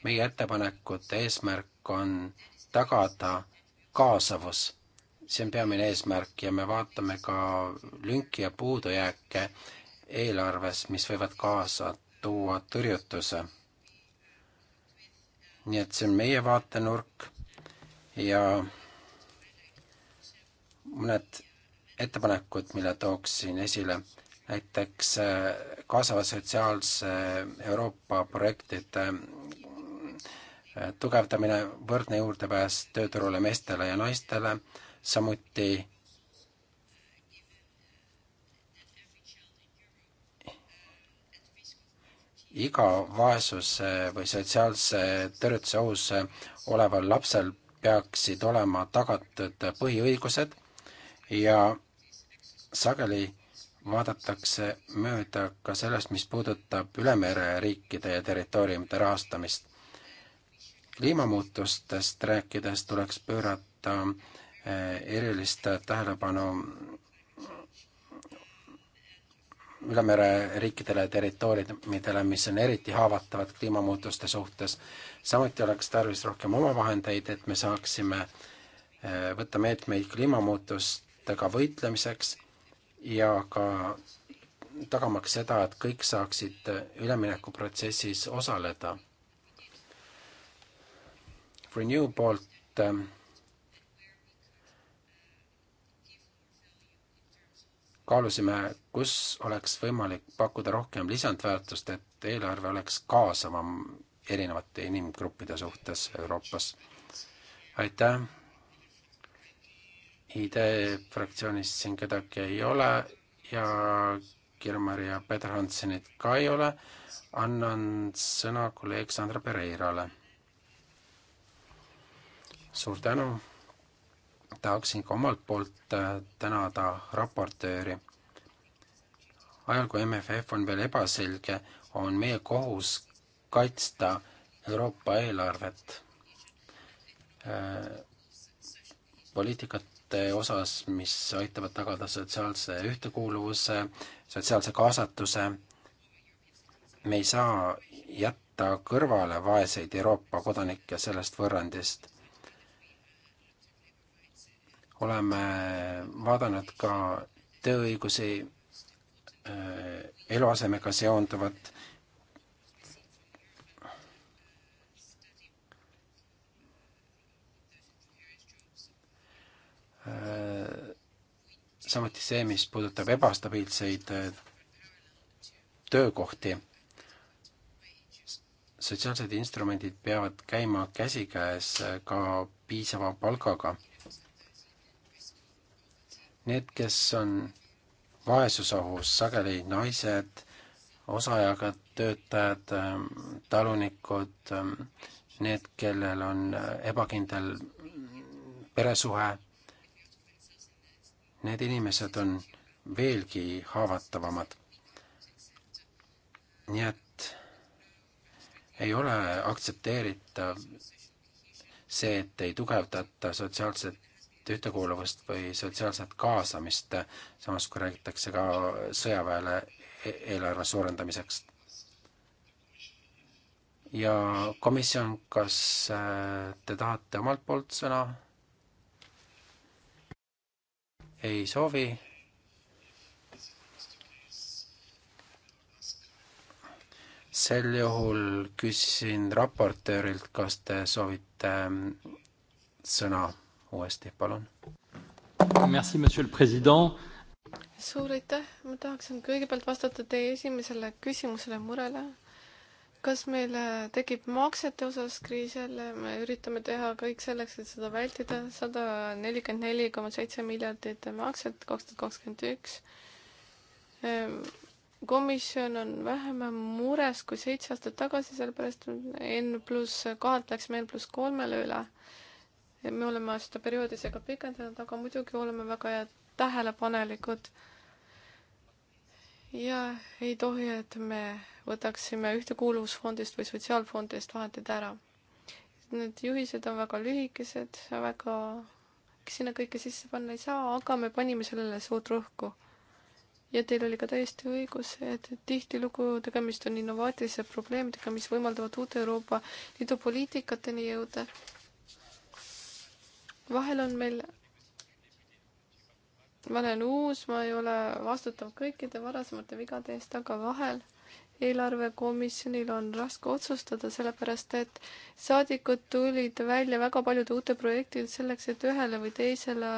meie ettepanekute eesmärk on tagada kaasavus. see on peamine eesmärk ja me vaatame ka lünki ja puudujääke eelarves, mis võivad kaasa tuua tõrjutuse. nii et see on meie vaatenurk ja mõned ettepanekud, mille tooksin esile, näiteks äh, kaasava sotsiaalse Euroopa projektide Äh, tugevdamine, võrdne juurdepääs tööturule meestele ja naistele, samuti iga vaesuse või sotsiaalse tõrjutuse ohus oleval lapsel peaksid olema tagatud põhiõigused ja sageli vaadatakse mööda ka sellest, mis puudutab ülemere riikide ja territooriumide rahastamist kliimamuutustest rääkides tuleks pöörata eh, erilist tähelepanu ülemere riikidele ja territooriumidele, mis on eriti haavatavad kliimamuutuste suhtes. samuti oleks tarvis rohkem omavahendeid, et me saaksime eh, võtta meetmeid kliimamuutustega võitlemiseks ja ka tagamaks seda, et kõik saaksid üleminekuprotsessis osaleda Renew poolt ähm, kaalusime, kus oleks võimalik pakkuda rohkem lisandväärtust, et eelarve oleks kaasavam erinevate inimgruppide suhtes Euroopas. aitäh! idee fraktsioonist siin kedagi ei ole ja Kirmari ja Peter Hansenit ka ei ole, annan sõna kolleeg Sandra Pereirale suur tänu, tahaksin ka omalt poolt äh, tänada raportööri. ajal, kui MFF on veel ebaselge, on meie kohus kaitsta Euroopa eelarvet äh, poliitikate osas, mis aitavad tagada sotsiaalse ühtekuuluvuse, sotsiaalse kaasatuse. me ei saa jätta kõrvale vaeseid Euroopa kodanikke sellest võrrandist oleme vaadanud ka tööõigusi, äh, eluasemega seonduvat. Äh, samuti see, mis puudutab ebastabiilseid äh, töökohti. sotsiaalsed instrumendid peavad käima käsikäes ka piisava palgaga Need, kes on vaesusohus, sageli naised, osaajaga töötajad, ähm, talunikud, ähm, need, kellel on äh, ebakindel peresuhe, need inimesed on veelgi haavatavamad. nii et ei ole aktsepteeritav see, et ei tugevdata sotsiaalset ühtekuuluvust või sotsiaalset kaasamist, samas kui räägitakse ka sõjaväele e-, eelarve suurendamiseks. ja komisjon, kas äh, te tahate omalt poolt sõna? ei soovi sel juhul küsin raportöörilt, kas te soovite mm, sõna uuesti, palun. suur aitäh, ma tahaksin kõigepealt vastata teie esimesele küsimusele, murele. kas meil äh, tekib maksete osas kriis jälle, me üritame teha kõik selleks, et seda vältida, sada nelikümmend neli koma seitse miljardit makset kaks tuhat kakskümmend üks ehm, komisjon on vähem mures kui seitse aastat tagasi, sellepärast N pluss kahelt läksime N pluss kolmele üle me oleme seda perioodi seega pikendanud, aga muidugi oleme väga tähelepanelikud. ja ei tohi, et me võtaksime ühtekuuluvusfondist või sotsiaalfondist vahendid ära. Need juhised on väga lühikesed, väga, sinna kõike sisse panna ei saa, aga me panime sellele suurt rõhku. ja teil oli ka täiesti õigus, et tihtilugu tegemist on innovaatilise probleemidega, mis võimaldavad uute Euroopa Liidu poliitikateni jõuda vahel on meil, ma olen uus, ma ei ole vastutav kõikide varasemate vigade eest, aga vahel eelarvekomisjonil on raske otsustada, sellepärast et saadikud tulid välja väga paljude uute projektide selleks, et ühele või teisele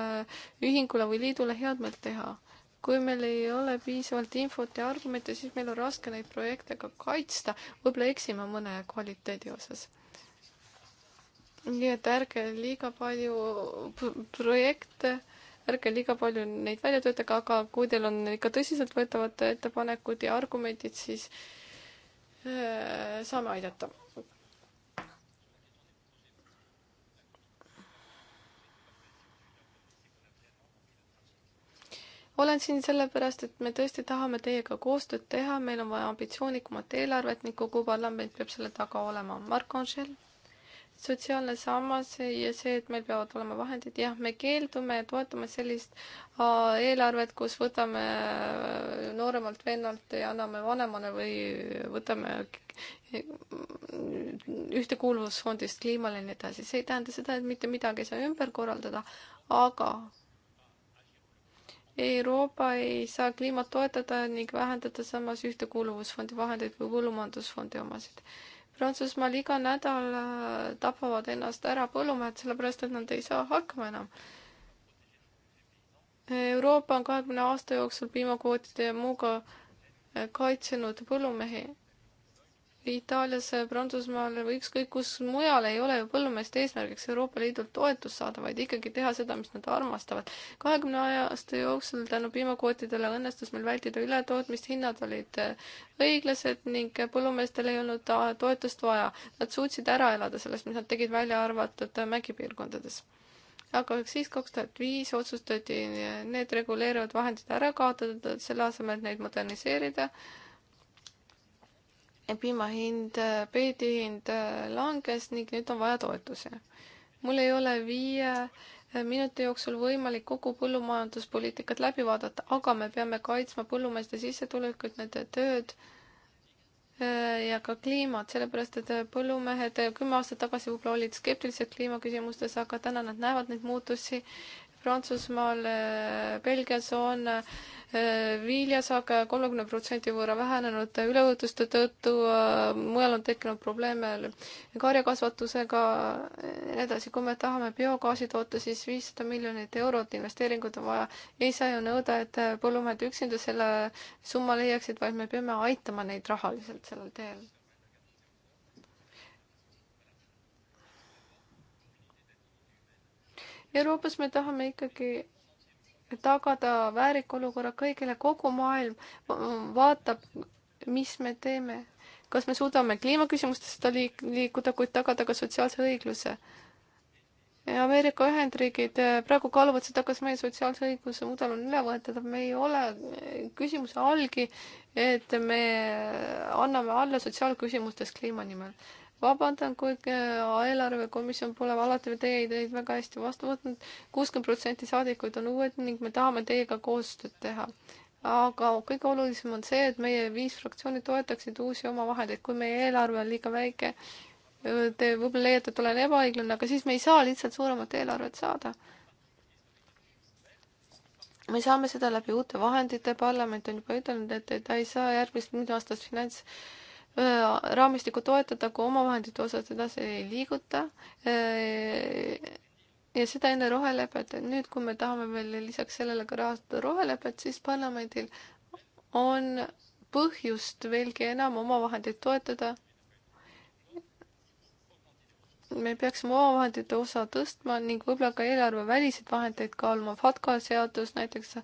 ühingule või liidule head meelt teha. kui meil ei ole piisavalt infot ja argumente, siis meil on raske neid projekte ka kaitsta, võib-olla eksime mõne kvaliteedi osas nii et ärge liiga palju projekte, ärge liiga palju neid välja töötage, aga kui teil on ikka tõsiseltvõetavad ettepanekud ja argumendid, siis äh, saame aidata. olen siin sellepärast, et me tõesti tahame teiega koostööd teha, meil on vaja ambitsioonikumat eelarvet ning kogu parlament peab selle taga olema. Mark Angel sotsiaalne sammas ja see, et meil peavad olema vahendid, jah, me keeldume toetama sellist äh, eelarvet, kus võtame äh, nooremalt vennalt ja anname vanemale või võtame äh, ühtekuuluvusfondist kliimale ja nii edasi, see ei tähenda seda, et mitte midagi ei saa ümber korraldada, aga Euroopa ei saa kliimat toetada ning vähendada samas ühtekuuluvusfondi vahendeid või põllumajandusfondi omasid Prantsusmaal iga nädal äh, tapavad ennast ära põllumehed, sellepärast et nad ei saa hakkama enam. Euroopa on kahekümne aasta jooksul piimakvootide ja muuga äh, kaitsenud põllumehi Itaalias, Prantsusmaal või ükskõik kus mujal ei ole ju põllumeeste eesmärgiks Euroopa Liidult toetust saada, vaid ikkagi teha seda, mis nad armastavad. kahekümne aasta jooksul tänu piimakvootidele õnnestus meil vältida ületootmist, hinnad olid äh, õiglased ning põllumeestel ei olnud äh, toetust vaja. Nad suutsid ära elada sellest, mis nad tegid, välja arvatud äh, mägipiirkondades. aga siis kaks tuhat viis otsustati need reguleerivad vahendid ära kaotada, selle asemel, et neid moderniseerida piima hind, peedi hind äh, langes ning nüüd on vaja toetusi. mul ei ole viie äh, minuti jooksul võimalik kogu põllumajanduspoliitikat läbi vaadata, aga me peame kaitsma põllumeeste sissetulekut, nende tööd äh, ja ka kliimat, sellepärast et põllumehed kümme aastat tagasi võib-olla olid skeptilised kliimaküsimustes, aga täna nad näevad neid muutusi Prantsusmaal, äh, Belgias on äh, viljasaak kolmekümne protsendi võrra vähenenud üleujutuste tõttu, äh, mujal on tekkinud probleeme karjakasvatusega ja nii edasi. kui me tahame biogaasi toota, siis viissada miljonit eurot investeeringuid on vaja. ei saa ju nõuda, et põllumehed üksinda selle summa leiaksid, vaid me peame aitama neid rahaliselt sellel teel Euroopas me tahame ikkagi tagada väärika olukorra kõigile, kogu maailm vaatab, mis me teeme. kas me suudame kliimaküsimustes seda liik-, liikuda, kuid tagada ka sotsiaalse õigluse? Ameerika Ühendriigid eh, praegu kaaluvad seda, kas meie sotsiaalse õiguse mudel on üle võetud, me ei ole eh, küsimuse algi, et me anname alla sotsiaalküsimustes kliima nimel vabandan, kuid äh, eelarvekomisjon pole alati teie ideid väga hästi vastu võtnud. kuuskümmend protsenti saadikuid on uued ning me tahame teiega koostööd teha. aga kõige olulisem on see, et meie viis fraktsiooni toetaksid uusi omavahendeid, kui meie eelarve on liiga väike. Äh, te võib-olla leiate, et olen ebaõiglane, aga siis me ei saa lihtsalt suuremat eelarvet saada me saame seda läbi uute vahendite, parlament on juba ütelnud, et ta ei saa järgmist muud aastast finants raamistikku toetada, kui omavahendite osas edasi ei liiguta. ja seda enne rohelepet, et nüüd, kui me tahame veel lisaks sellele ka rahastada rohelepet, siis parlamendil on põhjust veelgi enam omavahendeid toetada. me peaksime omavahendite osa tõstma ning võib-olla ka eelarveväliseid vahendeid kaaluma. FATCA seadus näiteks äh,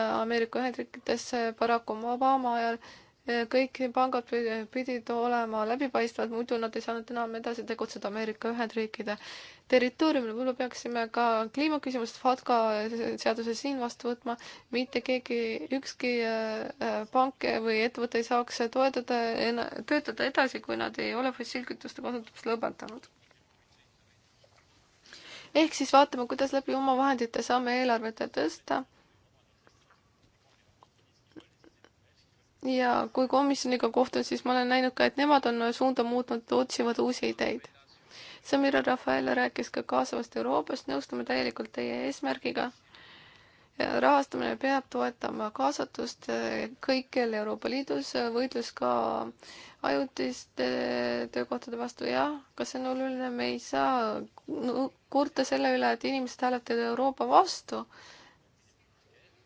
Ameerika Ühendriikides äh, Barack Obama ajal äh, kõik pangad pidid olema läbipaistvad, muidu nad ei saanud enam edasi tegutseda Ameerika Ühendriikide territooriumil. võib-olla peaksime ka kliimaküsimust FATCA seaduse siin vastu võtma. mitte keegi, ükski äh, äh, pank või ettevõte ei saaks toetada, töötada edasi, kui nad ei ole fossiilkütuste kasutust lõpetanud. ehk siis vaatame, kuidas läbi oma vahendite saame eelarvet tõsta ja kui komisjoniga kohtun, siis ma olen näinud ka, et nemad on suunda muutnud, otsivad uusi ideid. Samira Rafaela rääkis ka kaasavast Euroopast, nõustume täielikult teie eesmärgiga. rahastamine peab toetama kaasatust e, kõikjal Euroopa Liidus, e, võitlus ka ajutiste töökohtade vastu, jah, kas see on oluline, me ei saa kurta selle üle, et inimesed hääletavad Euroopa vastu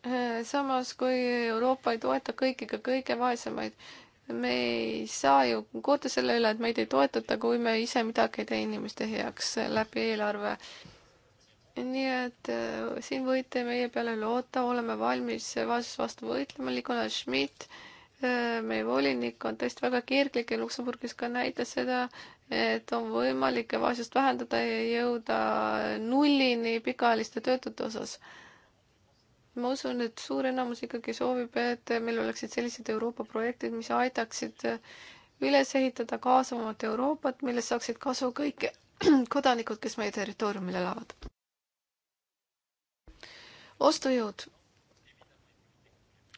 Äh, samas, kui Euroopa ei toeta kõiki, ka kõige vaesemaid, me ei saa ju kurta selle üle, et meid ei toetata, kui me ise midagi ei tee inimeste heaks läbi eelarve. nii et äh, siin võite meie peale loota, oleme valmis vaesuse vastu võitlema, Nikolai Schmidt äh,, meie volinik on tõesti väga kirglik ja Luksemburgis ka näitas seda, et on võimalik vaesust vähendada ja jõuda nullini pikaajaliste töötute osas ma usun, et suur enamus ikkagi soovib, et meil oleksid sellised Euroopa projektid, mis aitaksid üles ehitada kaasavamat Euroopat, millest saaksid kasu kõik kodanikud, kes meie territooriumil elavad. ostujõud.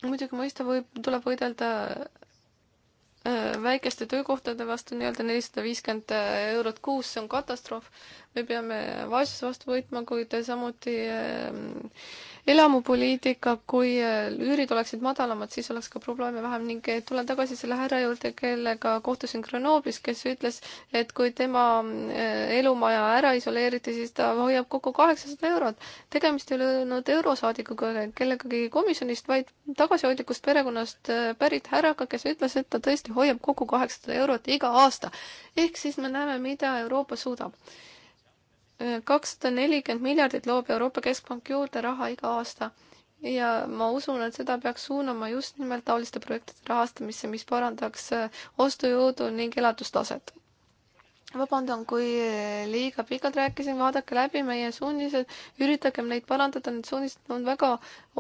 muidugi mõista võib, tuleb võidelda äh, väikeste töökohtade vastu nii-öelda nelisada viiskümmend äh, eurot kuus, see on katastroof. me peame vaesuse vastu võitma, kuid samuti äh, elamupoliitika, kui äh, üürid oleksid madalamad, siis oleks ka probleeme vähem ning äh, tulen tagasi selle härra juurde, kellega kohtusin Grenoblis, kes ütles, et kui tema äh, elumaja ära isoleeriti, siis ta hoiab kokku kaheksasada eurot. tegemist ei ole olnud eurosaadikuga, kellegagi komisjonist, vaid tagasihoidlikust perekonnast pärit härraga, kes ütles, et ta tõesti hoiab kokku kaheksasada eurot iga aasta. ehk siis me näeme, mida Euroopa suudab kakssada nelikümmend miljardit loob Euroopa Keskpank juurde raha iga aasta ja ma usun, et seda peaks suunama just nimelt taoliste projektide rahastamisse, mis parandaks äh, ostujõudu ning elatustaset vabandan, kui eh, liiga pikalt rääkisin, vaadake läbi meie suunised, üritagem neid parandada, need suunised on väga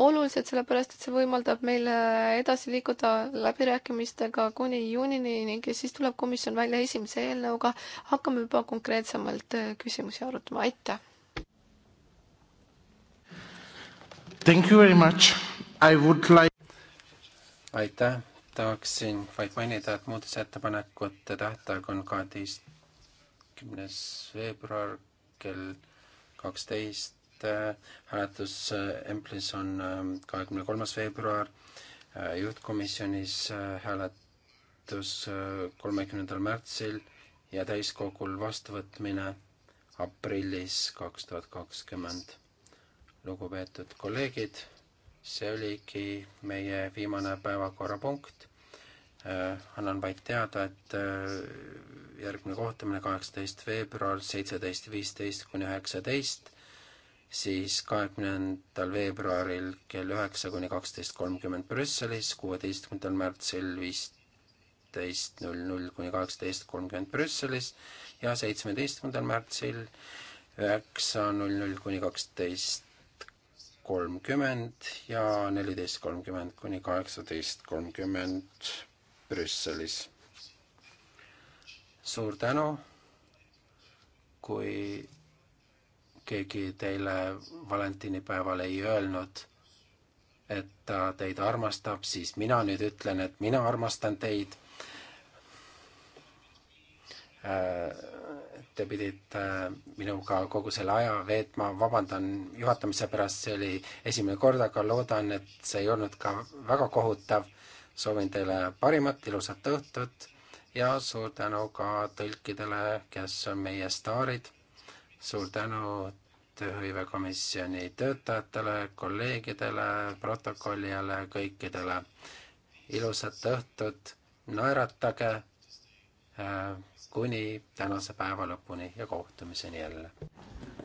olulised, sellepärast et see võimaldab meil eh, edasi liikuda läbirääkimistega kuni juunini ning siis tuleb komisjon välja esimese eelnõuga. hakkame juba konkreetsemalt eh, küsimusi arutama, aitäh! Thank you very much, I would like aitäh, tahaksin vaid mainida, et muudatusettepanekute tähtaeg on kaheteist kümnes veebruar kell kaksteist. Äh, hääletus äh, Emplis on ähm, kahekümne kolmas veebruar, äh, juhtkomisjonis hääletus kolmekümnendal märtsil ja täiskogul vastuvõtmine aprillis kaks tuhat kakskümmend. lugupeetud kolleegid, see oligi meie viimane päevakorrapunkt Äh, annan vaid teada, et äh, järgmine kohtumine kaheksateist veebruar, seitseteist viisteist kuni üheksateist, siis kahekümnendal veebruaril kell üheksa kuni kaksteist kolmkümmend Brüsselis, kuueteistkümnendal märtsil viisteist null null kuni kaheksateist kolmkümmend Brüsselis ja seitsmeteistkümnendal märtsil üheksa null null kuni kaksteist kolmkümmend ja neliteist kolmkümmend kuni kaheksateist kolmkümmend Brüsselis. suur tänu, kui keegi teile valentinipäeval ei öelnud, et ta teid armastab, siis mina nüüd ütlen, et mina armastan teid. Äh, te pidite äh, minuga kogu selle aja veetma, vabandan juhatamise pärast, see oli esimene kord, aga loodan, et see ei olnud ka väga kohutav soovin teile parimat, ilusat õhtut ja suur tänu ka tõlkidele, kes on meie staarid. suur tänu tööhõivekomisjoni töötajatele, kolleegidele, protokollijale, kõikidele. ilusat õhtut, naeratage äh, kuni tänase päeva lõpuni ja kohtumiseni jälle.